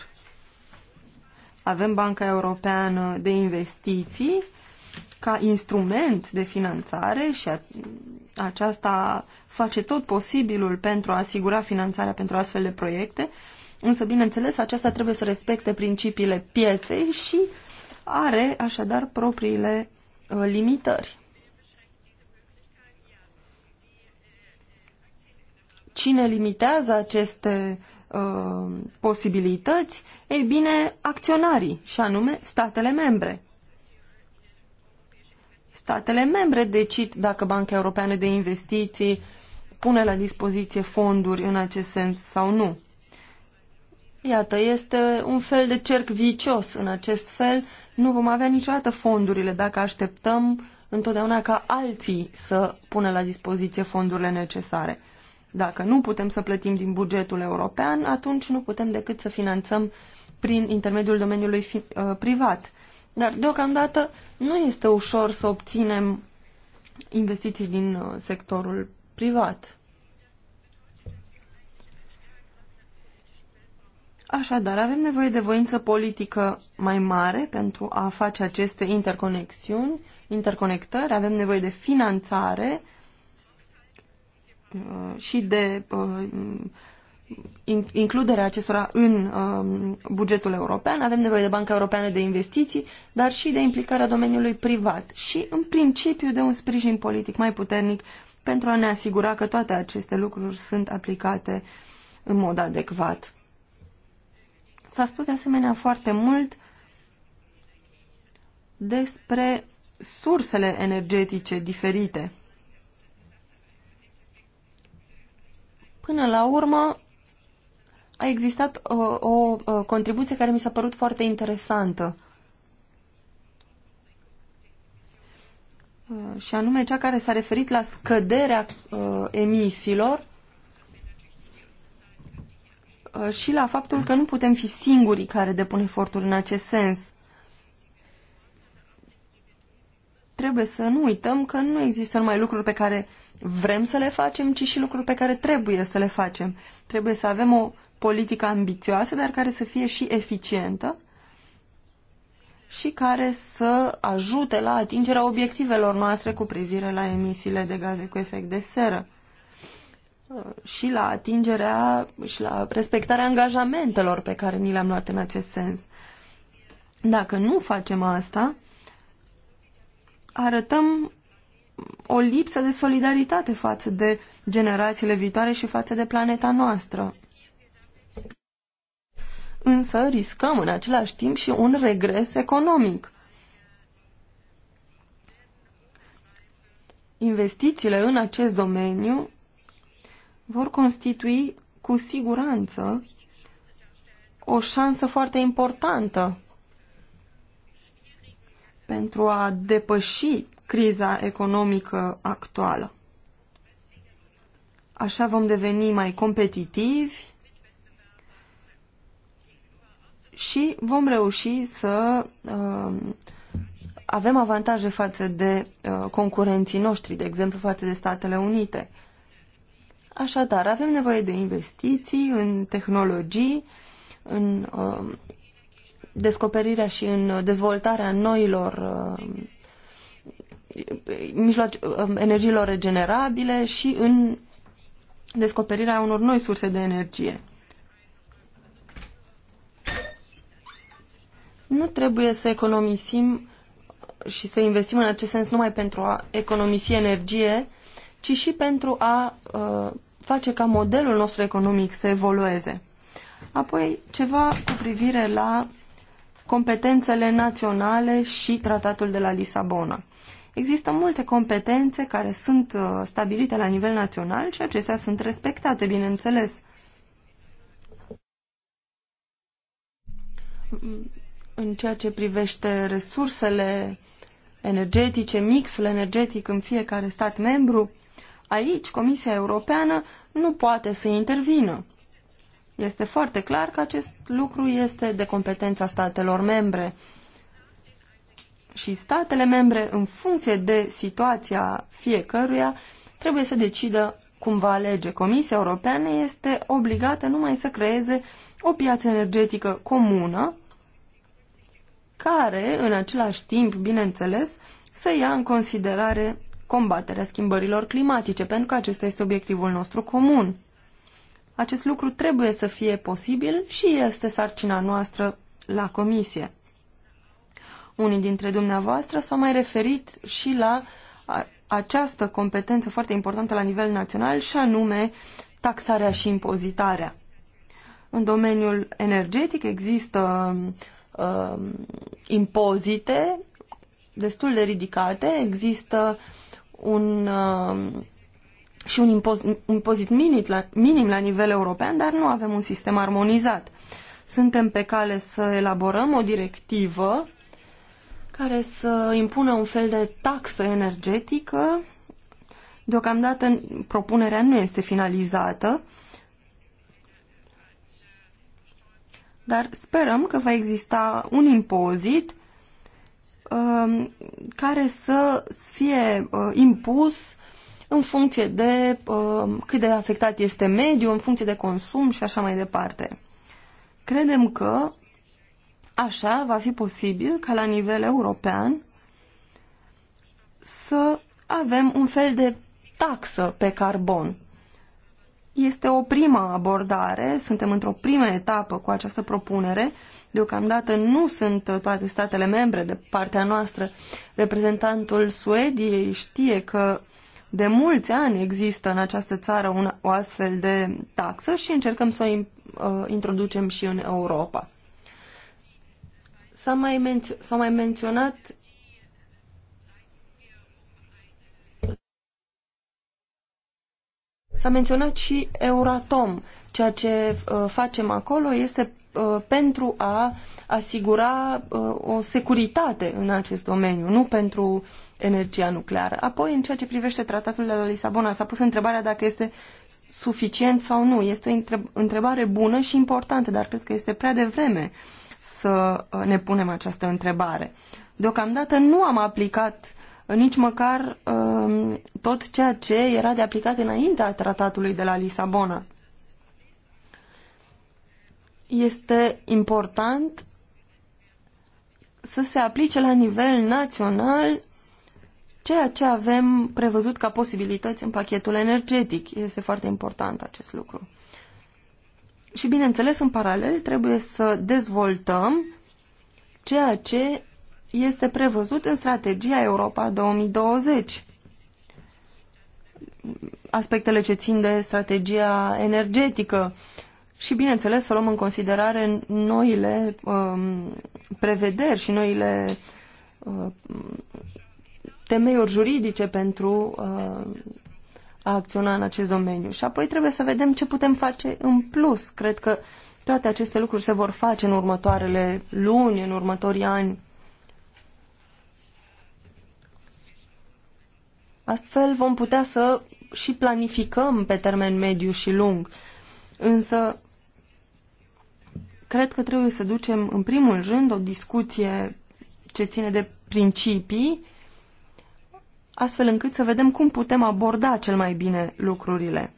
Avem Banca Europeană de Investiții ca instrument de finanțare și aceasta face tot posibilul pentru a asigura finanțarea pentru astfel de proiecte, Însă, bineînțeles, aceasta trebuie să respecte principiile pieței și are așadar propriile uh, limitări. Cine limitează aceste uh, posibilități? Ei bine, acționarii, și anume statele membre. Statele membre decid dacă Banca Europeană de Investiții pune la dispoziție fonduri în acest sens sau nu. Iată, este un fel de cerc vicios. În acest fel nu vom avea niciodată fondurile dacă așteptăm întotdeauna ca alții să pună la dispoziție fondurile necesare. Dacă nu putem să plătim din bugetul european, atunci nu putem decât să finanțăm prin intermediul domeniului fi, uh, privat. Dar deocamdată nu este ușor să obținem investiții din uh, sectorul privat. Așadar, avem nevoie de voință politică mai mare pentru a face aceste interconexiuni, interconectări, avem nevoie de finanțare uh, și de uh, includerea acestora în um, bugetul european, avem nevoie de Banca Europeană de Investiții, dar și de implicarea domeniului privat și, în principiu, de un sprijin politic mai puternic pentru a ne asigura că toate aceste lucruri sunt aplicate în mod adecvat. S-a spus de asemenea foarte mult despre sursele energetice diferite. Până la urmă, a existat uh, o, o uh, contribuție care mi s-a părut foarte interesantă. Uh, și anume cea care s-a referit la scăderea emisiilor Uh, și la faptul că nu putem fi singurii care depun eforturi în acest sens. Trebuie să nu uităm că nu există numai lucruri pe care vrem să le facem, ci și lucruri pe care trebuie să le facem. Trebuie să avem o politică ambițioasă, dar care să fie și eficientă și care să ajute la atingerea obiectivelor noastre cu privire la emisiile de gaze cu efect de seră și la atingerea și la respectarea angajamentelor pe care ni le-am luat în acest sens. Dacă nu facem asta, arătăm o lipsă de solidaritate față de generațiile viitoare și față de planeta noastră. Însă riscăm în același timp și un regres economic. Investițiile în acest domeniu vor constitui cu siguranță o șansă foarte importantă pentru a depăși criza economică actuală. Așa vom deveni mai competitivi și vom reuși să uh, avem avantaje față de uh, concurenții noștri, de exemplu față de Statele Unite. Așadar, avem nevoie de investiții în tehnologii, în uh, descoperirea și în dezvoltarea noilor uh, mijloace, uh, energiilor regenerabile și în descoperirea unor noi surse de energie. Nu trebuie să economisim și să investim în acest sens numai pentru a economisi energie, ci și pentru a uh, face ca modelul nostru economic să evolueze. Apoi, ceva cu privire la competențele naționale și tratatul de la Lisabona. Există multe competențe care sunt uh, stabilite la nivel național și acestea sunt respectate, bineînțeles. În ceea ce privește resursele energetice, mixul energetic în fiecare stat membru, Aici Comisia Europeană nu poate să intervină. Este foarte clar că acest lucru este de competența statelor membre și statele membre, în funcție de situația fiecăruia, trebuie să decidă cum va alege. Comisia Europeană este obligată numai să creeze o piață energetică comună, care, în același timp, bineînțeles, să ia în considerare combaterea schimbărilor climatice, pentru că acesta este obiectivul nostru comun. Acest lucru trebuie să fie posibil și este sarcina noastră la comisie. Unii dintre dumneavoastră s-au mai referit și la această competență foarte importantă la nivel național și anume taxarea și impozitarea. În domeniul energetic există uh, impozite destul de ridicate, există uh, un um, și un impozit minim la, minim la nivel european, dar nu avem un sistem armonizat. Suntem pe cale să elaborăm o directivă care să impună un fel de taxă energetică. Deocamdată propunerea nu este finalizată, dar sperăm că va exista un impozit Um, care să fie uh, impus în funcție de um, cât de afectat este mediul, în funcție de consum și așa mai departe. Credem că așa va fi posibil ca la nivel european să avem un fel de taxă pe carbon. Este o primă abordare, suntem într-o primă etapă cu această propunere Deocamdată nu sunt toate statele membre de partea noastră. Reprezentantul Suediei știe că de mulți ani există în această țară un, o astfel de taxă și încercăm să o uh, introducem și în Europa. S-a mai, menț- mai menționat S-a menționat și Euratom. Ceea ce uh, facem acolo este Uh, pentru a asigura uh, o securitate în acest domeniu, nu pentru energia nucleară. Apoi, în ceea ce privește tratatul de la Lisabona, s-a pus întrebarea dacă este suficient sau nu. Este o întrebare bună și importantă, dar cred că este prea devreme să uh, ne punem această întrebare. Deocamdată nu am aplicat nici măcar tot ceea ce era de aplicat înaintea tratatului de la Lisabona este important să se aplice la nivel național ceea ce avem prevăzut ca posibilități în pachetul energetic. Este foarte important acest lucru. Și, bineînțeles, în paralel trebuie să dezvoltăm ceea ce este prevăzut în strategia Europa 2020. Aspectele ce țin de strategia energetică, și, bineînțeles, să luăm în considerare noile um, prevederi și noile uh, temeiuri juridice pentru uh, a acționa în acest domeniu. Și apoi trebuie să vedem ce putem face în plus. Cred că toate aceste lucruri se vor face în următoarele luni, în următorii ani. Astfel vom putea să și planificăm pe termen mediu și lung. Însă cred că trebuie să ducem în primul rând o discuție ce ține de principii, astfel încât să vedem cum putem aborda cel mai bine lucrurile.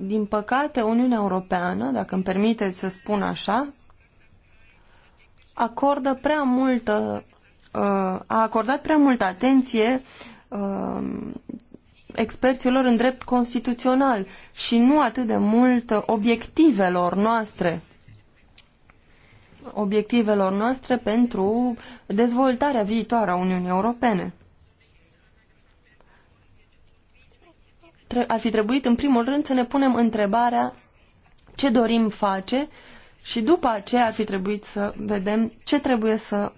Din păcate, Uniunea Europeană, dacă îmi permite să spun așa, acordă prea multă, uh, a acordat prea multă atenție uh, experților în drept constituțional și nu atât de mult obiectivelor noastre obiectivelor noastre pentru dezvoltarea viitoare a Uniunii Europene. Ar fi trebuit, în primul rând, să ne punem întrebarea ce dorim face și după aceea ar fi trebuit să vedem ce trebuie să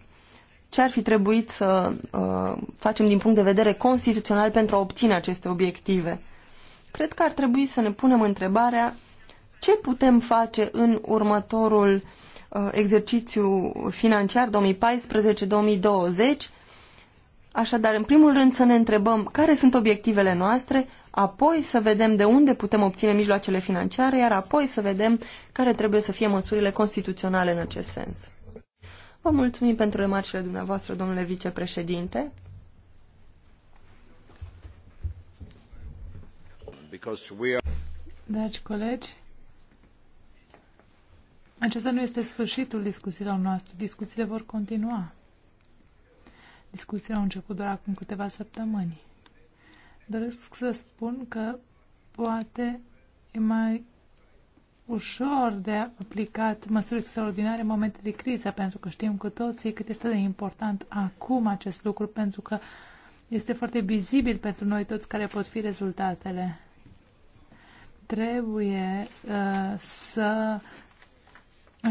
ce ar fi trebuit să uh, facem din punct de vedere constituțional pentru a obține aceste obiective. Cred că ar trebui să ne punem întrebarea ce putem face în următorul uh, exercițiu financiar 2014-2020. Așadar, în primul rând să ne întrebăm care sunt obiectivele noastre, apoi să vedem de unde putem obține mijloacele financiare, iar apoi să vedem care trebuie să fie măsurile constituționale în acest sens. Vă mulțumim pentru remarcile dumneavoastră, domnule vicepreședinte.
Dragi colegi, acesta nu este sfârșitul discuțiilor noastre. Discuțiile vor continua. Discuțiile au început doar acum câteva săptămâni. Doresc să spun că poate e mai ușor de aplicat măsuri extraordinare în momente de criză, pentru că știm cu toții cât este de important acum acest lucru, pentru că este foarte vizibil pentru noi toți care pot fi rezultatele. Trebuie uh, să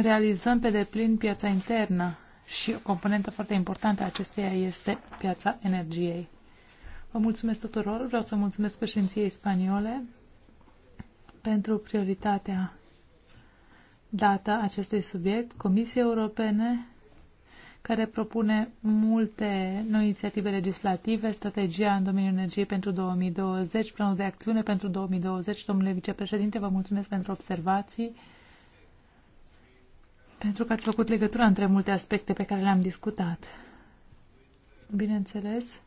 realizăm pe deplin piața internă și o componentă foarte importantă a acesteia este piața energiei. Vă mulțumesc tuturor, vreau să mulțumesc președinției spaniole pentru prioritatea dată acestui subiect, Comisiei Europene, care propune multe noi inițiative legislative, strategia în domeniul energiei pentru 2020, planul de acțiune pentru 2020. Domnule vicepreședinte, vă mulțumesc pentru observații, pentru că ați făcut legătura între multe aspecte pe care le-am discutat. Bineînțeles,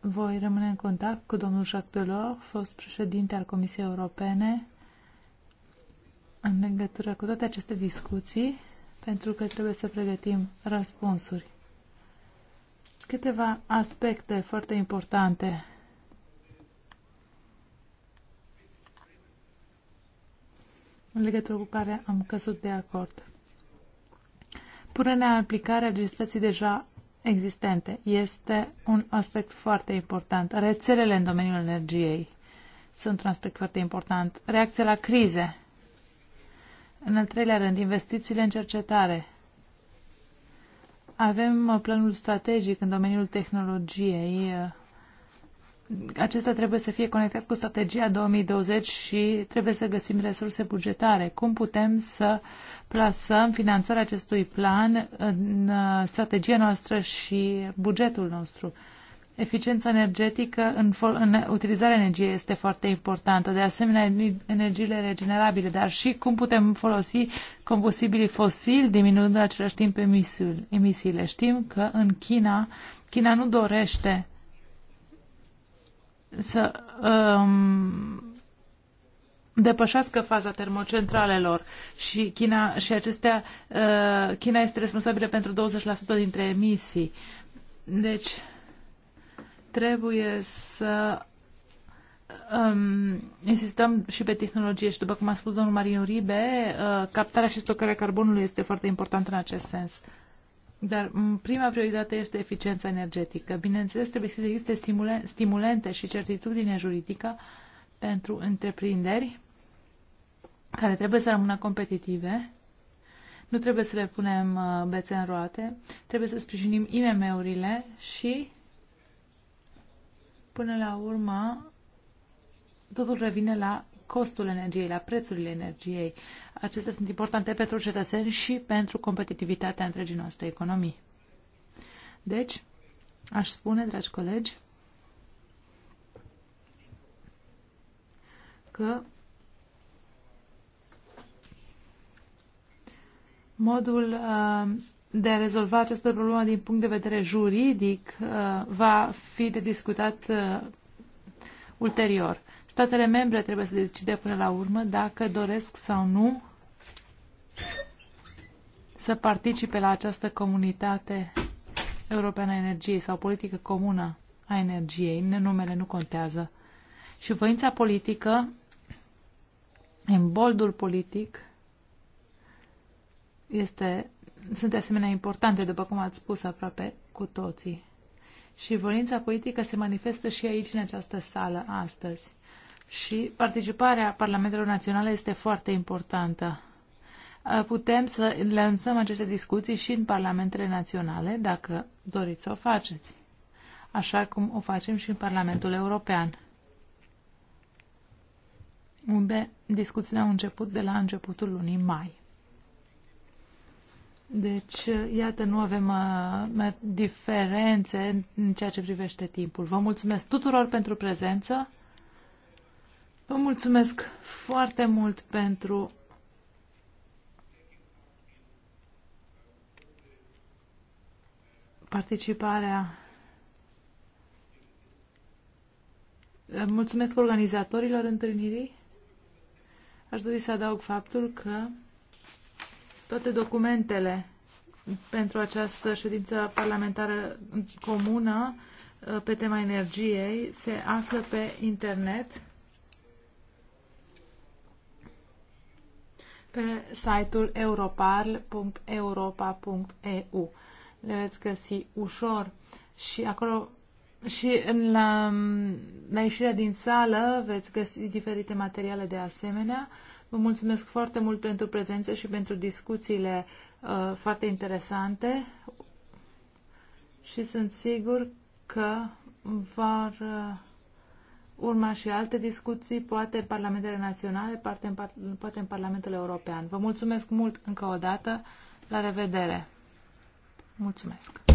voi rămâne în contact cu domnul Jacques Delors, fost președinte al Comisiei Europene, în legătură cu toate aceste discuții, pentru că trebuie să pregătim răspunsuri. Câteva aspecte foarte importante. în legătură cu care am căzut de acord. Punerea în aplicare a legislației deja existente este un aspect foarte important. Rețelele în domeniul energiei sunt un aspect foarte important. Reacția la crize în al treilea rând, investițiile în cercetare. Avem uh, planul strategic în domeniul tehnologiei. Uh, acesta trebuie să fie conectat cu strategia 2020 și trebuie să găsim resurse bugetare. Cum putem să plasăm finanțarea acestui plan în uh, strategia noastră și bugetul nostru? Eficiența energetică în, în utilizarea energiei este foarte importantă, de asemenea energiile regenerabile, dar și cum putem folosi combustibilii fosili diminuând în același timp emisiile. Știm că în China, China nu dorește să um, depășească faza termocentralelor și China și acestea uh, China este responsabilă pentru 20% dintre emisii. Deci trebuie să um, insistăm și pe tehnologie și, după cum a spus domnul Marin Uribe, uh, captarea și stocarea carbonului este foarte importantă în acest sens. Dar prima prioritate este eficiența energetică. Bineînțeles, trebuie să existe stimule, stimulente și certitudine juridică pentru întreprinderi care trebuie să rămână competitive. Nu trebuie să le punem uh, bețe în roate, trebuie să sprijinim IMM-urile și Până la urmă, totul revine la costul energiei, la prețurile energiei. Acestea sunt importante pentru cetățeni și pentru competitivitatea întregii noastre economii. Deci, aș spune, dragi colegi, că modul uh, de a rezolva această problemă din punct de vedere juridic uh, va fi de discutat uh, ulterior. Statele membre trebuie să decide până la urmă dacă doresc sau nu să participe la această comunitate europeană a energiei sau politică comună a energiei. Numele nu contează. Și voința politică, emboldul politic, este sunt de asemenea importante, după cum ați spus aproape cu toții. Și voința politică se manifestă și aici, în această sală, astăzi. Și participarea Parlamentelor Naționale este foarte importantă. Putem să lansăm aceste discuții și în Parlamentele Naționale, dacă doriți să o faceți, așa cum o facem și în Parlamentul European, unde discuțiile au început de la începutul lunii mai. Deci, iată, nu avem uh, diferențe în ceea ce privește timpul. Vă mulțumesc tuturor pentru prezență. Vă mulțumesc foarte mult pentru participarea. Mulțumesc organizatorilor întâlnirii. Aș dori să adaug faptul că toate documentele pentru această ședință parlamentară comună uh, pe tema energiei se află pe internet, pe site-ul europarl.europa.eu. Le veți găsi ușor și acolo și în la, la ieșirea din sală veți găsi diferite materiale de asemenea. Vă mulțumesc foarte mult pentru prezență și pentru discuțiile uh, foarte interesante și sunt sigur că vor uh, urma și alte discuții, poate în Parlamentele Naționale, poate în, par poate în Parlamentul European. Vă mulțumesc mult încă o dată. La revedere! Mulțumesc!